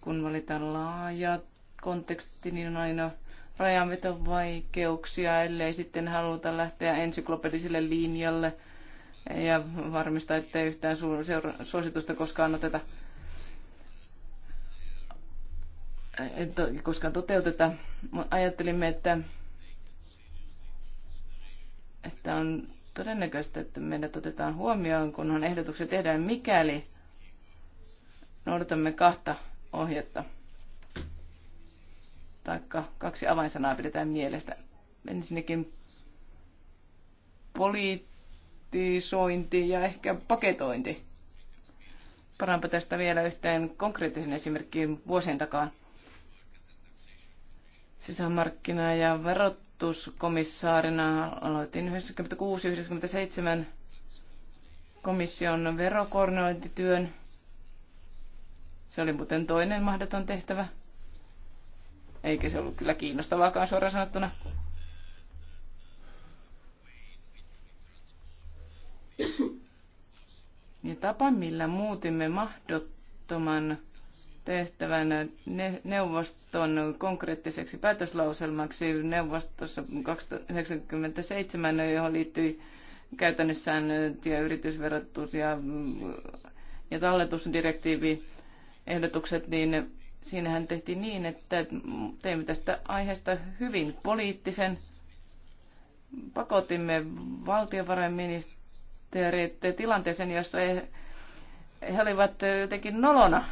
Kun valitaan laaja konteksti, niin on aina rajanvetovaikeuksia, ellei sitten haluta lähteä ensyklopediselle linjalle ja varmistaa, että ei yhtään suositusta koskaan oteta to, koskaan toteuteta. Ajattelimme, että, että on todennäköistä, että meidät otetaan huomioon, kunhan ehdotukset tehdään, mikäli noudatamme kahta ohjetta taikka kaksi avainsanaa pidetään mielestä. Ensinnäkin politisointi ja ehkä paketointi. Parampa tästä vielä yhteen konkreettisen esimerkkiin vuosien takaa. Sisämarkkina- ja verotuskomissaarina aloitin 96-97 komission verokoordinointityön. Se oli muuten toinen mahdoton tehtävä. Eikä se ollut kyllä kiinnostavaakaan suoraan sanottuna. Ja tapa, millä muutimme mahdottoman tehtävän neuvoston konkreettiseksi päätöslauselmaksi neuvostossa 1997, johon liittyi käytännössään ja yritysverotus ja, ja talletusdirektiivi ehdotukset, niin Siinähän tehtiin niin, että teimme tästä aiheesta hyvin poliittisen. Pakotimme valtiovarainministerit tilanteeseen, jossa he olivat jotenkin nolona.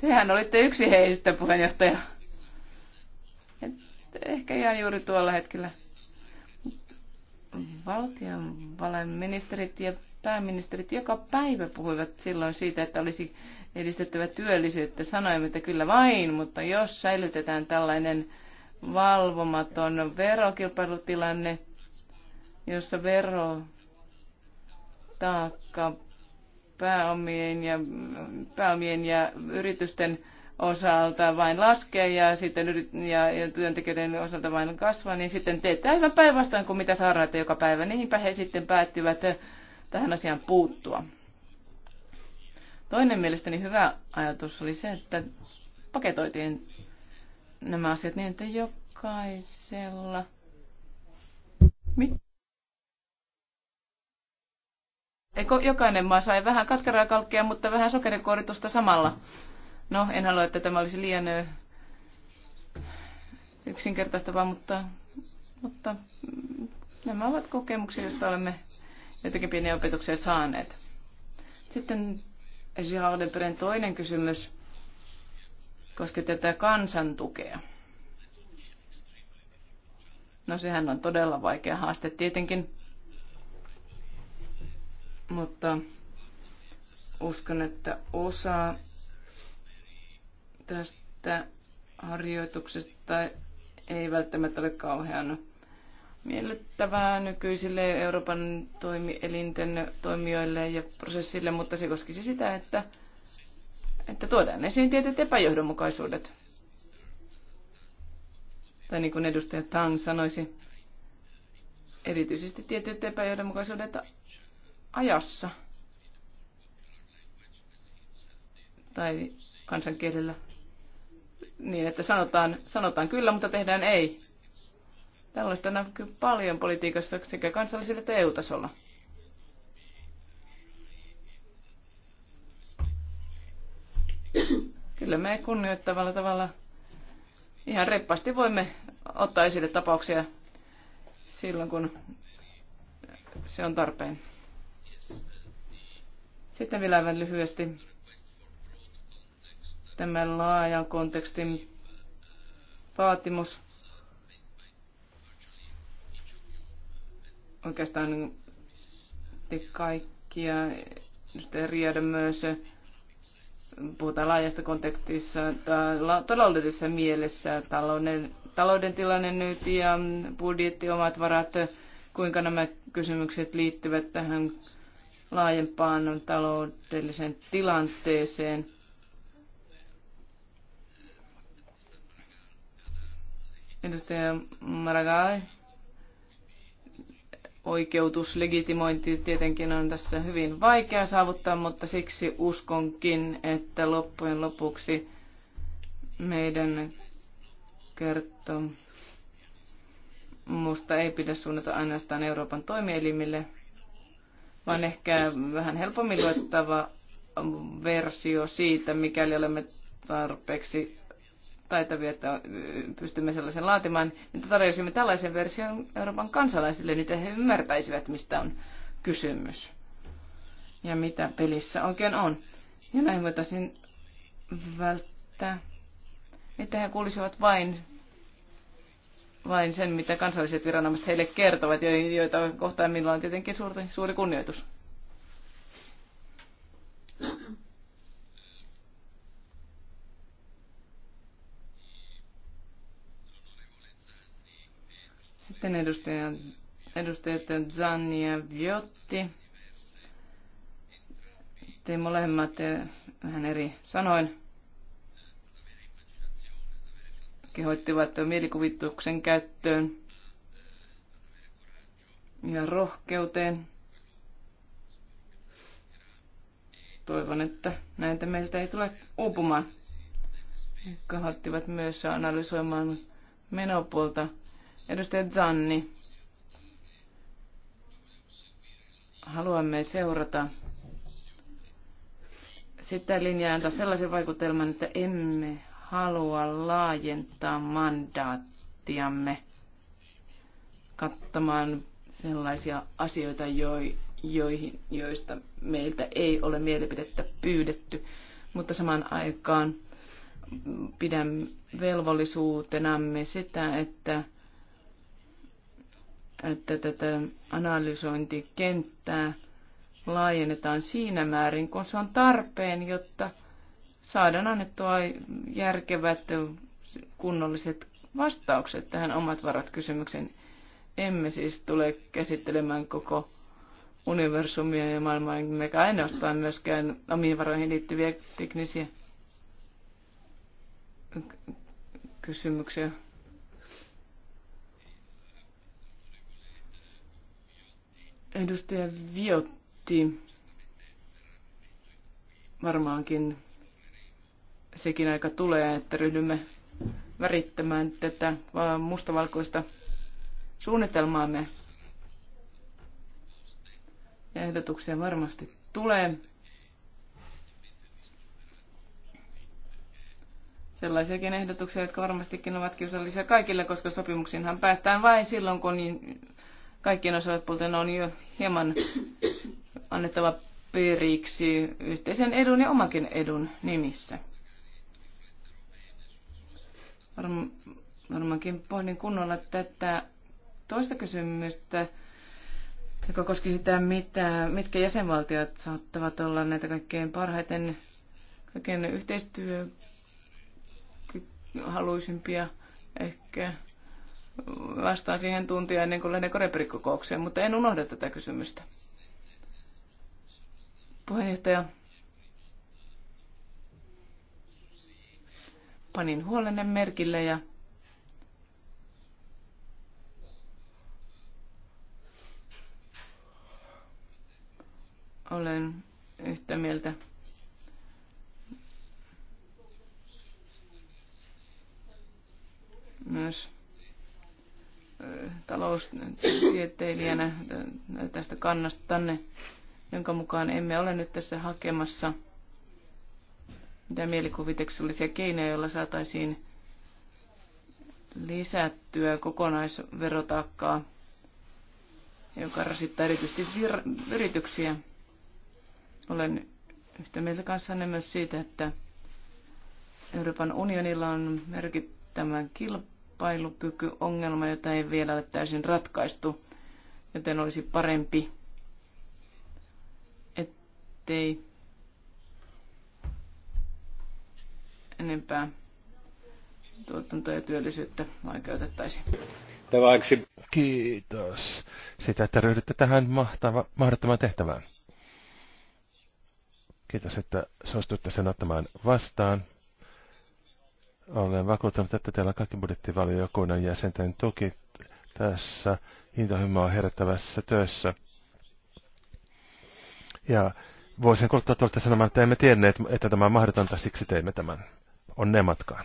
Tehän olitte yksi heistä, puheenjohtaja. Et ehkä ihan juuri tuolla hetkellä. Valtiovarainministerit ja pääministerit joka päivä puhuivat silloin siitä, että olisi edistettävä työllisyyttä. Sanoimme, että kyllä vain, mutta jos säilytetään tällainen valvomaton verokilpailutilanne, jossa vero taakka pääomien ja, pääomien ja yritysten osalta vain laskee ja sitten ja, ja työntekijöiden osalta vain kasvaa, niin sitten teette aivan päinvastoin kuin mitä sairaat joka päivä. Niinpä he sitten päättivät tähän asiaan puuttua. Toinen mielestäni hyvä ajatus oli se, että paketoitiin nämä asiat niin, että jokaisella... Mit? Jokainen maa sai vähän katkeraa kalkkia, mutta vähän sokerikuoritusta samalla. No, en halua, että tämä olisi liian vaan mutta, mutta nämä ovat kokemuksia, joista olemme jotakin pieniä opetuksia saaneet. Sitten Gérard toinen kysymys koski tätä kansantukea. No sehän on todella vaikea haaste tietenkin, mutta uskon, että osa tästä harjoituksesta ei välttämättä ole kauhean miellyttävää nykyisille Euroopan toimielinten toimijoille ja prosessille, mutta se koskisi sitä, että, että tuodaan esiin tietyt epäjohdonmukaisuudet. Tai niin kuin edustaja Tang sanoisi, erityisesti tietyt epäjohdonmukaisuudet ajassa. Tai kansankielellä niin, että sanotaan, sanotaan kyllä, mutta tehdään ei. Tällaista näkyy paljon politiikassa sekä kansallisella että EU-tasolla. Kyllä me kunnioittavalla tavalla ihan reippaasti voimme ottaa esille tapauksia silloin, kun se on tarpeen. Sitten vielä aivan lyhyesti tämän laajan kontekstin vaatimus. oikeastaan te kaikkia, just Riedä myös, puhutaan laajasta kontekstissa, taloudellisessa mielessä, talouden, talouden tilanne nyt ja budjetti, omat varat, kuinka nämä kysymykset liittyvät tähän laajempaan taloudelliseen tilanteeseen. Edustaja Maragall oikeutus, legitimointi tietenkin on tässä hyvin vaikea saavuttaa, mutta siksi uskonkin, että loppujen lopuksi meidän kertomusta ei pidä suunnata ainoastaan Euroopan toimielimille, vaan ehkä vähän helpommin luettava versio siitä, mikäli olemme tarpeeksi taitavia, että pystymme sellaisen laatimaan, niin että tarjosimme tällaisen version Euroopan kansalaisille, niin he ymmärtäisivät, mistä on kysymys ja mitä pelissä oikein on. Ja näin voitaisiin välttää, että he kuulisivat vain, vain sen, mitä kansalliset viranomaiset heille kertovat, joita kohtaan minulla on tietenkin suuri, suuri kunnioitus. Sitten edustaja, edustajat Zanni ja Viotti. Te molemmat eh, vähän eri sanoin kehoittivat mielikuvituksen käyttöön ja rohkeuteen. Toivon, että näitä meiltä ei tule uupumaan. Kehoittivat myös analysoimaan menopuolta Edustaja Zanni, haluamme seurata sitä linjaa antaa sellaisen vaikutelman, että emme halua laajentaa mandaattiamme kattamaan sellaisia asioita, joihin, joista meiltä ei ole mielipidettä pyydetty, mutta samaan aikaan pidän velvollisuutenamme sitä, että että tätä analysointikenttää laajennetaan siinä määrin, kun se on tarpeen, jotta saadaan annettua järkevät kunnolliset vastaukset tähän omat varat kysymykseen. Emme siis tule käsittelemään koko universumia ja maailmaa, emmekä ainoastaan myöskään omiin varoihin liittyviä teknisiä kysymyksiä. Edustaja Viotti, varmaankin sekin aika tulee, että ryhdymme värittämään tätä mustavalkoista suunnitelmaamme. Ja ehdotuksia varmasti tulee. Sellaisiakin ehdotuksia, jotka varmastikin ovat kiusallisia kaikille, koska sopimuksiinhan päästään vain silloin, kun kaikkien osapuolten on jo hieman annettava periksi yhteisen edun ja omankin edun nimissä. varmaankin pohdin kunnolla tätä toista kysymystä, joka koski sitä, mitä, mitkä jäsenvaltiot saattavat olla näitä kaikkein parhaiten, kaikkein yhteistyöhaluisimpia ehkä vastaan siihen tuntia ennen kuin lähden Koreperikokoukseen, mutta en unohda tätä kysymystä. Puheenjohtaja, panin huolenne merkille ja olen yhtä mieltä myös taloustieteilijänä tästä tänne, jonka mukaan emme ole nyt tässä hakemassa mitä mielikuvituksellisia keinoja, joilla saataisiin lisättyä kokonaisverotaakkaa, joka rasittaa erityisesti yrityksiä. Olen yhtä mieltä kanssanne myös siitä, että Euroopan unionilla on merkittävän kilpailu kilpailukykyongelma, jota ei vielä ole täysin ratkaistu, joten olisi parempi, ettei enempää tuotanto- ja työllisyyttä vaikeutettaisi. Tavaksi. Kiitos sitä, että ryhdytte tähän mahtava, mahdottomaan tehtävään. Kiitos, että suostutte sen ottamaan vastaan. Olen vakuuttunut, että teillä kaikki budjettivaliokunnan jäsenten tuki tässä intohimoa herättävässä työssä. Ja voisin kuluttaa tuolta sanomaan, että emme tienneet, että tämä on mahdotonta, siksi teimme tämän. Onnea matkaan.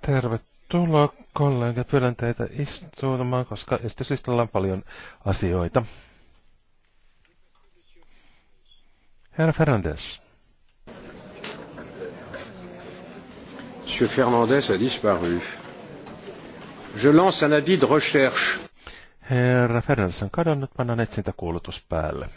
Tervetuloa kollega, pyydän teitä istumaan, koska esityslistalla on paljon asioita. Herra Fernandes. Monsieur Fernandez a disparu. Je lance un avis de recherche. Herra Fernandes on kadonnut, pannaan etsintäkuulutus päälle.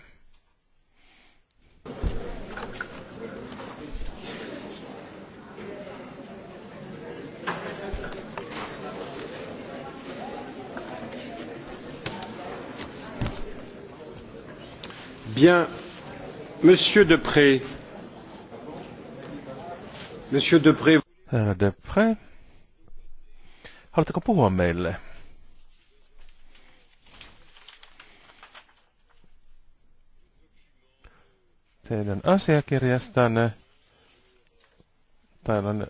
Bien. Monsieur Depré. Monsieur Depré. Herra Depré. Haluatteko puhua meille? Teidän asiakirjastanne. Täällä on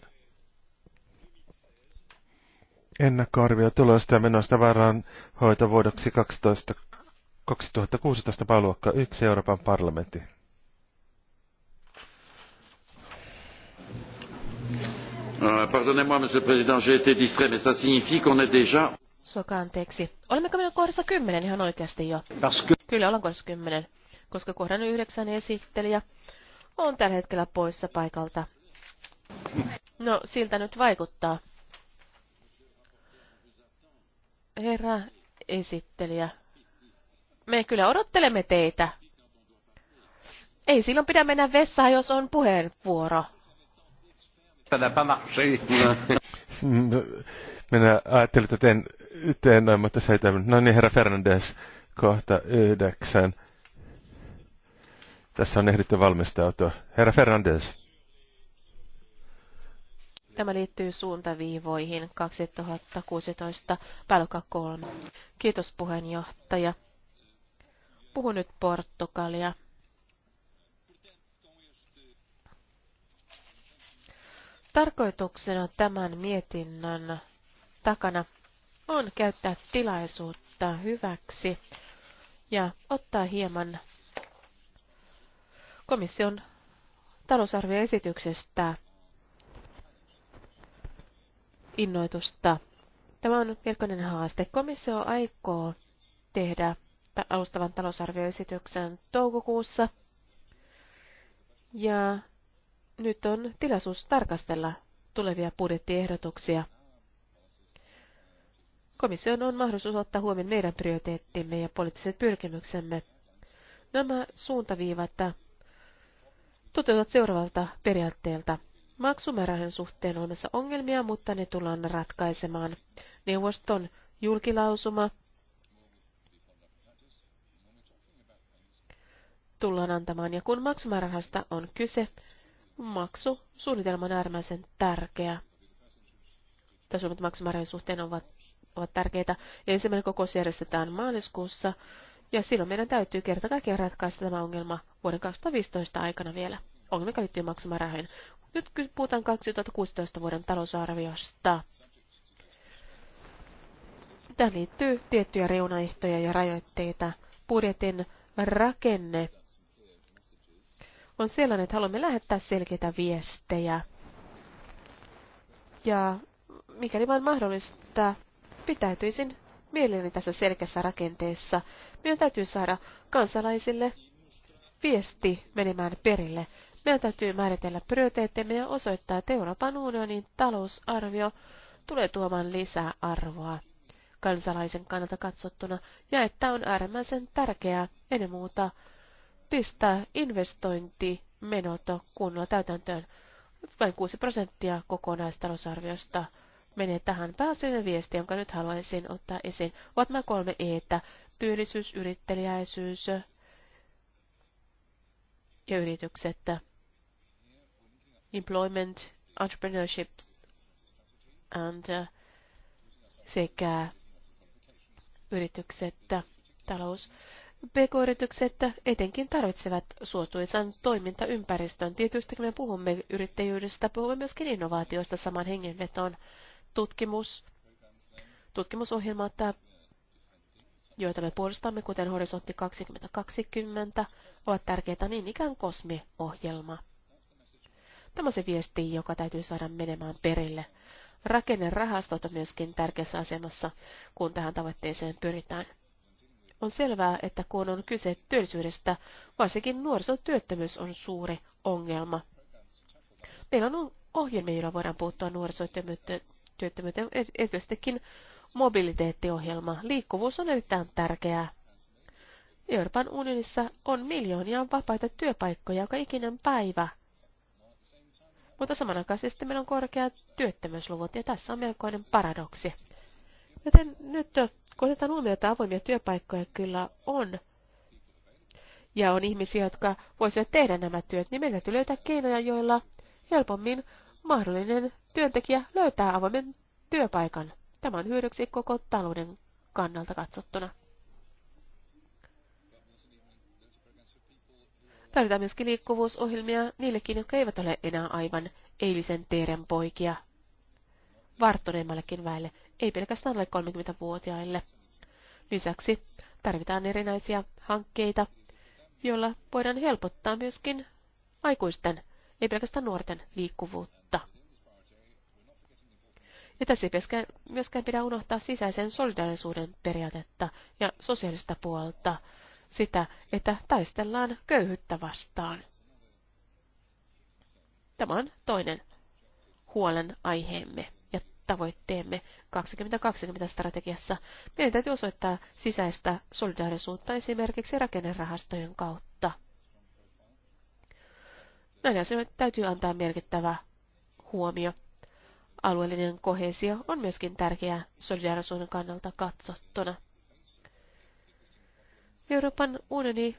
ennakkoarvio tulosta ja menosta hoitovuodoksi 12 2016 pääluokka 1 Euroopan parlamentti. Euh, pardonnez-moi, monsieur le président, j'ai été distrait, mais ça signifie qu'on est déjà... Soka, anteeksi. Olemmeko minä kohdassa kymmenen ihan oikeasti jo? Parce... Kyllä, olen kohdassa kymmenen, koska kohdan yhdeksän esittelijä on tällä hetkellä poissa paikalta. No, siltä nyt vaikuttaa. Herra esittelijä, me kyllä odottelemme teitä. Ei silloin pidä mennä vessaan, jos on puheenvuoro. Minä ajattelin, että teen, teen noin, mutta se ei tämän. No niin, herra Fernandes, kohta yhdeksän. Tässä on ehditty valmistautua. Herra Fernandes. Tämä liittyy suuntaviivoihin 2016 pälkä 3. Kiitos puheenjohtaja puhu nyt Portugalia. Tarkoituksena tämän mietinnön takana on käyttää tilaisuutta hyväksi ja ottaa hieman komission talousarvioesityksestä innoitusta. Tämä on virkoinen haaste. Komissio aikoo tehdä alustavan talousarvioesityksen toukokuussa. Ja nyt on tilaisuus tarkastella tulevia budjettiehdotuksia. Komission on mahdollisuus ottaa huomioon meidän prioriteettimme ja poliittiset pyrkimyksemme. Nämä suuntaviivat toteutuvat seuraavalta periaatteelta. Maksumäärän suhteen on ongelmia, mutta ne tullaan ratkaisemaan. Neuvoston julkilausuma tullaan antamaan. Ja kun maksumäärärahasta on kyse, maksusuunnitelma on äärimmäisen tärkeä. Tasummat maksumäärän suhteen ovat, ovat tärkeitä. Ja ensimmäinen kokous järjestetään maaliskuussa. Ja silloin meidän täytyy kerta kaikkiaan ratkaista tämä ongelma vuoden 2015 aikana vielä. Ongelma, liittyy maksumäärähöihin. Nyt puhutaan 2016 vuoden talousarviosta. Tähän liittyy tiettyjä reunaehtoja ja rajoitteita. Budjetin rakenne on sellainen, että haluamme lähettää selkeitä viestejä. Ja mikäli vain mahdollista, pitäytyisin mielelläni tässä selkeässä rakenteessa. Meidän täytyy saada kansalaisille viesti menemään perille. Meidän täytyy määritellä prioriteettimme ja osoittaa, että Euroopan unionin talousarvio tulee tuomaan lisää arvoa kansalaisen kannalta katsottuna ja että on äärimmäisen tärkeää ennen muuta pistää investointimenot kunnolla täytäntöön. Vain 6 prosenttia kokonaistalousarviosta menee tähän pääasiallinen viesti, jonka nyt haluaisin ottaa esiin. Ovat nämä kolme eetä. Työllisyys, yritteliäisyys ja yritykset. Employment, entrepreneurship and äh, sekä yritykset, talous. PK-yritykset etenkin tarvitsevat suotuisan toimintaympäristön. Tietysti kun me puhumme yrittäjyydestä, puhumme myöskin innovaatioista saman hengenvetoon. Tutkimus, tutkimusohjelmat, joita me puolustamme, kuten Horisontti 2020, ovat tärkeitä niin ikään kosmiohjelma. Tämä on se viesti, joka täytyy saada menemään perille. Rakennerahastot on myöskin tärkeässä asemassa, kun tähän tavoitteeseen pyritään. On selvää, että kun on kyse työllisyydestä, varsinkin nuorisotyöttömyys on suuri ongelma. Meillä on ohjelmia, joilla voidaan puuttua nuorisotyöttömyyteen, erityisestikin mobiliteettiohjelma. Liikkuvuus on erittäin tärkeää. Euroopan unionissa on miljoonia vapaita työpaikkoja joka ikinen päivä. Mutta samanaikaisesti meillä on korkeat työttömyysluvut ja tässä on melkoinen paradoksi. Joten nyt kun otetaan huomioon, että avoimia työpaikkoja kyllä on, ja on ihmisiä, jotka voisivat tehdä nämä työt, niin meidän täytyy löytää keinoja, joilla helpommin mahdollinen työntekijä löytää avoimen työpaikan. Tämä on hyödyksi koko talouden kannalta katsottuna. Tarvitaan myöskin liikkuvuusohjelmia niillekin, jotka eivät ole enää aivan eilisen teeren poikia. Varttuneemmallekin väelle ei pelkästään alle 30-vuotiaille. Lisäksi tarvitaan erinäisiä hankkeita, joilla voidaan helpottaa myöskin aikuisten, ei pelkästään nuorten liikkuvuutta. Ja tässä ei myöskään pidä unohtaa sisäisen solidaarisuuden periaatetta ja sosiaalista puolta, sitä, että taistellaan köyhyyttä vastaan. Tämä on toinen huolen aiheemme tavoitteemme 2020-strategiassa. Meidän täytyy osoittaa sisäistä solidaarisuutta esimerkiksi rakennerahastojen kautta. Näin asioille täytyy antaa merkittävä huomio. Alueellinen kohesio on myöskin tärkeää solidaarisuuden kannalta katsottuna. Euroopan unioni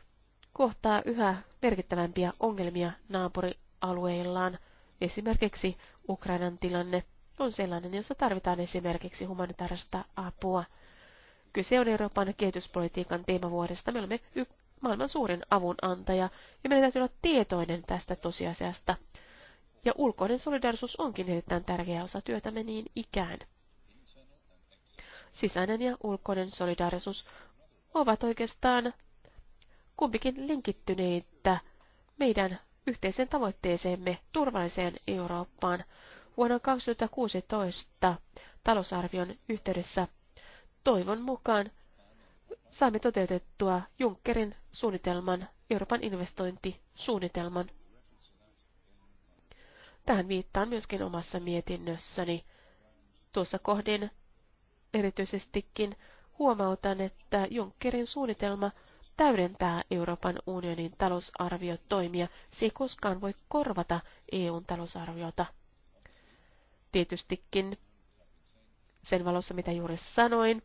kohtaa yhä merkittävämpiä ongelmia naapurialueillaan, esimerkiksi Ukrainan tilanne – on sellainen, jossa tarvitaan esimerkiksi humanitaarista apua. Kyse on Euroopan kehityspolitiikan teemavuodesta. Me olemme y- maailman suurin avunantaja ja meidän täytyy olla tietoinen tästä tosiasiasta. Ja ulkoinen solidarisuus onkin erittäin tärkeä osa työtämme niin ikään. Sisäinen ja ulkoinen solidarisuus ovat oikeastaan kumpikin linkittyneitä meidän yhteiseen tavoitteeseemme turvalliseen Eurooppaan vuonna 2016 talousarvion yhteydessä. Toivon mukaan saamme toteutettua Junckerin suunnitelman, Euroopan investointisuunnitelman. Tähän viittaan myöskin omassa mietinnössäni. Tuossa kohdin erityisestikin huomautan, että Junckerin suunnitelma täydentää Euroopan unionin talousarviotoimia. Se ei koskaan voi korvata EUn talousarviota tietystikin sen valossa, mitä juuri sanoin.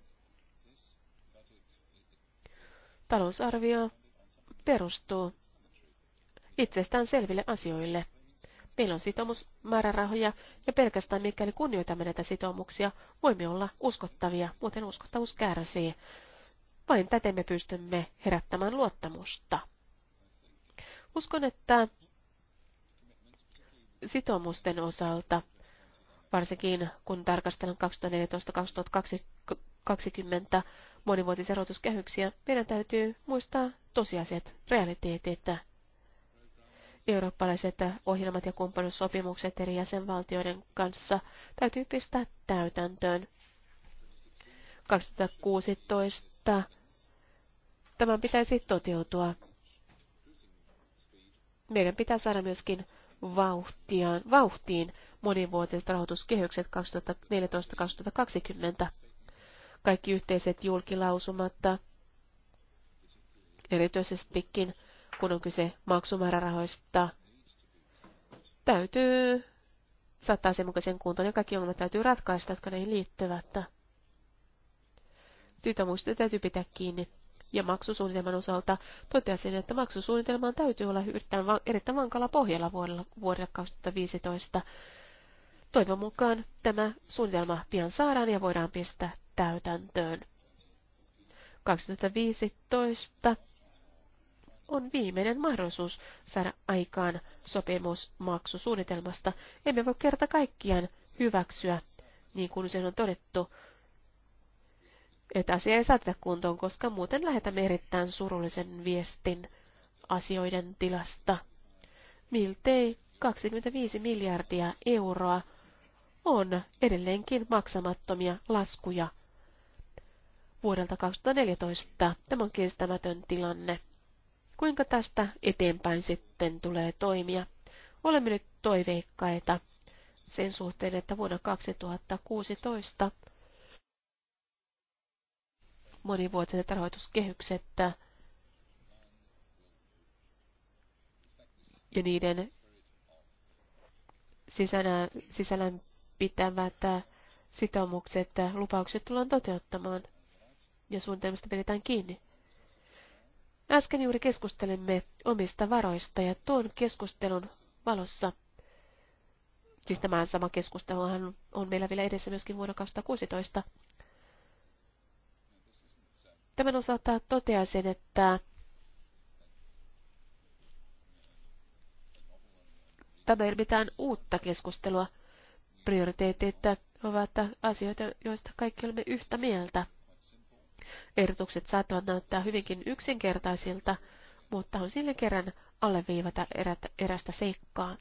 Talousarvio perustuu itsestään selville asioille. Meillä on sitoumusmäärärahoja ja pelkästään mikäli kunnioitamme näitä sitoumuksia, voimme olla uskottavia, muuten uskottavuus kärsii. Vain täten me pystymme herättämään luottamusta. Uskon, että sitoumusten osalta varsinkin kun tarkastellaan 2014-2020 monivuotisia rahoituskehyksiä, meidän täytyy muistaa tosiasiat, realiteetit, eurooppalaiset ohjelmat ja kumppanuussopimukset eri jäsenvaltioiden kanssa täytyy pistää täytäntöön. 2016 tämän pitäisi toteutua. Meidän pitää saada myöskin vauhtiaan, vauhtiin monivuotiset rahoituskehykset 2014-2020. Kaikki yhteiset julkilausumat, erityisestikin kun on kyse maksumäärärahoista, täytyy saattaa sen mukaisen kuntoon ja kaikki ongelmat täytyy ratkaista, jotka näihin liittyvät. Siitä muista täytyy pitää kiinni. Ja maksusuunnitelman osalta toteaisin, että maksusuunnitelman täytyy olla erittäin, erittäin vankalla pohjalla vuodelle, vuodelle 2015. Toivon mukaan tämä suunnitelma pian saadaan ja voidaan pistää täytäntöön. 2015 on viimeinen mahdollisuus saada aikaan sopimus maksusuunnitelmasta. Emme voi kerta kaikkiaan hyväksyä, niin kuin sen on todettu, että asia ei saateta kuntoon, koska muuten lähetämme erittäin surullisen viestin asioiden tilasta. Miltei 25 miljardia euroa on edelleenkin maksamattomia laskuja vuodelta 2014. Tämä on kestämätön tilanne. Kuinka tästä eteenpäin sitten tulee toimia? Olemme nyt toiveikkaita sen suhteen, että vuonna 2016 monivuotiset rahoituskehykset ja niiden sisänä, sisällään pitämät äh, sitoumukset, äh, lupaukset tullaan toteuttamaan ja suunnitelmista pidetään kiinni. Äsken juuri keskustelemme omista varoista ja tuon keskustelun valossa, siis tämä sama keskusteluhan on meillä vielä edessä myöskin vuonna 2016, Tämän osalta toteaisin, että tämä ei ole mitään uutta keskustelua prioriteetit ovat asioita, joista kaikki olemme yhtä mieltä. Ehdotukset saattavat näyttää hyvinkin yksinkertaisilta, mutta on sille kerran alleviivata erät, erästä seikkaa.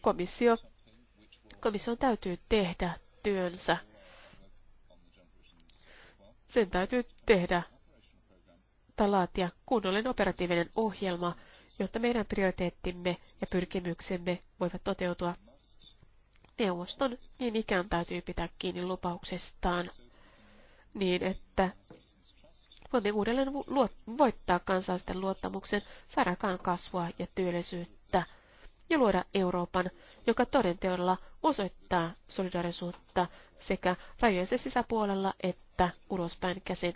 Komissio, komissio täytyy tehdä työnsä. Sen täytyy tehdä tai laatia kunnollinen operatiivinen ohjelma, jotta meidän prioriteettimme ja pyrkimyksemme voivat toteutua. Neuvoston niin ikään täytyy pitää kiinni lupauksestaan niin, että voimme uudelleen luot, voittaa kansalaisten luottamuksen, saadaan kasvua ja työllisyyttä ja luoda Euroopan, joka todenteolla osoittaa solidarisuutta sekä rajojensa sisäpuolella että ulospäin käsin.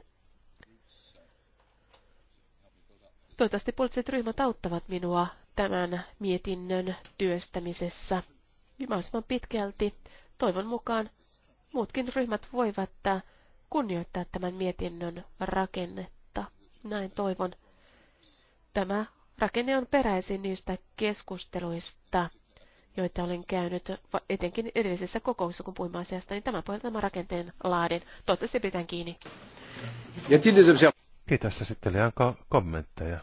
Toivottavasti poliittiset ryhmät auttavat minua tämän mietinnön työstämisessä. Mahdollisimman pitkälti toivon mukaan muutkin ryhmät voivat äh, kunnioittaa tämän mietinnön rakennetta. Näin toivon. Tämä rakenne on peräisin niistä keskusteluista, joita olen käynyt etenkin edellisessä kokouksessa, kun puhuin asiasta, niin tämän pohjalta tämän rakenteen laadin. Toivottavasti pidetään kiinni. Kiitos Sitten oli kommentteja?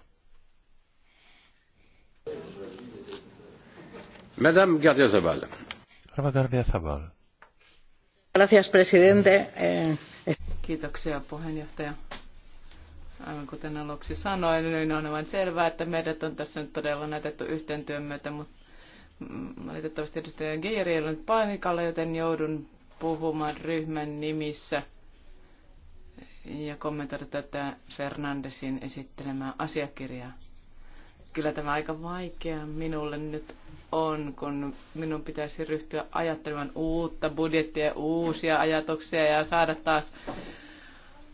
Madame Gardia presidente. Eh, Kiitoksia, puheenjohtaja. Aivan kuten aluksi sanoin, niin on aivan selvää, että meidät on tässä nyt todella näytetty yhteen työn myötä, mutta valitettavasti edustaja Geiri ei ole nyt paikalla, joten joudun puhumaan ryhmän nimissä ja kommentoida tätä Fernandesin esittelemää asiakirjaa. Kyllä tämä aika vaikea minulle nyt on, kun minun pitäisi ryhtyä ajattelemaan uutta budjettia uusia ajatuksia ja saada taas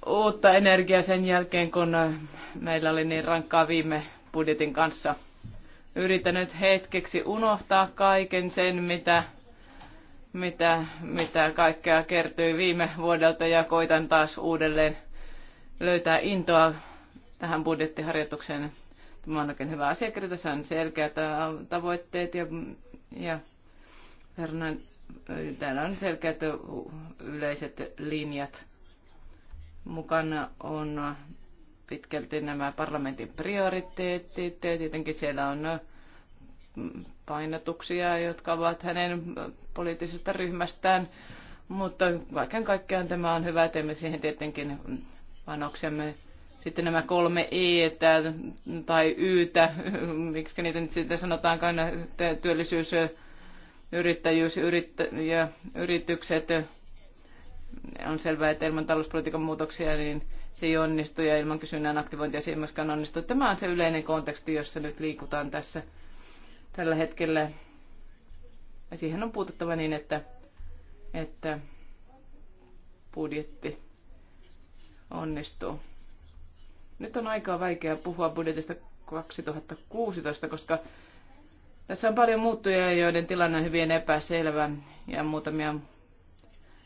uutta energiaa sen jälkeen, kun meillä oli niin rankkaa viime budjetin kanssa. Yritän nyt hetkeksi unohtaa kaiken sen, mitä, mitä, mitä kaikkea kertyi viime vuodelta ja koitan taas uudelleen löytää intoa tähän budjettiharjoitukseen Tämä on oikein hyvä asiakirja. Tässä on selkeät tavoitteet ja, ja Fernan, täällä on selkeät yleiset linjat. Mukana on pitkälti nämä parlamentin prioriteetit. Tietenkin siellä on painotuksia, jotka ovat hänen poliittisesta ryhmästään. Mutta kaiken kaikkiaan tämä on hyvä, teemme siihen tietenkin panoksemme. Sitten nämä kolme E tai Ytä, miksi niitä nyt sitten sanotaan työllisyys, yrittäjyys yrittä, ja yritykset. On selvää, että ilman talouspolitiikan muutoksia niin se ei onnistu ja ilman kysynnän aktivointia se ei myöskään onnistu. Tämä on se yleinen konteksti, jossa nyt liikutaan tässä tällä hetkellä. Ja siihen on puututtava niin, että, että budjetti onnistuu. Nyt on aikaa vaikea puhua budjetista 2016, koska tässä on paljon muuttujia, joiden tilanne on hyvin epäselvä ja muutamia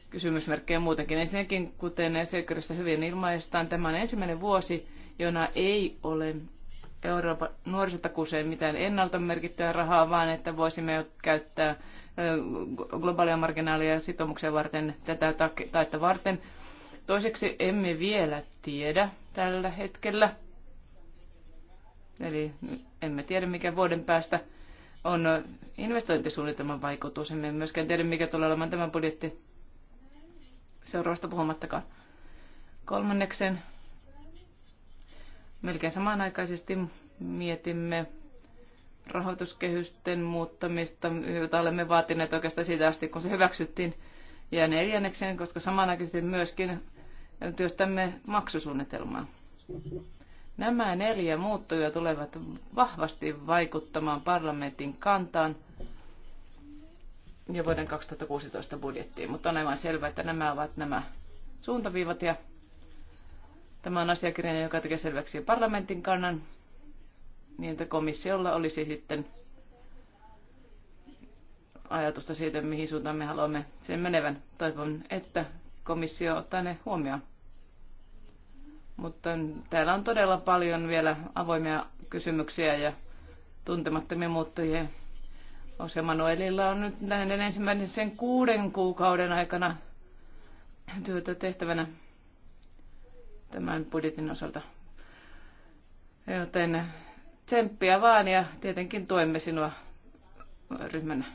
kysymysmerkkejä muutenkin. Ensinnäkin, kuten Selkerissä hyvin ilmaistaan, tämä on ensimmäinen vuosi, jona ei ole Euroopan nuorisotakuuseen mitään ennalta merkittyä rahaa, vaan että voisimme käyttää globaalia marginaalia sitoumuksia varten tätä taetta varten. Toiseksi emme vielä tiedä, tällä hetkellä. Eli emme tiedä, mikä vuoden päästä on investointisuunnitelman vaikutus. Emme myöskään tiedä, mikä tulee olemaan tämän budjetti seuraavasta puhumattakaan. Kolmanneksen melkein samanaikaisesti mietimme rahoituskehysten muuttamista, jota olemme vaatineet oikeastaan siitä asti, kun se hyväksyttiin. Ja neljänneksen, koska samanaikaisesti myöskin työstämme maksusuunnitelmaa. Nämä neljä muuttujaa tulevat vahvasti vaikuttamaan parlamentin kantaan ja vuoden 2016 budjettiin, mutta on aivan selvää, että nämä ovat nämä suuntaviivat ja tämä on asiakirja, joka tekee selväksi parlamentin kannan, niin että komissiolla olisi sitten ajatusta siitä, mihin suuntaan me haluamme sen menevän. Toivon, että komissio ottaa ne huomioon. Mutta täällä on todella paljon vielä avoimia kysymyksiä ja tuntemattomia muuttujia. Ose Manuelilla on nyt näiden ensimmäisen sen kuuden kuukauden aikana työtä tehtävänä tämän budjetin osalta. Joten tsemppiä vaan ja tietenkin tuemme sinua ryhmänä.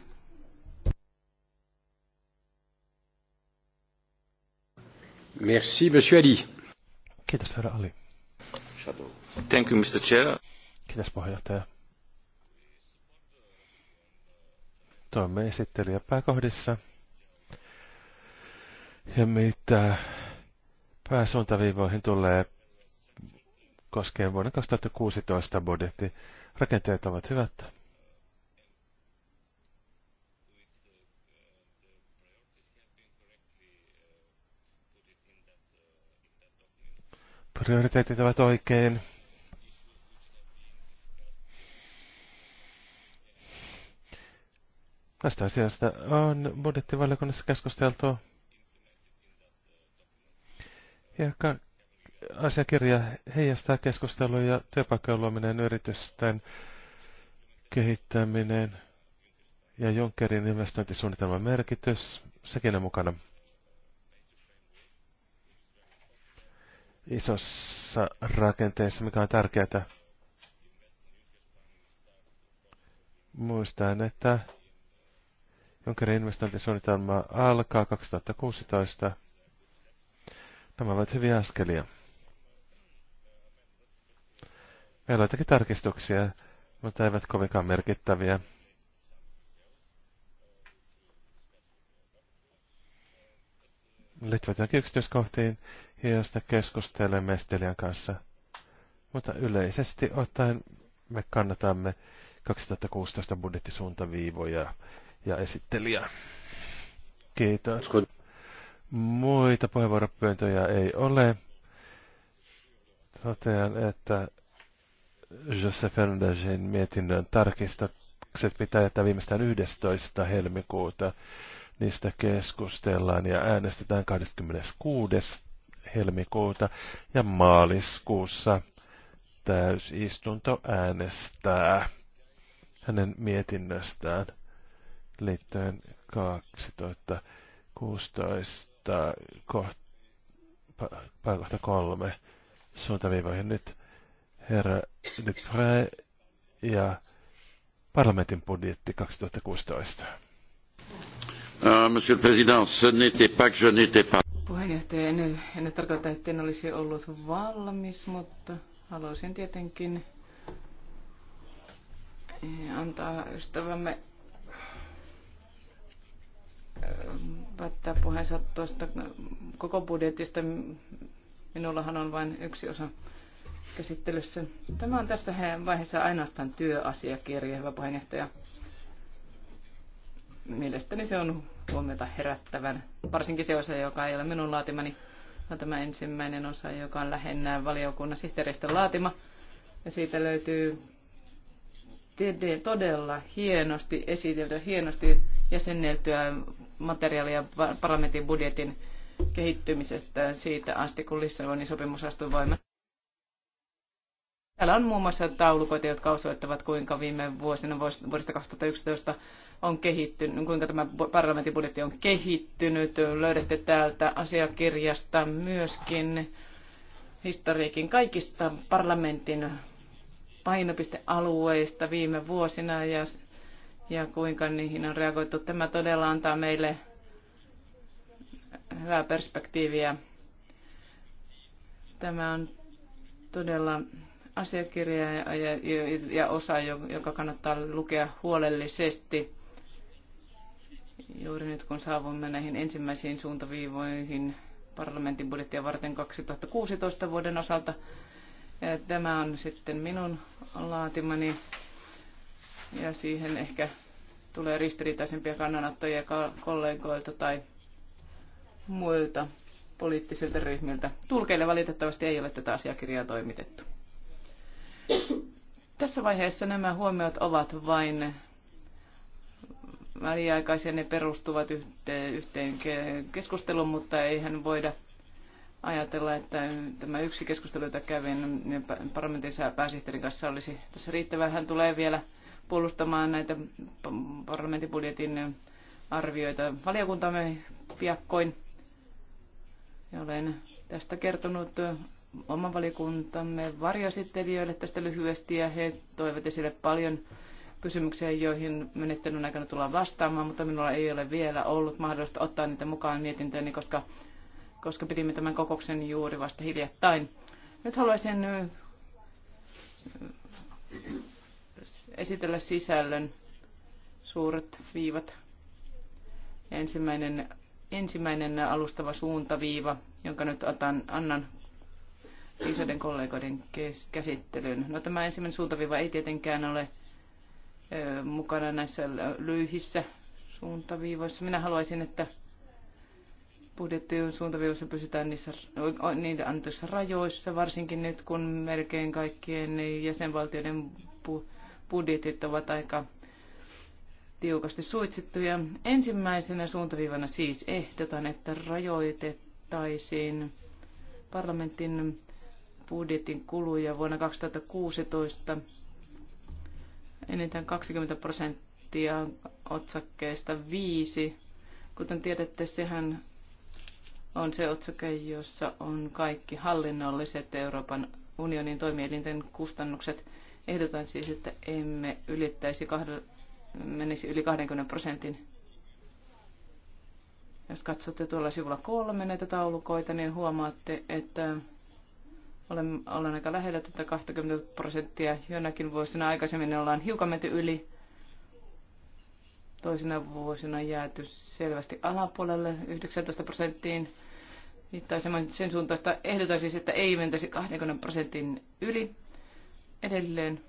Merci, Monsieur Ali. Kiitos, herra Ali. Thank you, Mr. Chair. Kiitos, puheenjohtaja. Toimme esittelijä pääkohdissa. Ja mitä pääsuuntaviivoihin tulee koskien vuonna 2016 budjetti. Rakenteet ovat hyvät. Prioriteetit ovat oikein. Tästä asiasta on budjettivaliokunnassa keskusteltu. Ja asiakirja heijastaa keskustelua ja työpaikkojen luominen, yritysten kehittäminen ja Junckerin investointisuunnitelman merkitys. Sekin on mukana. isossa rakenteessa, mikä on tärkeää. Muistan, että Junckerin investointisuunnitelma alkaa 2016. Nämä ovat hyviä askelia. Meillä on jotakin tarkistuksia, mutta eivät kovinkaan merkittäviä. liittyvät johonkin yksityiskohtiin, joista keskustelemme Estelian kanssa. Mutta yleisesti ottaen me kannatamme 2016 budjettisuuntaviivoja ja esittelijä. Kiitos. Muita puheenvuoropyöntöjä ei ole. Totean, että Joseph Fernandesin mietinnön tarkistukset pitää jättää viimeistään 11. helmikuuta Niistä keskustellaan ja äänestetään 26. helmikuuta ja maaliskuussa täysistunto äänestää hänen mietinnöstään liittyen 2016 pääkohta kolme suuntaviivoihin nyt herra Dupré ja parlamentin budjetti 2016. Euh, Monsieur le Président, ce n'était pas que je n'étais pas. Puheenjohtaja, en, en tarkoita, että en olisi ollut valmis, mutta haluaisin tietenkin antaa ystävämme ähm, päättää puheensa tuosta koko budjetista. Minullahan on vain yksi osa käsittelyssä. Tämä on tässä vaiheessa ainoastaan työasiakirja, hyvä puheenjohtaja. Mielestäni se on huomiota herättävän. Varsinkin se osa, joka ei ole minun laatimani, vaan tämä ensimmäinen osa, joka on lähinnä valiokunnan sihteeristön laatima. Ja siitä löytyy todella hienosti esitelty, hienosti jäsenneltyä materiaalia parlamentin budjetin kehittymisestä siitä asti, kun Lissabonin sopimus astui voimaan. Täällä on muun muassa taulukoita, jotka osoittavat, kuinka viime vuosina vuodesta 2011 on kehittynyt, kuinka tämä parlamentin budjetti on kehittynyt. Löydätte täältä asiakirjasta myöskin historiikin kaikista parlamentin painopistealueista viime vuosina ja, ja kuinka niihin on reagoitu. Tämä todella antaa meille hyvää perspektiiviä. Tämä on todella asiakirjaa ja, ja, ja osa, joka kannattaa lukea huolellisesti juuri nyt kun saavumme näihin ensimmäisiin suuntaviivoihin parlamentin budjettia varten 2016 vuoden osalta. Ja tämä on sitten minun laatimani ja siihen ehkä tulee ristiriitaisempia kannanottoja kollegoilta tai muilta poliittisilta ryhmiltä. Tulkeille valitettavasti ei ole tätä asiakirjaa toimitettu. Tässä vaiheessa nämä huomiot ovat vain väliaikaisia, ne perustuvat yhteen keskusteluun, mutta eihän voida ajatella, että tämä yksi keskustelu, jota kävin parlamentin pääsihteerin kanssa, olisi tässä riittävää Hän tulee vielä puolustamaan näitä parlamentin budjetin arvioita valiokuntamme piakkoin. Ja olen tästä kertonut oman valikuntamme varjoesittelijöille tästä lyhyesti ja he toivat esille paljon kysymyksiä, joihin menettelyn aikana tullaan vastaamaan, mutta minulla ei ole vielä ollut mahdollista ottaa niitä mukaan mietintöön, koska, koska pidimme tämän kokouksen juuri vasta hiljattain. Nyt haluaisin esitellä sisällön suuret viivat. Ensimmäinen, ensimmäinen alustava suuntaviiva, jonka nyt otan, annan isoiden kollegoiden kes- käsittelyyn. No tämä ensimmäinen suuntaviiva ei tietenkään ole ö, mukana näissä lyhyissä suuntaviivoissa. Minä haluaisin, että budjettiin suuntaviivoissa pysytään niissä, niiden annetuissa rajoissa, varsinkin nyt kun melkein kaikkien jäsenvaltioiden bu- budjetit ovat aika tiukasti suitsittuja. Ensimmäisenä suuntaviivana siis ehdotan, että rajoitettaisiin parlamentin budjetin kuluja vuonna 2016 enintään 20 prosenttia otsakkeesta 5. Kuten tiedätte, sehän on se otsake, jossa on kaikki hallinnolliset Euroopan unionin toimielinten kustannukset. Ehdotan siis, että emme ylittäisi kahden, menisi yli 20 prosentin. Jos katsotte tuolla sivulla kolme näitä taulukoita, niin huomaatte, että olen, olen aika lähellä tätä 20 prosenttia. Jonakin vuosina aikaisemmin ollaan hiukan menty yli. Toisina vuosina jääty selvästi alapuolelle 19 prosenttiin. Viittaisemman sen suuntaista ehdotan siis, että ei mentäisi 20 prosentin yli. Edelleen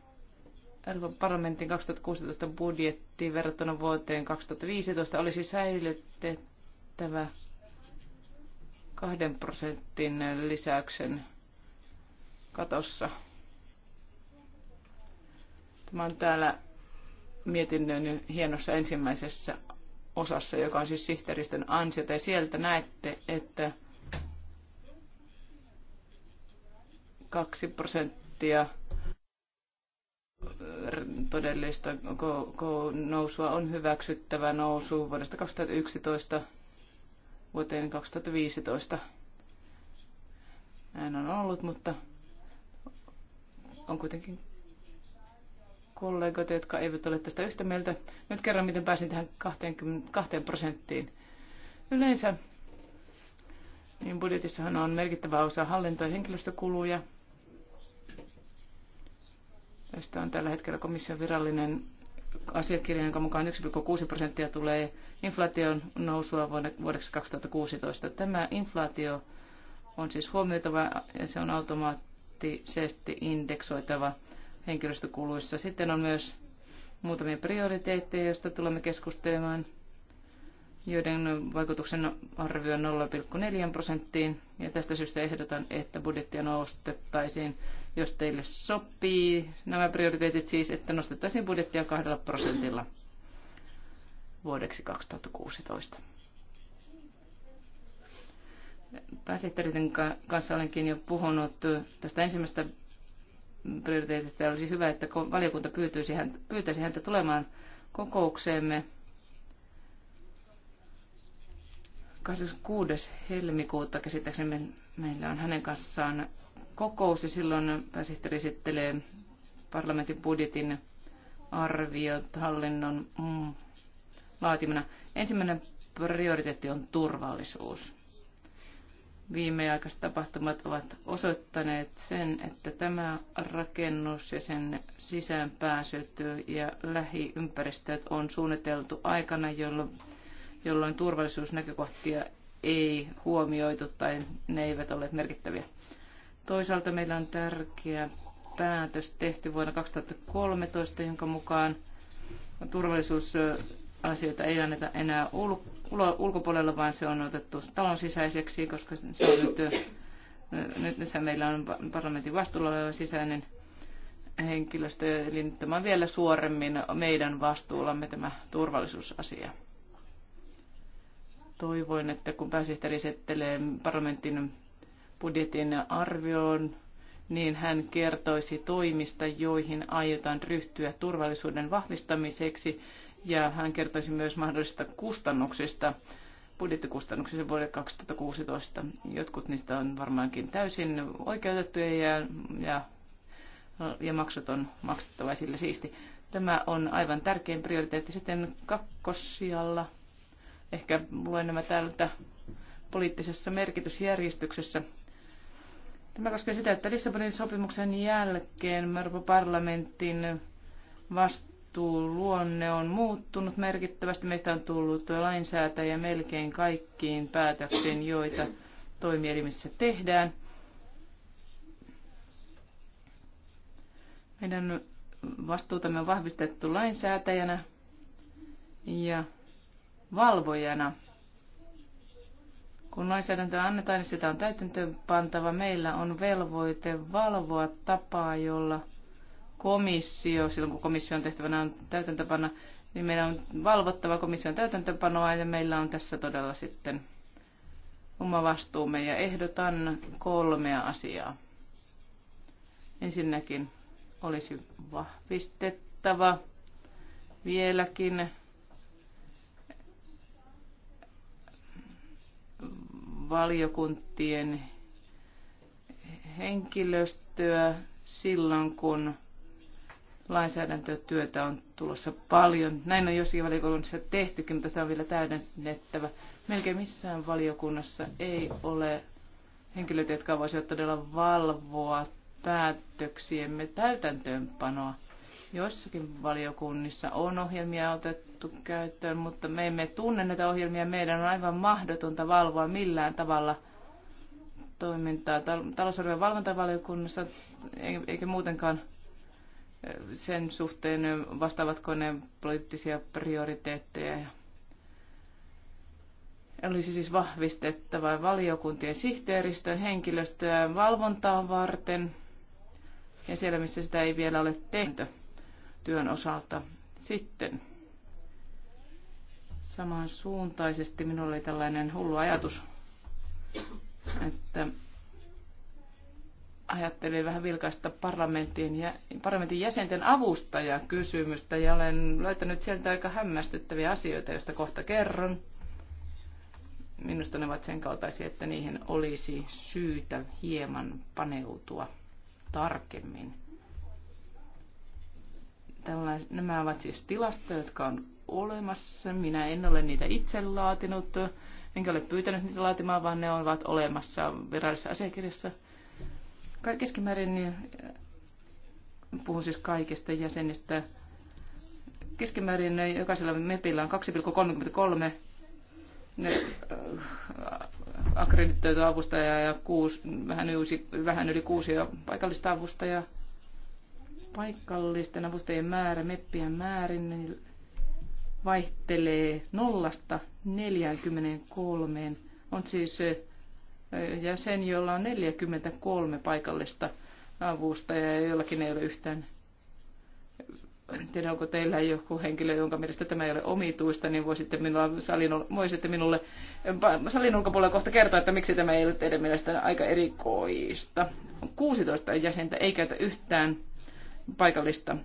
Euroopan parlamentin 2016 budjetti verrattuna vuoteen 2015 olisi säilytettävä 2 prosentin lisäyksen katossa. Tämä on täällä mietinnön hienossa ensimmäisessä osassa, joka on siis sihteeristön ansiota. Ja sieltä näette, että 2 prosenttia todellista nousua on hyväksyttävä nousu vuodesta 2011 vuoteen 2015. Näin on ollut, mutta on kuitenkin kollegoita, jotka eivät ole tästä yhtä mieltä. Nyt kerran, miten pääsin tähän 20, 2 prosenttiin. Yleensä niin budjetissahan on merkittävä osa hallinto- ja henkilöstökuluja, Tästä on tällä hetkellä komission virallinen asiakirja, jonka mukaan 1,6 prosenttia tulee inflaation nousua vuodeksi 2016. Tämä inflaatio on siis huomioitava ja se on automaattinen automaattisesti indeksoitava henkilöstökuluissa. Sitten on myös muutamia prioriteetteja, joista tulemme keskustelemaan, joiden vaikutuksen arvio on 0,4 prosenttiin. Ja tästä syystä ehdotan, että budjettia nostettaisiin, jos teille sopii nämä prioriteetit siis, että nostettaisiin budjettia kahdella prosentilla vuodeksi 2016 pääsihteerin kanssa olenkin jo puhunut tästä ensimmäisestä prioriteetista. Olisi hyvä, että valiokunta pyytäisi häntä, pyytäisi häntä tulemaan kokoukseemme 26. helmikuuta käsittääkseni meillä on hänen kanssaan kokous ja silloin pääsihteeri esittelee parlamentin budjetin arviot hallinnon mm, laatimena. Ensimmäinen prioriteetti on turvallisuus viimeaikaiset tapahtumat ovat osoittaneet sen, että tämä rakennus ja sen sisäänpääsyt ja lähiympäristöt on suunniteltu aikana, jolloin, jolloin turvallisuusnäkökohtia ei huomioitu tai ne eivät ole merkittäviä. Toisaalta meillä on tärkeä päätös tehty vuonna 2013, jonka mukaan turvallisuusasioita ei anneta enää ulkoa ulkopuolella, vaan se on otettu talon sisäiseksi, koska se on nyt, nyt meillä on parlamentin vastuulla oleva sisäinen henkilöstö, eli nyt tämä on vielä suoremmin meidän vastuullamme tämä turvallisuusasia. Toivoin, että kun pääsihteeri esittelee parlamentin budjetin arvioon, niin hän kertoisi toimista, joihin aiotaan ryhtyä turvallisuuden vahvistamiseksi ja hän kertoisi myös mahdollisista kustannuksista, budjettikustannuksista vuodelle 2016. Jotkut niistä on varmaankin täysin oikeutettuja ja, ja, ja maksut on maksettava sille siisti. Tämä on aivan tärkein prioriteetti. Sitten kakkosijalla, ehkä luen nämä täältä poliittisessa merkitysjärjestyksessä. Tämä koskee sitä, että Lissabonin sopimuksen jälkeen Euroopan parlamentin vast- vastuu luonne on muuttunut merkittävästi. Meistä on tullut lainsäätäjä melkein kaikkiin päätöksiin, joita toimielimissä tehdään. Meidän vastuutamme on vahvistettu lainsäätäjänä ja valvojana. Kun lainsäädäntöä annetaan, niin sitä on täytäntöön pantava. Meillä on velvoite valvoa tapaa, jolla – komissio, silloin kun komission tehtävänä on täytäntöpanna, niin meillä on valvottava komission täytäntöpanoa ja meillä on tässä todella sitten oma vastuumme ja ehdotan kolmea asiaa. Ensinnäkin olisi vahvistettava vieläkin valiokuntien henkilöstöä silloin, kun lainsäädäntötyötä on tulossa paljon. Näin on jossakin valiokunnassa tehtykin, mutta sitä on vielä täydennettävä. Melkein missään valiokunnassa ei ole henkilöitä, jotka voisivat todella valvoa päätöksiemme täytäntöönpanoa. Jossakin valiokunnissa on ohjelmia otettu käyttöön, mutta me emme tunne näitä ohjelmia. Meidän on aivan mahdotonta valvoa millään tavalla toimintaa. Talousarvion valvontavaliokunnassa e- eikä muutenkaan sen suhteen, vastaavatko ne poliittisia prioriteetteja. Olisi siis vahvistettava valiokuntien sihteeristön henkilöstöä valvontaa varten ja siellä, missä sitä ei vielä ole tehty työn osalta sitten. Samansuuntaisesti minulla oli tällainen hullu ajatus, että ajattelin vähän vilkaista parlamentin, ja, parlamentin jäsenten avustajakysymystä ja olen löytänyt sieltä aika hämmästyttäviä asioita, joista kohta kerron. Minusta ne ovat sen kaltaisia, että niihin olisi syytä hieman paneutua tarkemmin. Tällais, nämä ovat siis tilastoja, jotka on olemassa. Minä en ole niitä itse laatinut, enkä ole pyytänyt niitä laatimaan, vaan ne ovat olemassa virallisessa asiakirjassa – Keskimäärin, eh, puhun siis kaikista jäsenistä, keskimäärin eh, jokaisella MEPillä on 2,33 eh, akkreditoitu avustajaa ja kuusi, vähän, yli, vähän yli kuusi ja paikallista avustajaa. Paikallisten avustajien määrä, meppiä määrin niin vaihtelee nollasta 43. On siis jäsen, jolla on 43 paikallista avustajaa ja jollakin ei ole yhtään. En tiedä, onko teillä joku henkilö, jonka mielestä tämä ei ole omituista, niin voisitte minulla salin, voisitte minulle salin ulkopuolella kohta kertoa, että miksi tämä ei ole teidän mielestänne aika erikoista. 16 jäsentä ei käytä yhtään paikallista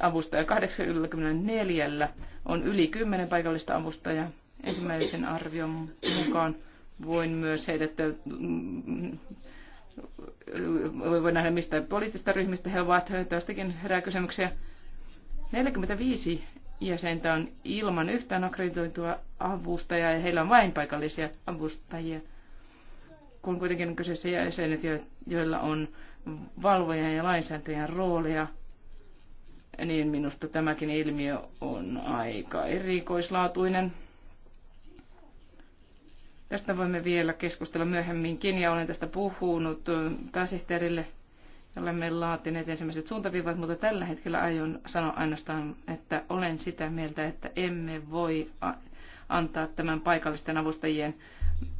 avustajaa. 84 on yli 10 paikallista avustajaa ensimmäisen arvion mukaan. Voin myös heidät mm, voi nähdä, mistä poliittisista ryhmistä he ovat. Tästäkin herää kysymyksiä. 45 jäsentä on ilman yhtään akkreditoitua avustajaa ja heillä on vain paikallisia avustajia, kun kuitenkin on kyseessä jäsenet, joilla on valvojan ja lainsäätäjän roolia. Niin minusta tämäkin ilmiö on aika erikoislaatuinen. Tästä voimme vielä keskustella myöhemminkin ja olen tästä puhunut pääsihteerille olemme laatineet ensimmäiset suuntaviivat, mutta tällä hetkellä aion sanoa ainoastaan, että olen sitä mieltä, että emme voi antaa tämän paikallisten avustajien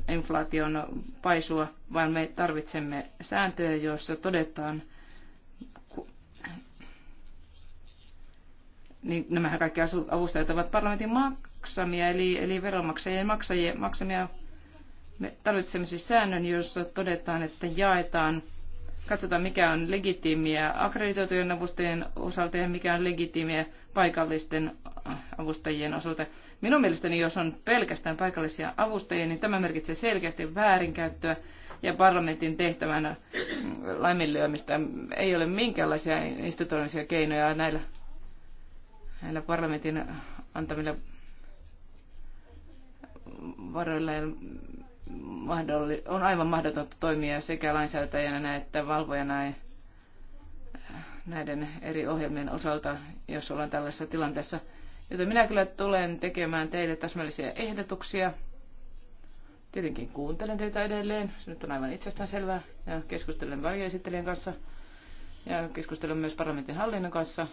inflaation paisua, vaan me tarvitsemme sääntöjä, joissa todetaan, niin nämähän kaikki avustajat ovat parlamentin maksamia, eli, eli veronmaksajien maksamia me tarvitsemme siis säännön, jossa todetaan, että jaetaan, katsotaan mikä on legitiimiä akkreditoitujen avustajien osalta ja mikä on legitiimiä paikallisten avustajien osalta. Minun mielestäni, jos on pelkästään paikallisia avustajia, niin tämä merkitsee selkeästi väärinkäyttöä ja parlamentin tehtävän mm, laiminlyömistä. Ei ole minkäänlaisia institutionaalisia keinoja näillä, näillä parlamentin antamilla varoilla on aivan mahdotonta toimia sekä lainsäätäjänä että valvojana eh, näiden eri ohjelmien osalta, jos ollaan tällaisessa tilanteessa. Joten minä kyllä tulen tekemään teille täsmällisiä ehdotuksia. Tietenkin kuuntelen teitä edelleen, se nyt on aivan selvää. ja keskustelen varjoesittelijän kanssa, ja keskustelen myös parlamentin hallinnon kanssa.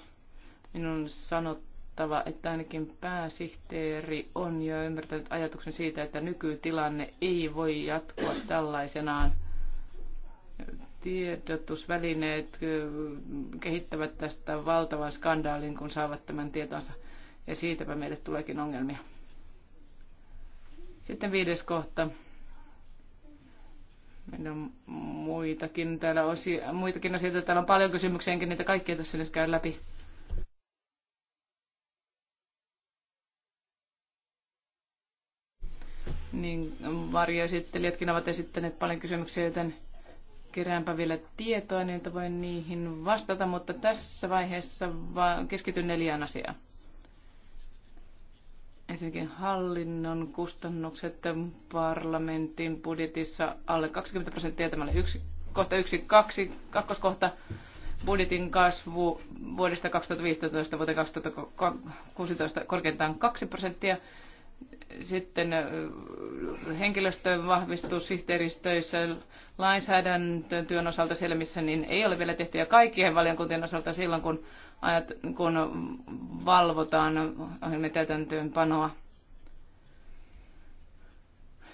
Minun sanot, huomattava, että ainakin pääsihteeri on jo ymmärtänyt ajatuksen siitä, että nykytilanne ei voi jatkua tällaisenaan. Tiedotusvälineet kehittävät tästä valtavan skandaalin, kun saavat tämän tietonsa, ja siitäpä meille tuleekin ongelmia. Sitten viides kohta. Meillä on muitakin, täällä osia, muitakin asioita. Täällä on paljon kysymyksiä, enkä niitä kaikkia tässä nyt käy läpi. niin varjoesittelijätkin ovat esittäneet paljon kysymyksiä, joten keräänpä vielä tietoa, niin että voin niihin vastata, mutta tässä vaiheessa keskityn neljään asiaan. Ensinnäkin hallinnon kustannukset parlamentin budjetissa alle 20 prosenttia. Tämä oli yksi, kohta yksi, kaksi, kakkoskohta budjetin kasvu vuodesta 2015 vuoteen 2016 korkeintaan 2 prosenttia. Sitten henkilöstön vahvistus sihteeristöissä, lainsäädäntötyön osalta siellä, missä niin ei ole vielä tehty ja kaikkien valiokuntien osalta silloin, kun, ajat, kun valvotaan ohjelmien panoa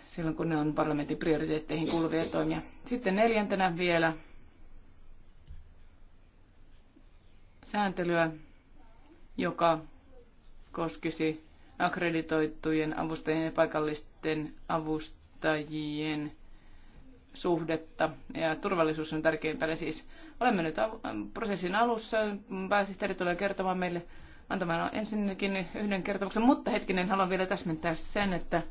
silloin, kun ne on parlamentin prioriteetteihin kuuluvia toimia. Sitten neljäntenä vielä sääntelyä, joka koskisi akkreditoitujen avustajien ja paikallisten avustajien suhdetta. Ja turvallisuus on tärkeimpänä siis. Olemme nyt prosessin alussa. Pääsihteeri tulee kertomaan meille, antamaan ensinnäkin yhden kertomuksen, mutta hetkinen, haluan vielä täsmentää sen, että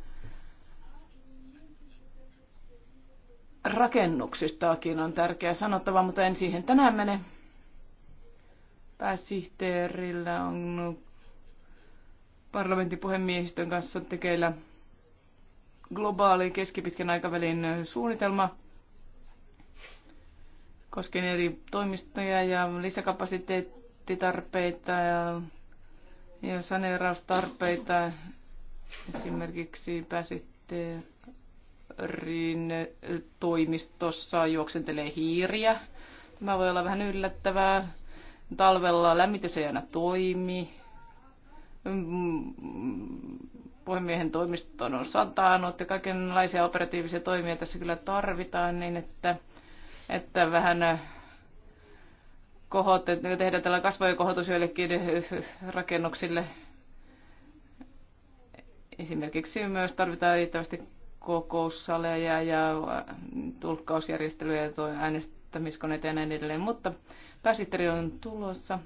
rakennuksistaakin on tärkeää sanottava, mutta en siihen tänään mene. Pääsihteerillä on parlamentin puhemiehistön kanssa tekeillä globaali keskipitkän aikavälin suunnitelma koskien eri toimistoja ja lisäkapasiteettitarpeita ja, ja saneeraustarpeita. Esimerkiksi rin toimistossa juoksentelee hiiriä. Tämä voi olla vähän yllättävää. Talvella lämmitys ei aina toimi puhemiehen toimistoon on satanut ja kaikenlaisia operatiivisia toimia tässä kyllä tarvitaan niin, että, että vähän äh, kohot, että tehdään tällä kasvojen kohotus joillekin äh, rakennuksille. Esimerkiksi myös tarvitaan riittävästi kokoussaleja ja äh, tulkkausjärjestelyjä ja äänestämiskoneita ja näin edelleen, mutta pääsihteeri on tulossa.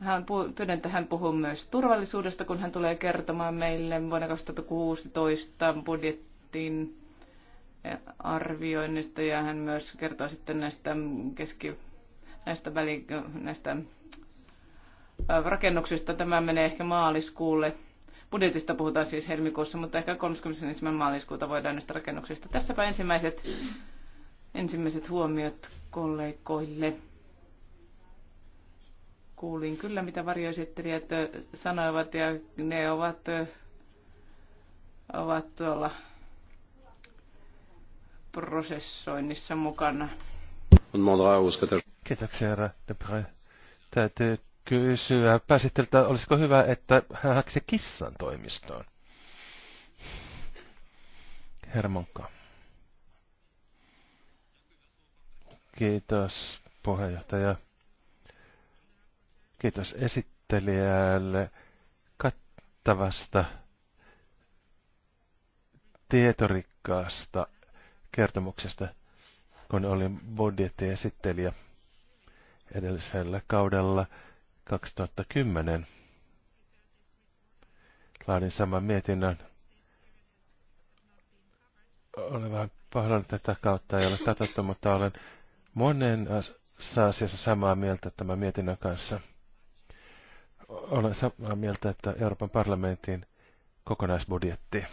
Hän puh- pyydän, että hän puhuu myös turvallisuudesta, kun hän tulee kertomaan meille vuonna 2016 budjettiin eh, arvioinnista ja hän myös kertoo sitten näistä keski näistä, väli, näistä eh, rakennuksista. Tämä menee ehkä maaliskuulle. Budjetista puhutaan siis helmikuussa, mutta ehkä 31. maaliskuuta voidaan näistä rakennuksista. Tässäpä ensimmäiset, ensimmäiset huomiot kollegoille kuulin kyllä, mitä varjoesittelijät sanoivat ja ne ovat, ovat tuolla prosessoinnissa mukana. Kiitoksia, herra Debray. Täytyy kysyä pääsitteltä, olisiko hyvä, että hän hakisi kissan toimistoon? Herra Monkka. Kiitos, puheenjohtaja. Kiitos esittelijälle kattavasta tietorikkaasta kertomuksesta, kun olin budjettiesittelijä edellisellä kaudella 2010. Laadin saman mietinnön. Olen vähän pahoillani tätä kautta, ei ole katsottu, mutta olen monen asiassa samaa mieltä tämän mietinnön kanssa. Olen samaa mieltä, että Euroopan parlamentin kokonaisbudjetti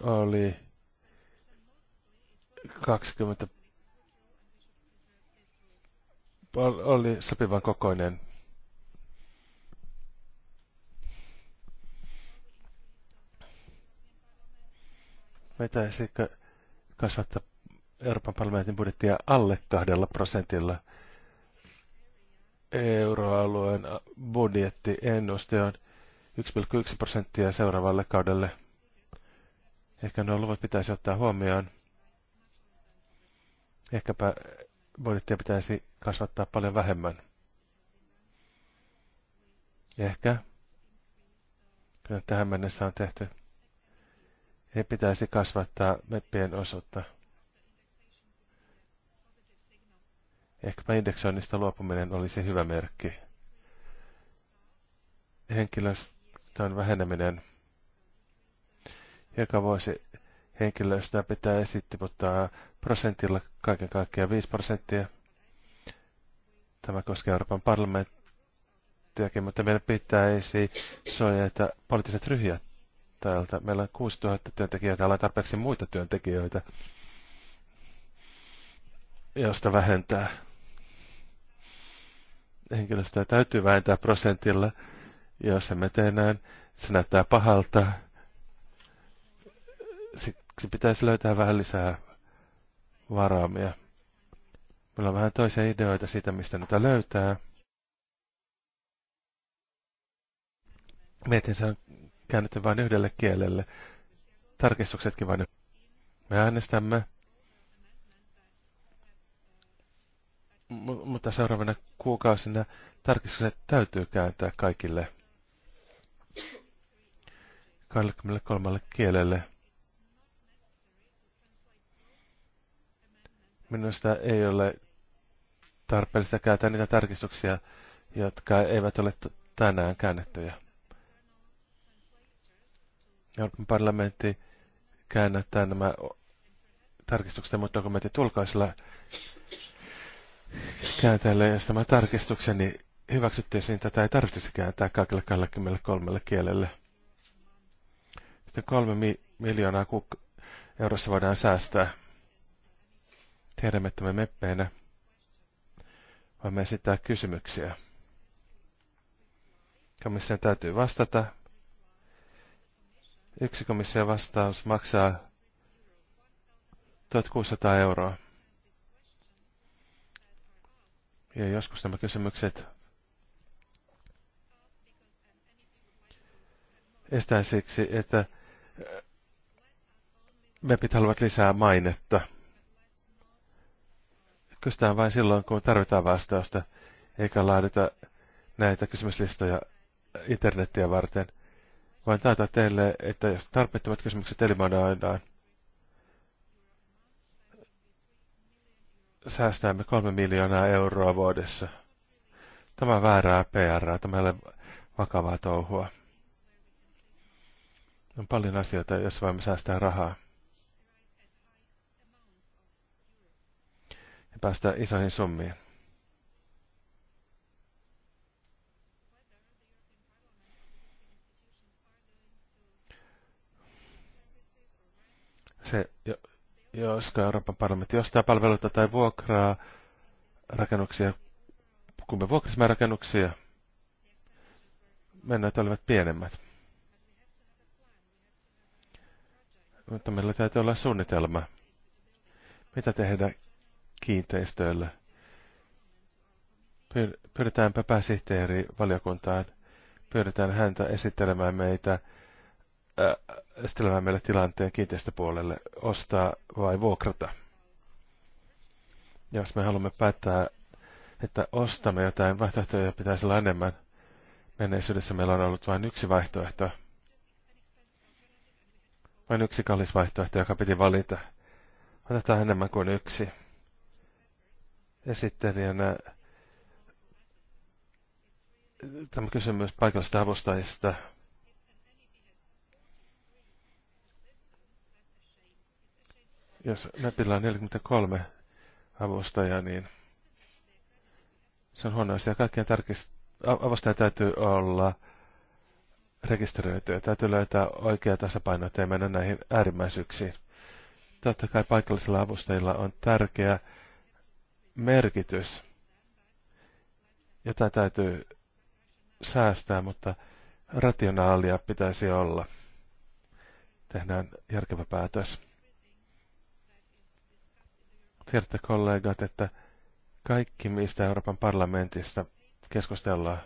oli 20 oli sopivan kokoinen. Vetäisikö kasvattaa Euroopan parlamentin budjettia alle kahdella prosentilla. Euroalueen budjettiennuste on 1,1 prosenttia seuraavalle kaudelle. Ehkä nuo luvut pitäisi ottaa huomioon. Ehkäpä budjettia pitäisi kasvattaa paljon vähemmän. ehkä, kyllä tähän mennessä on tehty, ei pitäisi kasvattaa meppien osuutta. Ehkäpä indeksoinnista luopuminen olisi hyvä merkki. Henkilöstön väheneminen. Joka voisi henkilöstöä pitää esitti, mutta prosentilla kaiken kaikkiaan 5 prosenttia. Tämä koskee Euroopan parlamenttiakin, mutta meidän pitäisi suojata poliittiset ryhjät täältä. Meillä on 6000 työntekijää, täällä on tarpeeksi muita työntekijöitä, josta vähentää henkilöstöä täytyy vähentää prosentilla. Jos emme tee näin, se näyttää pahalta. Siksi pitäisi löytää vähän lisää varaamia. Meillä on vähän toisia ideoita siitä, mistä niitä löytää. Mietin, se on käännetty vain yhdelle kielelle. Tarkistuksetkin vain. Me äänestämme mutta seuraavana kuukausina tarkistukset täytyy kääntää kaikille 23 kielelle. Minusta ei ole tarpeellista kääntää niitä tarkistuksia, jotka eivät ole tänään käännettyjä. Euroopan parlamentti käännättää nämä tarkistukset ja muut dokumentit ulkoisilla käyn tälle tarkistuksen, niin hyväksyttiin, että tätä ei tarvitsisi kääntää kaikille 23 kielelle. Sitten kolme mi- miljoonaa eurossa voidaan säästää. Tiedämme, että me meppeinä voimme esittää kysymyksiä. Komission täytyy vastata. Yksi komission vastaus maksaa 1600 euroa. Ja joskus nämä kysymykset estää siksi, että äh, mepit haluavat lisää mainetta. Kysytään vain silloin, kun tarvitaan vastausta, eikä laadita näitä kysymyslistoja internettiä varten. Vain taata teille, että jos tarpeettomat kysymykset eliminoidaan, säästämme kolme miljoonaa euroa vuodessa. Tämä on väärää PR, tämä ei ole vakavaa touhua. On paljon asioita, jos voimme säästää rahaa. Ja päästä isoihin summiin. Se, jo, josko Euroopan parlamentti ostaa palveluita tai vuokraa rakennuksia, kun me vuokrasimme rakennuksia, mennät olivat pienemmät. Mutta meillä täytyy olla suunnitelma, mitä tehdä kiinteistöillä. Pyydetäänpä pääsihteeri valiokuntaan, pyydetään häntä esittelemään meitä Äh, estelemään meille tilanteen kiinteistöpuolelle ostaa vai vuokrata. Jos me haluamme päättää, että ostamme jotain, vaihtoehtoja pitäisi olla enemmän. Menneisyydessä meillä on ollut vain yksi vaihtoehto. Vain yksi kallis vaihtoehto, joka piti valita. Otetaan enemmän kuin yksi. Esittelijänä tämä kysymys paikallisista avustajista – Jos näpillä on 43 avustajaa, niin se on huono asia. Kaikkien tarkist- avustajan täytyy olla rekisteröityä. Täytyy löytää oikea tasapaino, ettei mennä näihin äärimmäisyyksiin. Totta kai paikallisilla avustajilla on tärkeä merkitys. Jotain täytyy säästää, mutta rationaalia pitäisi olla. Tehdään järkevä päätös. Tiedätte kollegat, että kaikki, mistä Euroopan parlamentista keskustellaan,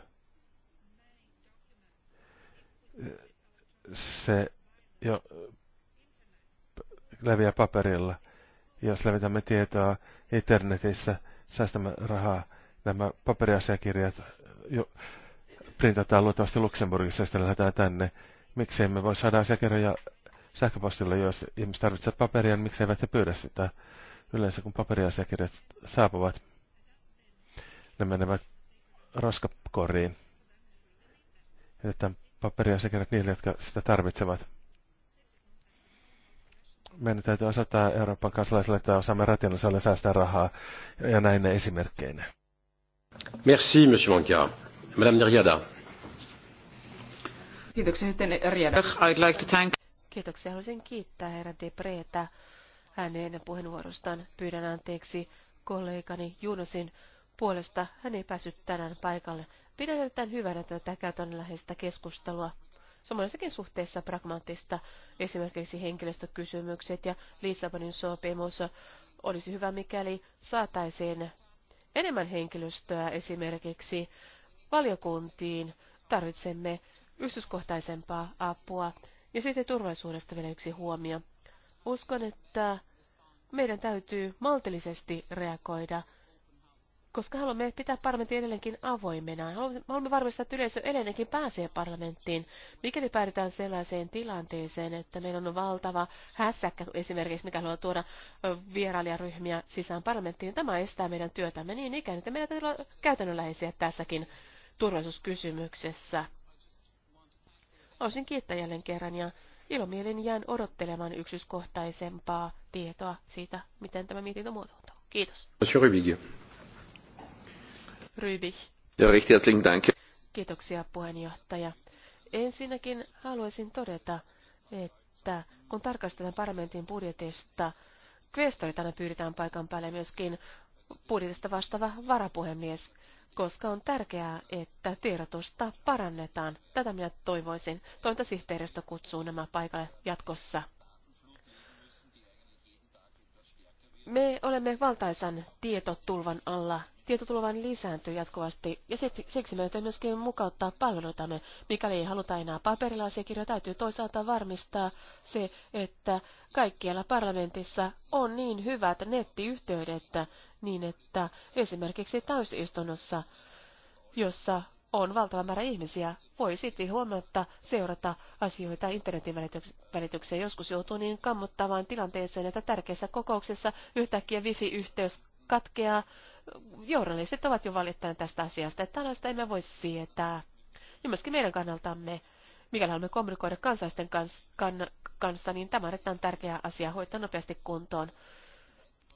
se jo leviää paperilla. Jos levitämme tietoa internetissä, säästämme rahaa. Nämä paperiasiakirjat jo printataan luultavasti Luxemburgissa ja sitten lähdetään tänne. Miksi emme voi saada asiakirjoja sähköpostilla, jos ihmiset tarvitsevat paperia, niin miksi eivät he pyydä sitä? Yleensä kun paperiasiakirjat saapuvat, ne menevät raskakoriin. Jätetään paperiasiakirjat niille, jotka sitä tarvitsevat. Meidän täytyy osoittaa Euroopan kansalaisille, että osaamme rationaalisella säästää rahaa ja näin ne esimerkkeinä. Merci, monsieur Mankia. Madame Riada. Kiitoksia sitten Riada. I'd like to thank... Kiitoksia. Haluaisin kiittää herra Debreetä hänen puheenvuorostaan. Pyydän anteeksi kollegani Junosin puolesta. Hän ei päässyt tänään paikalle. Pidän erittäin hyvänä tätä käytännönläheistä keskustelua. Samoissakin suhteessa pragmaattista, esimerkiksi henkilöstökysymykset ja Lissabonin sopimus olisi hyvä, mikäli saataisiin enemmän henkilöstöä esimerkiksi valiokuntiin. Tarvitsemme yksityiskohtaisempaa apua. Ja sitten turvallisuudesta vielä yksi huomio. Uskon, että meidän täytyy maltillisesti reagoida, koska haluamme pitää parlamentin edelleenkin avoimena. Haluamme varmistaa, että yleisö edelleenkin pääsee parlamenttiin, mikäli päädytään sellaiseen tilanteeseen, että meillä on valtava hässäkkä esimerkiksi, mikä haluaa tuoda vierailijaryhmiä sisään parlamenttiin. Tämä estää meidän työtämme niin ikään, että meidän täytyy olla käytännönläheisiä tässäkin turvallisuuskysymyksessä. Olisin kiittää jälleen kerran ja Ilomielin jään odottelemaan yksityiskohtaisempaa tietoa siitä, miten tämä mietintö muotoutuu. Kiitos. Rübig. Ja recht herzlichen Dank. Kiitoksia puheenjohtaja. Ensinnäkin haluaisin todeta, että kun tarkastetaan parlamentin budjetista, kvestorit aina pyydetään paikan päälle myöskin budjetista vastaava varapuhemies koska on tärkeää, että tiedotusta parannetaan. Tätä minä toivoisin. Toimintasihteeristö kutsuu nämä paikalle jatkossa. Me olemme valtaisan tietotulvan alla tietotulvan lisääntyy jatkuvasti ja siksi meidän täytyy myöskin mukauttaa palveluitamme. Mikäli ei haluta enää paperilla asiakirjoja, täytyy toisaalta varmistaa se, että kaikkialla parlamentissa on niin hyvät nettiyhteydet niin, että esimerkiksi täysistunnossa, jossa on valtava määrä ihmisiä, voi sitten huomatta seurata asioita internetin välityksellä. Joskus joutuu niin kammottavaan tilanteeseen, että tärkeissä kokouksessa yhtäkkiä wifi-yhteys katkeaa journalistit ovat jo valittaneet tästä asiasta, että tällaista emme voi sietää. Ja myöskin meidän kannaltamme, mikäli haluamme kommunikoida kansalaisten kans, kan, kanssa, niin tämä on erittäin tärkeä asia hoitaa nopeasti kuntoon.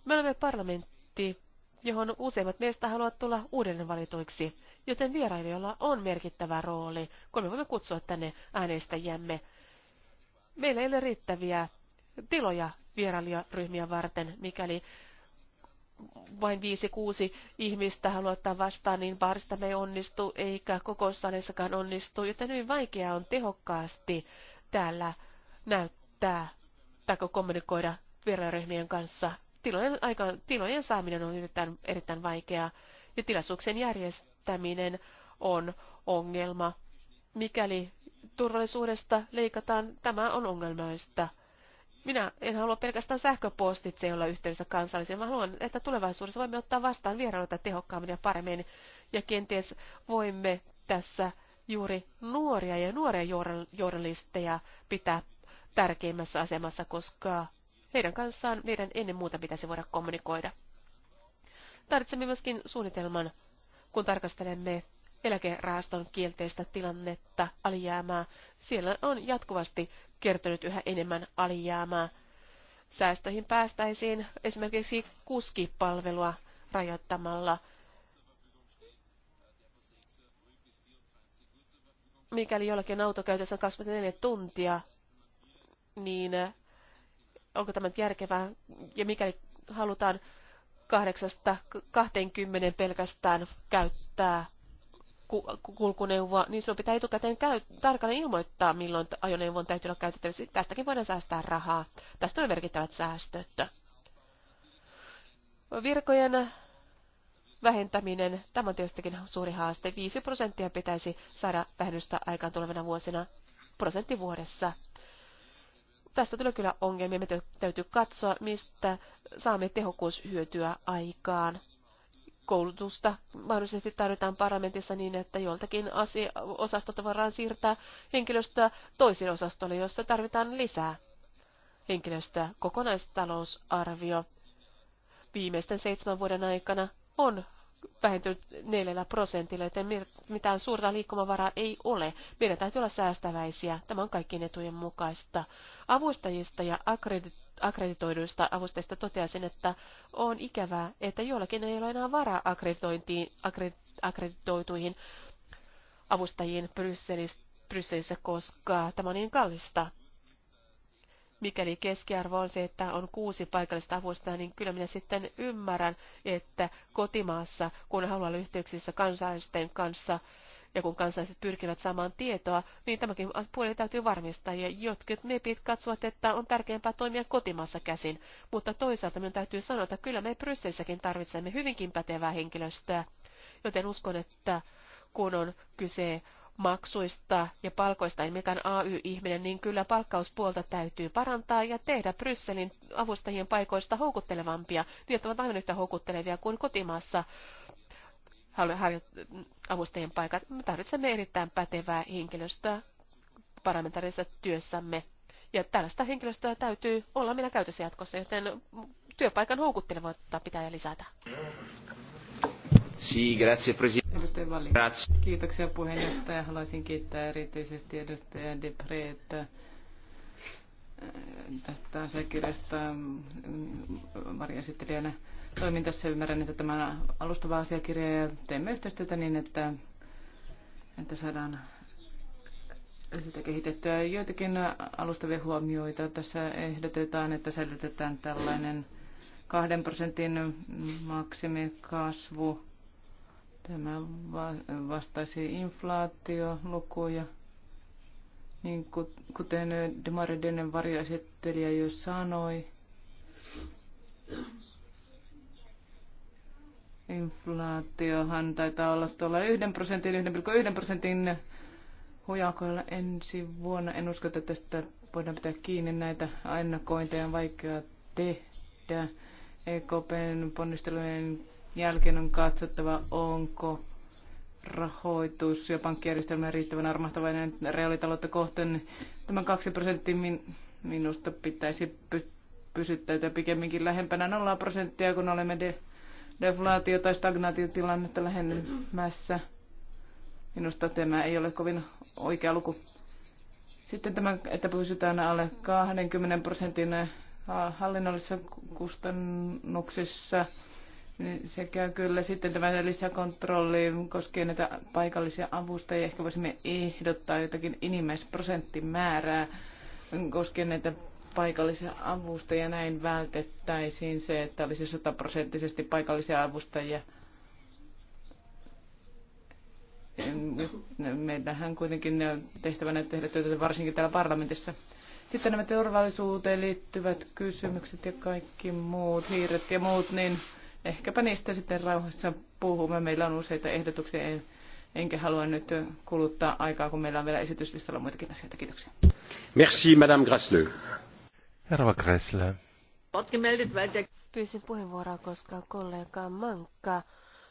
Me olemme parlamentti, johon useimmat meistä haluavat tulla uudelleen valituiksi, joten vierailijoilla on merkittävä rooli, kun me voimme kutsua tänne äänestäjämme. Meillä ei ole riittäviä tiloja vierailijaryhmiä varten, mikäli vain 5-6 ihmistä haluaa ottaa vastaan, niin baarista me ei onnistu, eikä kokoussaleissakaan onnistu, joten hyvin vaikeaa on tehokkaasti täällä näyttää tai kommunikoida vieraryhmien kanssa. Tilojen, aika, tilojen saaminen on erittäin, erittäin vaikeaa ja tilaisuuksien järjestäminen on ongelma. Mikäli turvallisuudesta leikataan, tämä on ongelmallista. Minä en halua pelkästään sähköpostitse olla yhteydessä kansallisiin, vaan haluan, että tulevaisuudessa voimme ottaa vastaan vierailuita tehokkaammin ja paremmin. Ja kenties voimme tässä juuri nuoria ja nuoria journalisteja pitää tärkeimmässä asemassa, koska heidän kanssaan meidän ennen muuta pitäisi voida kommunikoida. Tarvitsemme myöskin suunnitelman, kun tarkastelemme eläkerahaston kielteistä tilannetta, alijäämää. Siellä on jatkuvasti kertynyt yhä enemmän alijäämää. Säästöihin päästäisiin esimerkiksi kuskipalvelua rajoittamalla. Mikäli jollakin autokäytössä on 24 tuntia, niin onko tämä järkevää? Ja mikäli halutaan 8-20 pelkästään käyttää kulkuneuvoa, niin sinun pitää etukäteen käy, tarkalleen ilmoittaa, milloin ajoneuvon täytyy olla käytettävissä. Tästäkin voidaan säästää rahaa. Tästä on merkittävät säästöt. Virkojen vähentäminen, tämä on tietystikin suuri haaste. 5 prosenttia pitäisi saada vähennystä aikaan tulevina vuosina prosenttivuodessa. Tästä tulee kyllä ongelmia. Me täytyy katsoa, mistä saamme tehokkuushyötyä aikaan koulutusta mahdollisesti tarvitaan parlamentissa niin, että joltakin asia, osastolta voidaan siirtää henkilöstöä toisiin osastolle, jossa tarvitaan lisää henkilöstöä. Kokonaistalousarvio viimeisten seitsemän vuoden aikana on vähentynyt neljällä prosentilla, joten mitään suurta liikkumavaraa ei ole. Meidän täytyy olla säästäväisiä. Tämä on kaikkien etujen mukaista. Avustajista ja akkredit akkreditoiduista avustajista toteaisin, että on ikävää, että joillakin ei ole enää varaa akkreditointiin, akkreditoituihin avustajiin Brysselissä, koska tämä on niin kallista. Mikäli keskiarvo on se, että on kuusi paikallista avustajaa, niin kyllä minä sitten ymmärrän, että kotimaassa, kun olla yhteyksissä kansalaisten kanssa, ja kun kansalaiset pyrkivät saamaan tietoa, niin tämäkin puoli täytyy varmistaa. Ja jotkut mepit katsovat, että on tärkeämpää toimia kotimaassa käsin. Mutta toisaalta minun täytyy sanoa, että kyllä me Brysselissäkin tarvitsemme hyvinkin pätevää henkilöstöä. Joten uskon, että kun on kyse maksuista ja palkoista ei mikään AY-ihminen, niin kyllä palkkauspuolta täytyy parantaa ja tehdä Brysselin avustajien paikoista houkuttelevampia. Niitä ovat aivan yhtä houkuttelevia kuin kotimaassa avustajien paikat. Me tarvitsemme erittäin pätevää henkilöstöä parlamentaarisessa työssämme. Ja tällaista henkilöstöä täytyy olla meillä käytössä jatkossa, joten työpaikan houkuttelevuutta pitää lisätä. Sì, grazie Presidente. Kiitoksia puheenjohtaja. Haluaisin kiittää erityisesti edustaja Depreetta äh, tästä asiakirjasta mm, varjaesittelijänä toimin tässä. Ymmärrän, että tämä on alustava asiakirja ja teemme yhteistyötä niin, että, että saadaan sitä kehitettyä. Joitakin alustavia huomioita tässä ehdotetaan, että säilytetään tällainen kahden prosentin maksimikasvu. Tämä vastaisi inflaatiolukuja. Niin kuten Demareiden varjoesittelijä jo sanoi, Inflaatiohan taitaa olla tuolla 1 prosentin, 1,1 prosentin hujakoilla ensi vuonna. En usko, että tästä voidaan pitää kiinni. Näitä ennakointeja on vaikea tehdä. EKPn ponnistelujen jälkeen on katsottava, onko rahoitus ja pankkijärjestelmä riittävän armahtavainen reaalitaloutta kohtaan. Niin tämän 2 prosenttia minusta pitäisi pysyttäytyä pikemminkin lähempänä 0 prosenttia, kun olemme de- deflaatio- tai stagnaatiotilannetta lähemmässä. Minusta tämä ei ole kovin oikea luku. Sitten tämä, että pysytään alle 20 prosentin hallinnollisissa kustannuksissa, niin sekä kyllä sitten tämä lisäkontrolli koskee näitä paikallisia avustajia. Ehkä voisimme ehdottaa jotakin enimmäisprosenttimäärää koskien näitä paikallisia avustajia. Näin vältettäisiin se, että olisi sataprosenttisesti paikallisia avustajia. Meillähän kuitenkin on tehtävänä tehdä työtä varsinkin täällä parlamentissa. Sitten nämä turvallisuuteen liittyvät kysymykset ja kaikki muut, hiiret ja muut, niin ehkäpä niistä sitten rauhassa puhumme. Meillä on useita ehdotuksia, enkä halua nyt kuluttaa aikaa, kun meillä on vielä esityslistalla muitakin asioita. Kiitoksia. Merci, Madame Grasleux. Herra Gressle. Pyysin puheenvuoroa, koska kollega Mankka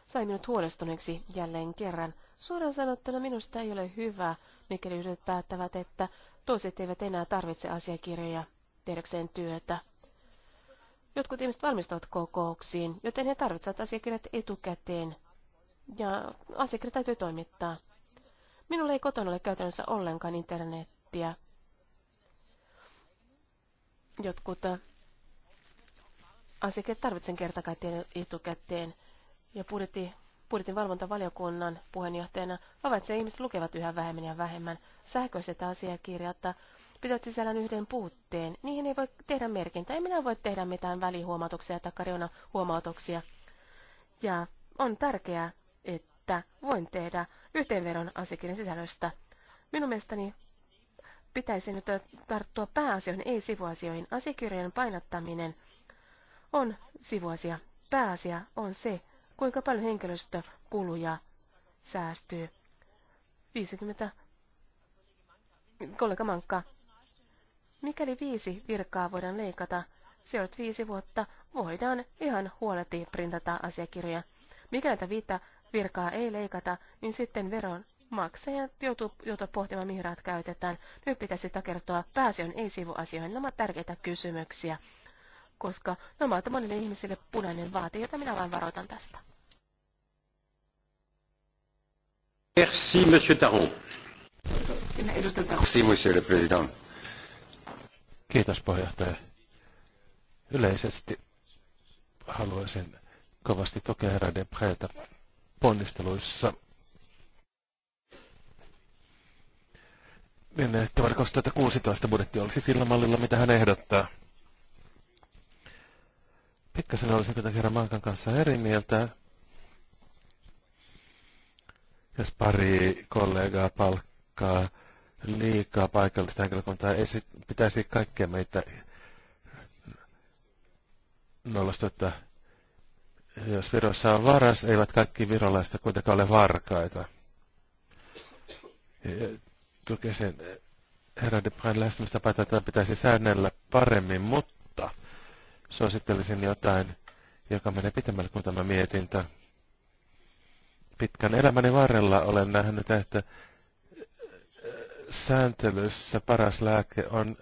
sai minut huolestuneeksi jälleen kerran. Suoraan sanottuna minusta ei ole hyvä, mikäli yhdet päättävät, että toiset eivät enää tarvitse asiakirjoja tehdäkseen työtä. Jotkut ihmiset valmistavat kokouksiin, joten he tarvitsevat asiakirjat etukäteen, ja asiakirjat täytyy toimittaa. Minulla ei kotona ole käytännössä ollenkaan internettiä, Jotkut äh, asiakirjat tarvitsen kertakaikkeen etukäteen. Ja budjetti, budjetin valvontavaliokunnan puheenjohtajana havaitsee ihmiset lukevat yhä vähemmän ja vähemmän. Sähköiset asiakirjat äh, pitävät sisällään yhden puutteen. Niihin ei voi tehdä merkintää. Ei minä voi tehdä mitään välihuomautuksia tai huomautuksia. Ja on tärkeää, että voin tehdä yhteenveron asiakirjan sisällöstä. Minun mielestäni pitäisi nyt tarttua pääasioihin, ei sivuasioihin. Asiakirjojen painattaminen on sivuasia. Pääasia on se, kuinka paljon henkilöstökuluja säästyy. 50 kollega Mankka. Mikäli viisi virkaa voidaan leikata, seuraavat viisi vuotta voidaan ihan huoletti printata asiakirjoja. Mikäli tätä viittä virkaa ei leikata, niin sitten veron maksaja joutuu, joutuu pohtimaan, mihin rahat käytetään. Nyt pitäisi kertoa pääasian ei sivuasioihin. Nämä ovat tärkeitä kysymyksiä, koska nämä ovat monille ihmisille punainen vaate, jota minä vain varoitan tästä. Merci, monsieur Taron. Merci, monsieur le président. Kiitos, puheenjohtaja. Yleisesti haluaisin kovasti tukea herra Preta ponnisteluissa niin että vuoden 2016 budjetti olisi sillä mallilla, mitä hän ehdottaa. Pikkasen olisin tätä kerran Mankan kanssa eri mieltä. Jos pari kollegaa palkkaa liikaa paikallista henkilökuntaa, ei sit, pitäisi kaikkea meitä nollasta, että jos Virossa on varas, eivät kaikki virolaista kuitenkaan ole varkaita tukisen sen eh, Depran lähestymistapa tätä pitäisi säännellä paremmin, mutta suosittelisin jotain, joka menee pitemmälle kuin tämä mietintä. Pitkän elämäni varrella olen nähnyt, että eh, sääntelyssä paras lääke on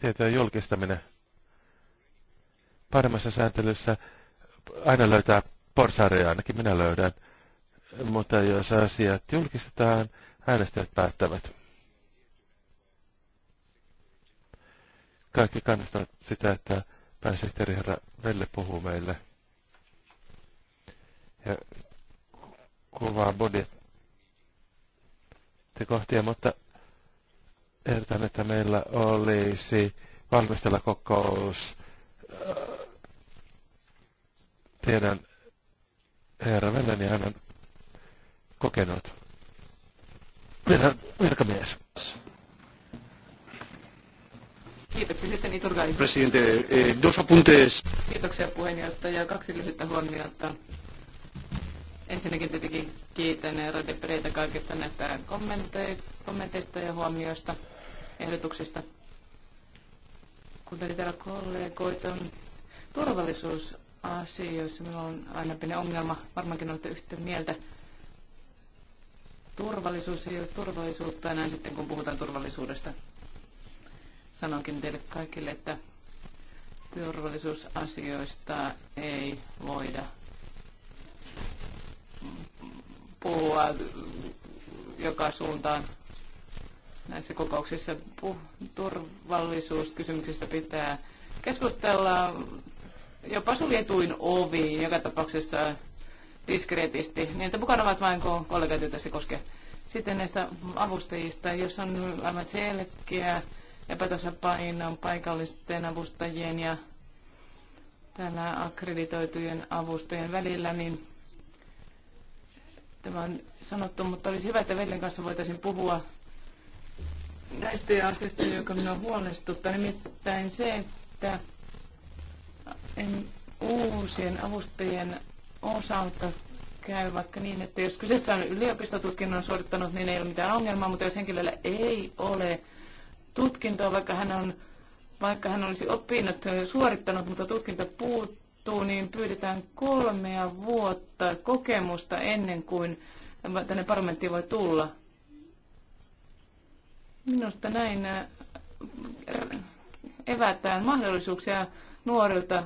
tietojen julkistaminen. Paremmassa sääntelyssä aina löytää porsareja, ainakin minä löydän. Mutta jos asiat julkistetaan, äänestäjät päättävät. kaikki kannustavat sitä, että pääsihteeri herra Velle puhuu meille ja kuvaa budjettikohtia, mutta ehdotan, että meillä olisi valmistella kokous. Äh, Tiedän herra Velle, niin hän on kokenut virkamies. Kiitoksia sitten Iturgais. Presidente, eh, dos apuntes. Kiitoksia puheenjohtaja. Kaksi lyhyttä huomiota. Ensinnäkin tietenkin kiitän Radio Pereitä kaikista näistä kommenteista ja huomioista, ehdotuksista. Kuten täällä kollegoita on turvallisuusasioissa, minulla on aina pieni ongelma, varmaankin olette yhtä mieltä. Turvallisuus ei ole turvallisuutta enää sitten, kun puhutaan turvallisuudesta sanonkin teille kaikille, että turvallisuusasioista ei voida puhua joka suuntaan näissä kokouksissa. turvallisuuskysymyksistä pitää keskustella jopa suljetuin oviin, joka tapauksessa diskreetisti, niin että mukana ovat vain kollegat, joita se koskee. Sitten näistä avustajista, jos on aivan selkeä epätasapainon paikallisten avustajien ja täällä akkreditoitujen avustajien välillä, niin tämä on sanottu, mutta olisi hyvä, että Vellen kanssa voitaisiin puhua näistä asioista, jotka minua huolestuttaa, nimittäin se, että en uusien avustajien osalta käy vaikka niin, että jos kyseessä on yliopistotutkinnon suorittanut, niin ei ole mitään ongelmaa, mutta jos henkilöllä ei ole tutkintoa, vaikka hän, on, vaikka hän olisi opinnot suorittanut, mutta tutkinta puuttuu, niin pyydetään kolmea vuotta kokemusta ennen kuin tänne parlamenttiin voi tulla. Minusta näin äh, evätään mahdollisuuksia nuorilta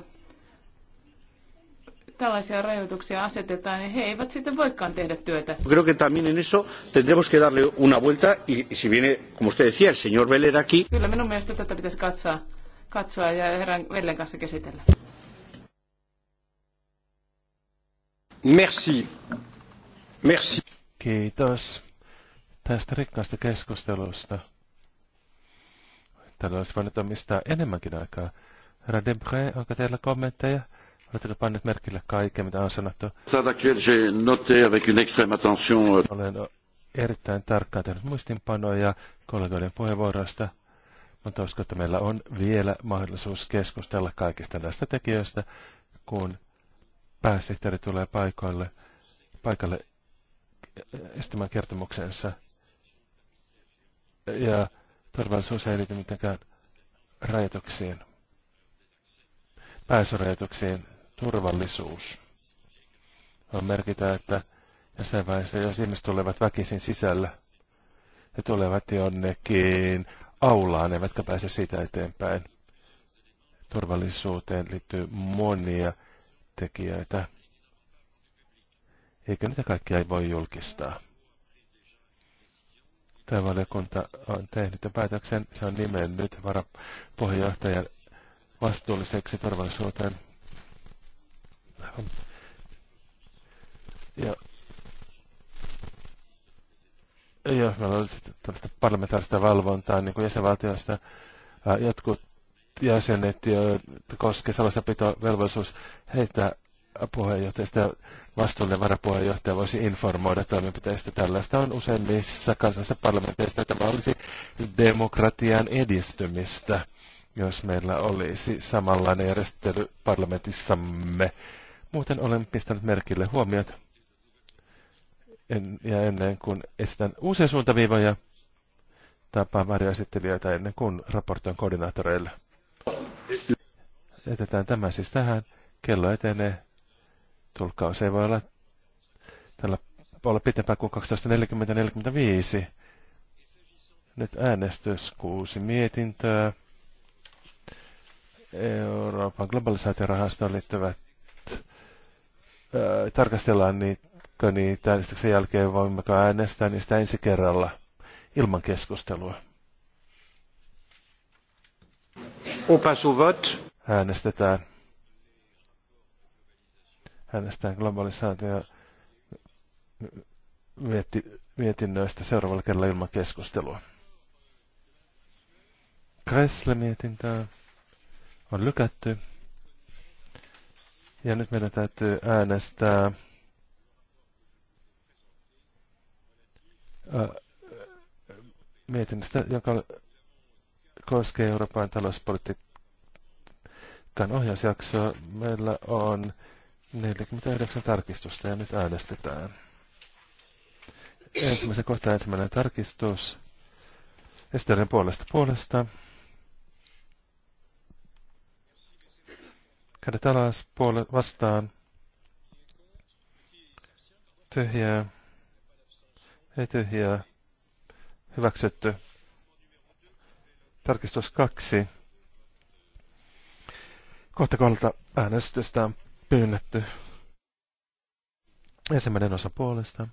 tällaisia rajoituksia asetetaan, niin he eivät sitten voikaan tehdä työtä. Creo que también en eso tendremos que darle una vuelta y si viene, como usted decía, el señor Veller aquí. Kyllä minun mielestä tätä pitäisi katsoa, katsoa ja herran Vellen kanssa käsitellä. Merci. Merci. Kiitos tästä rikkaasta keskustelusta. Tällä olisi voinut omistaa enemmänkin aikaa. Herra Debre, onko teillä kommentteja? Oletteko panneet merkille kaiken, mitä on sanottu? Euh, Olen erittäin tarkkaan tehnyt muistinpanoja kollegoiden puheenvuoroista, mutta uskon, että meillä on vielä mahdollisuus keskustella kaikista näistä tekijöistä, kun pääsihteeri tulee paikalle, paikalle estämään kertomuksensa. Ja turvallisuus ei liity mitenkään rajoituksiin, pääsyrajoituksiin turvallisuus. On merkitä, että jäsenväessä jos sinne tulevat väkisin sisällä, he tulevat jonnekin aulaan, eivätkä pääse siitä eteenpäin. Turvallisuuteen liittyy monia tekijöitä, eikä niitä kaikkia ei voi julkistaa. Tämä valiokunta on tehnyt jo päätöksen, se on nimennyt varapuheenjohtajan vastuulliseksi turvallisuuteen ja, ja meillä on sitten tällaista parlamentaarista valvontaa niin kuin jäsenvaltioista. Jotkut jäsenet, joita koskee salassapitovelvollisuus, heitä puheenjohtajista vastuullinen varapuheenjohtaja voisi informoida toimenpiteistä. Tällaista on useimmissa kansallisissa parlamenteissa. Tämä olisi demokratian edistymistä, jos meillä olisi samanlainen järjestely parlamentissamme Muuten olen pistänyt merkille huomiot. En, ja ennen kuin esitän uusia suuntaviivoja, tapaan varjoesittelijöitä ennen kuin raportoin koordinaattoreille. Jätetään tämä siis tähän. Kello etenee. Tulkkaus ei voi olla tällä olla pitempään kuin 12.40.45. Nyt äänestys kuusi mietintöä. Euroopan globalisaatiorahastoon liittyvät ää, tarkastellaan niitä, niitä äänestyksen jälkeen, voimmeko äänestää niistä ensi kerralla ilman keskustelua. Äänestetään. Äänestetään globalisaatio mietti, mietinnöistä seuraavalla kerralla ilman keskustelua. Kressle-mietintää on lykätty. Ja nyt meidän täytyy äänestää mietinnöstä, joka koskee Euroopan talouspolitiikan ohjausjaksoa. Meillä on 49 tarkistusta ja nyt äänestetään. Ensimmäisen kohta ensimmäinen tarkistus. Esterin puolesta puolesta. Kädet alas puole vastaan. Tyhjää. Ei tyhjää. Hyväksytty. Tarkistus kaksi. Kohta kolta äänestystä on pyynnetty. Ensimmäinen osa puolesta.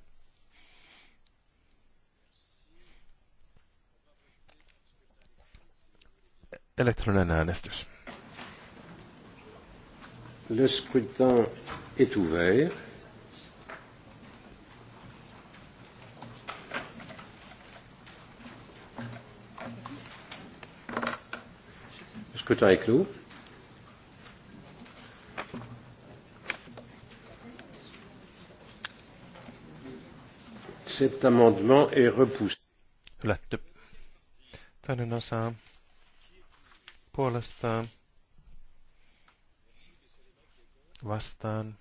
Elektroninen äänestys. Le scrutin est ouvert. Le scrutin est clos. Cet amendement est repoussé. Hylätty. Toinen osa puolestaan vastaan.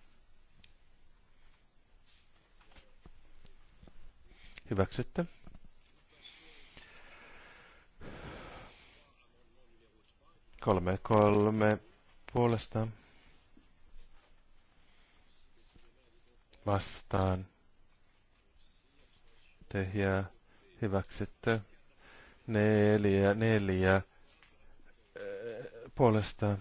Hyväksytte? Kolme kolme puolesta vastaan. Tehjä. hyväksytte. Neljä neljä eh, puolesta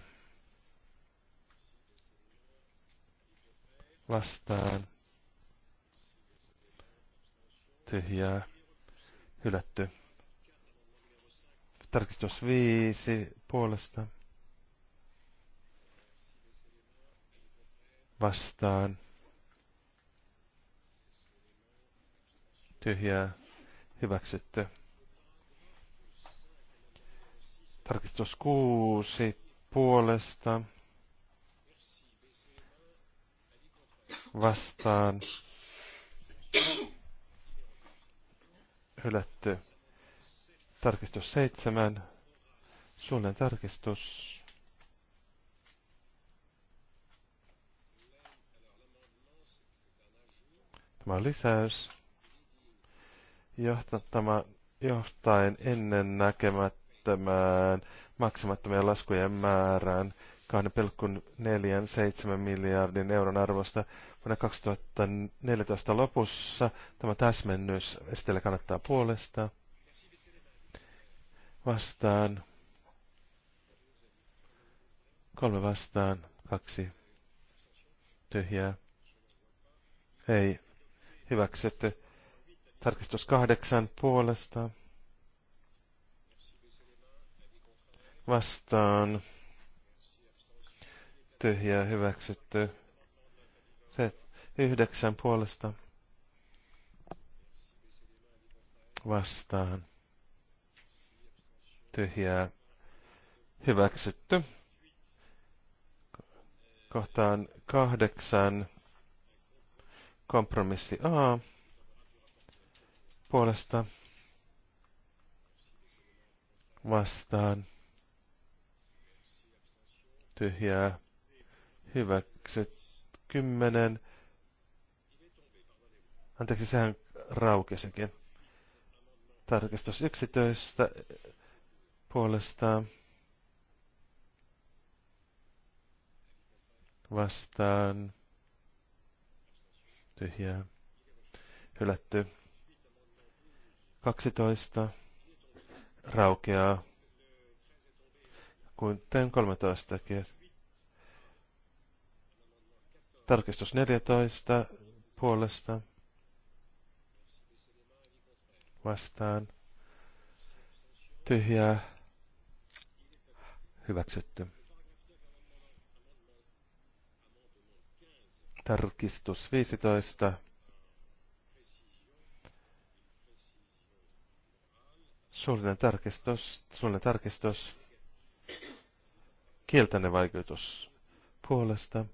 vastaan tyhjää hylätty. Tarkistus viisi puolesta vastaan tyhjää hyväksytty. Tarkistus kuusi puolesta vastaan hylätty. Tarkistus seitsemän. suunnan tarkistus. Tämä on lisäys. Johtaa tämä johtain ennen näkemättömään maksamattomien laskujen määrään 2,47 miljardin euron arvosta vuonna 2014 lopussa. Tämä täsmennys esitellä kannattaa puolesta. Vastaan. Kolme vastaan. Kaksi. Tyhjää. Ei. Hyväksytty. Tarkistus kahdeksan puolesta. Vastaan tyhjää hyväksytty. Se yhdeksän puolesta vastaan tyhjää hyväksytty. Kohtaan kahdeksan kompromissi A puolesta vastaan tyhjää hyväkset kymmenen. Anteeksi, sehän raukesikin. Tarkistus 11 puolestaan vastaan tyhjää hylätty. 12 raukeaa, kuten 13 kertaa. Tarkistus 14 puolesta vastaan. Tyhjää. Hyväksytty. Tarkistus 15. Suullinen tarkistus, suullinen tarkistus, kieltäinen vaikutus puolesta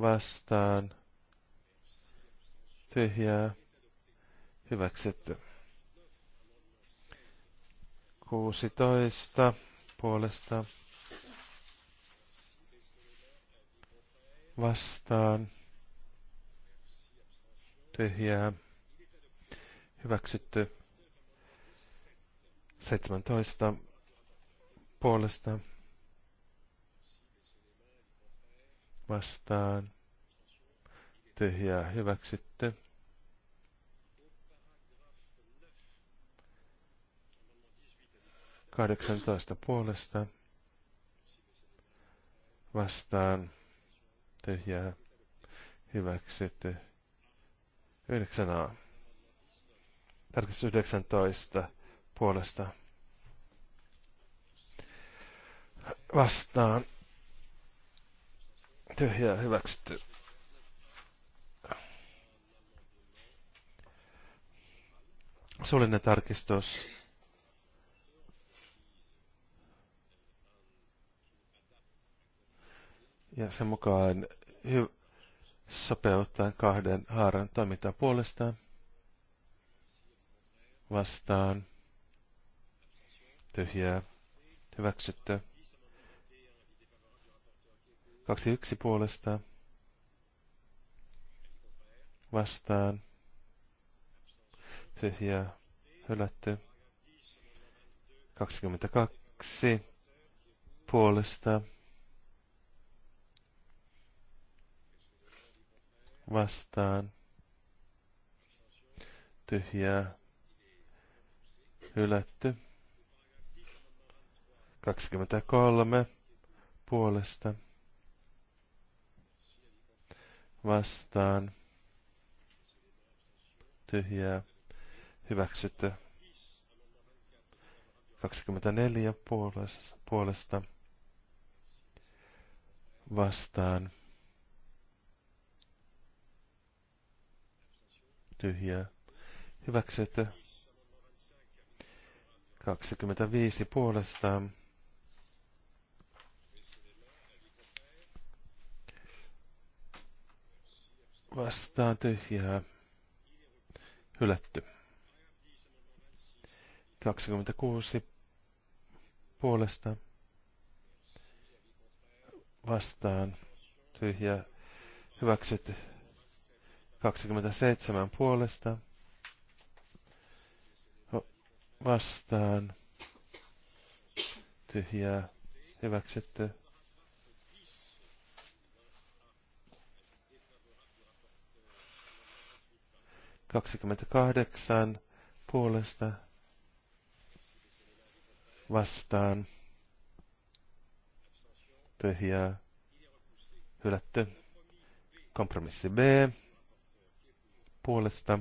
vastaan tyhjää hyväksytty. 16 puolesta vastaan tyhjää hyväksytty 17 puolesta vastaan tyhjää hyväksytty. Kahdeksantoista puolesta vastaan tyhjää hyväksytty. Yhdeksän A. Tarkistus 19 puolesta vastaan Tyhjää hyväksytty. Suullinen tarkistus. Ja sen mukaan hy- sopeuttaa kahden haaran toimintaa puolestaan. Vastaan. Tyhjää. Hyväksytty. Kaksi yksi puolesta. Vastaan. tyhjä Hylätty. 22 puolesta. Vastaan. tyhjä Hylätty. 23 puolesta vastaan tyhjää hyväksytty. 24 puolesta vastaan tyhjää hyväksytty. 25 puolestaan vastaan tyhjää hylätty. 26 puolesta vastaan tyhjää hyväksyt 27 puolesta vastaan tyhjää hyväksytty. 28 puolesta vastaan tyhjää hylätty. Kompromissi B puolesta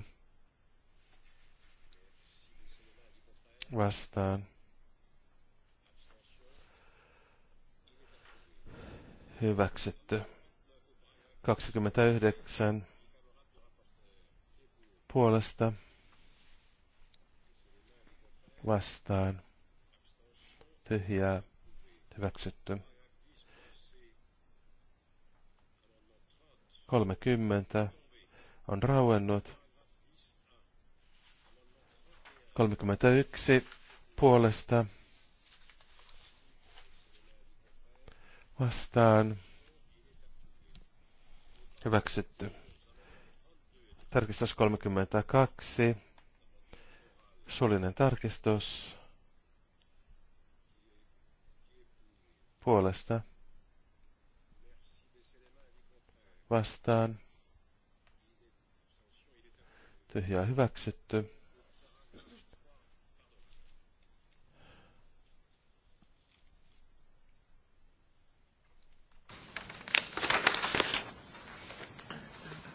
vastaan hyväksytty. 29 puolesta vastaan tyhjää hyväksytty. 30 on rauennut. 31 puolesta vastaan hyväksytty. Tarkistus 32. Suullinen tarkistus. Puolesta. Vastaan. Tyhjää hyväksytty.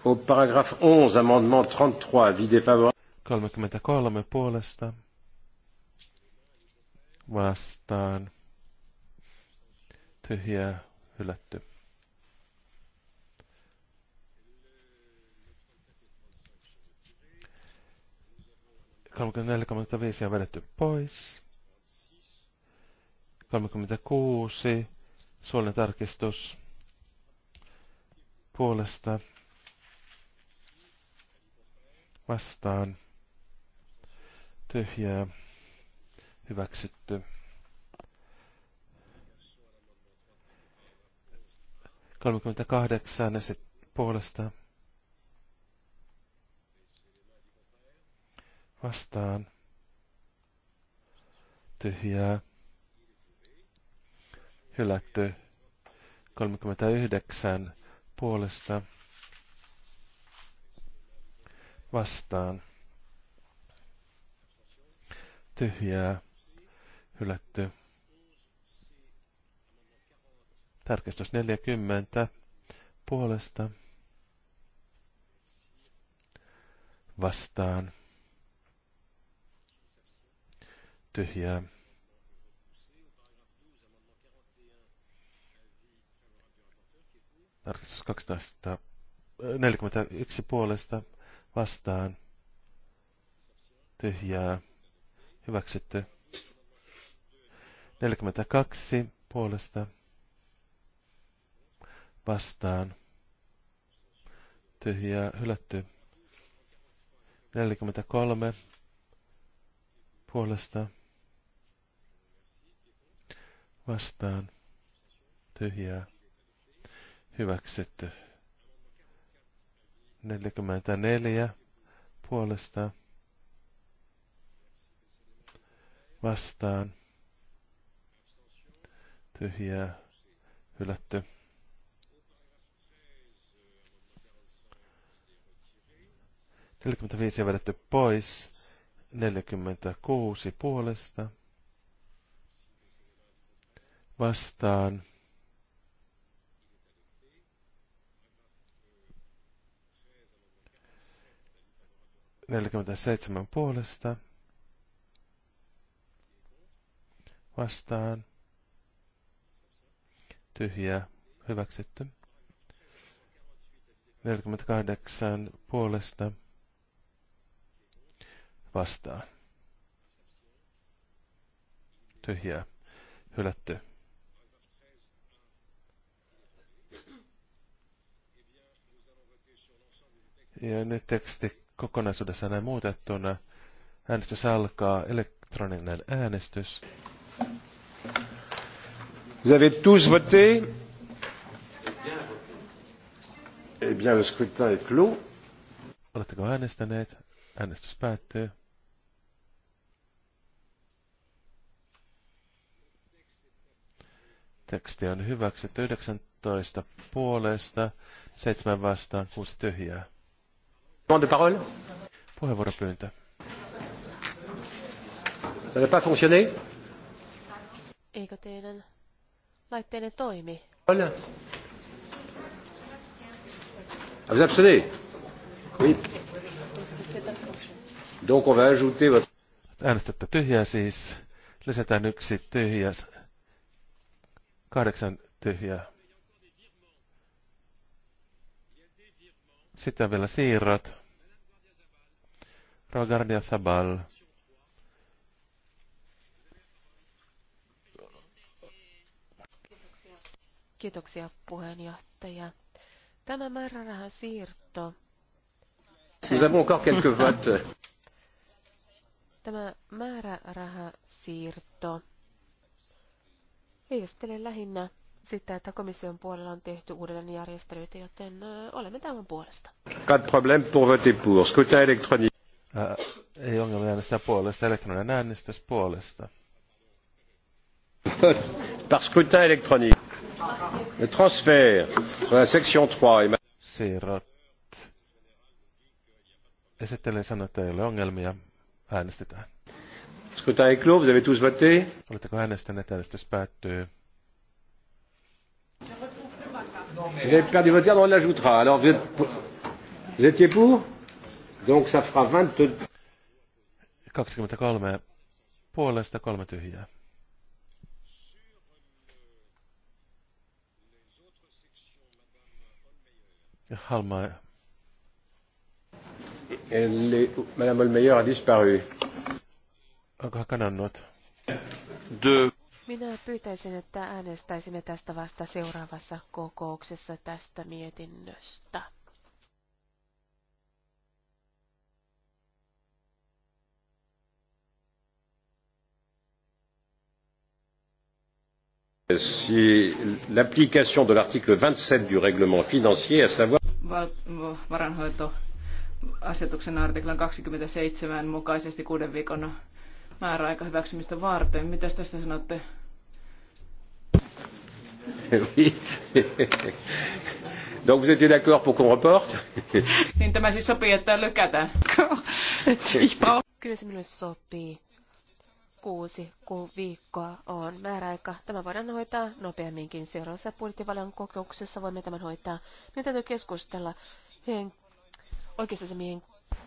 11, 33, puolesta vastaan tyhjä hylätty. Kolmekymmentä on vedetty pois. 36. Suolinen tarkistus puolesta vastaan tyhjää hyväksytty. Kolmekymmentäkahdeksan puolesta vastaan tyhjää hylätty. Kolmekymmentäyhdeksän puolesta vastaan. Tyhjää, hylätty. Tarkistus 40 puolesta vastaan. Tyhjää. Tarkistus 12, 41 puolesta vastaan tyhjää hyväksytty. 42 puolesta vastaan tyhjää hylätty. 43 puolesta vastaan tyhjää hyväksytty. 44 puolesta vastaan tyhjää hylätty. Neljäkymmentäviisi on vedetty pois. kuusi puolesta. Vastaan. 47 puolesta. Vastaan. Tyhjä. Hyväksytty. 48 puolesta. Vastaan. Tyhjä. Hylätty. Ja nyt teksti kokonaisuudessaan näin muutettuna. Äänestys alkaa, elektroninen äänestys. Vous avez tous voté Eh bien, le scrutin est clos. Oletteko äänestäneet? Äänestys päättyy. Teksti on hyväksytty 19 puolesta, 7 vastaan, 6 tyhjää. Puheenvuoropyyntö. Ça n'a pas fonctionné? Eikö teidän laitteenne toimi? Parole. Ah, vous abstenez? Oui. Donc on va ajouter votre... Äänestätte tyhjää siis. Lisätään yksi tyhjä. Kahdeksan tyhjää. Sitten vielä siirrat. Ragardia Thabal. Kiitoksia. Kiitoksia puheenjohtaja. Tämä määrärahan siirto. Tämä avons encore quelques Tämä määrärahasiirto heijastelee lähinnä sitten että komission puolella on tehty uudelleen järjestelyitä, joten olemme tämän puolesta. Äh, ei ongelmia äänestää puolesta, elektroninen äänestys puolesta. Par scrutin électronique. Le transfert sur la section 3. Siirrot. Esittelen sanoa, että ei ole ongelmia. Äänestetään. Scrutin est clos, vous avez tous voté. Oletteko äänestäneet? Äänestys päättyy. Vous avez perdu votre carte, on l'ajoutera. Alors, vous, êtes pour... vous étiez pour Donc, ça fera 20... 23 puolesta, kolme tyhjää. Halma. Elle, Madame Olmeyer a disparu. Onko hän kadonnut? De minä pyytäisin, että äänestäisimme tästä vasta seuraavassa kokouksessa tästä mietinnöstä. Si l'application de l'article 27 du règlement financier, à savoir... Val, varanhoito asetuksen artiklan 27 mukaisesti kuuden viikon määräaika hyväksymistä varten. mitä tästä sanotte? Donc vous étiez d'accord pour qu'on reporte Niin tämä siis sopii, että lykätään. Kyllä se minulle sopii. Kuusi ku viikkoa on määräaika. Tämä voidaan hoitaa nopeamminkin. Seuraavassa budjettivalion kokouksessa voimme tämän hoitaa. Meidän täytyy keskustella hen... oikeusasiamiehen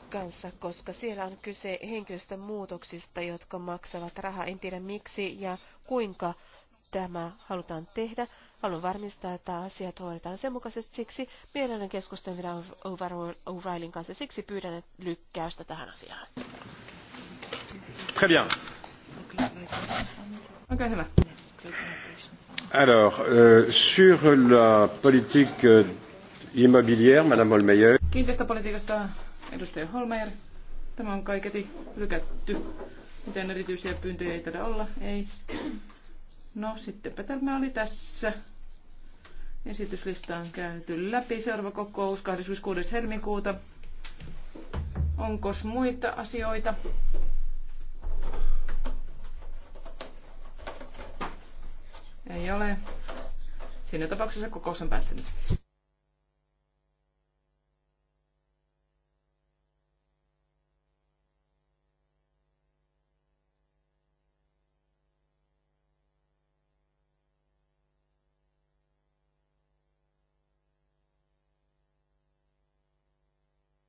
kanssa, koska siellä on kyse henkilöstön muutoksista, jotka maksavat rahaa. En tiedä miksi ja kuinka tämä halutaan tehdä. Haluan varmistaa, että asiat hoidetaan sen mukaisesti. Siksi mielelläni keskustelen vielä O'Reillyn kanssa. Siksi pyydän lykkäystä tähän asiaan. Très bien. Okay, hyvä. Alors, euh, sur la politique euh, immobilière, Madame Olmeyer. Edustaja Holmeier, tämä on kaiketi lykätty. Miten erityisiä pyyntöjä ei taida olla, ei. No sittenpä tämä oli tässä. Esityslista on käyty läpi. Seuraava kokous 26. helmikuuta. Onko muita asioita? Ei ole. Siinä tapauksessa kokous on päättynyt.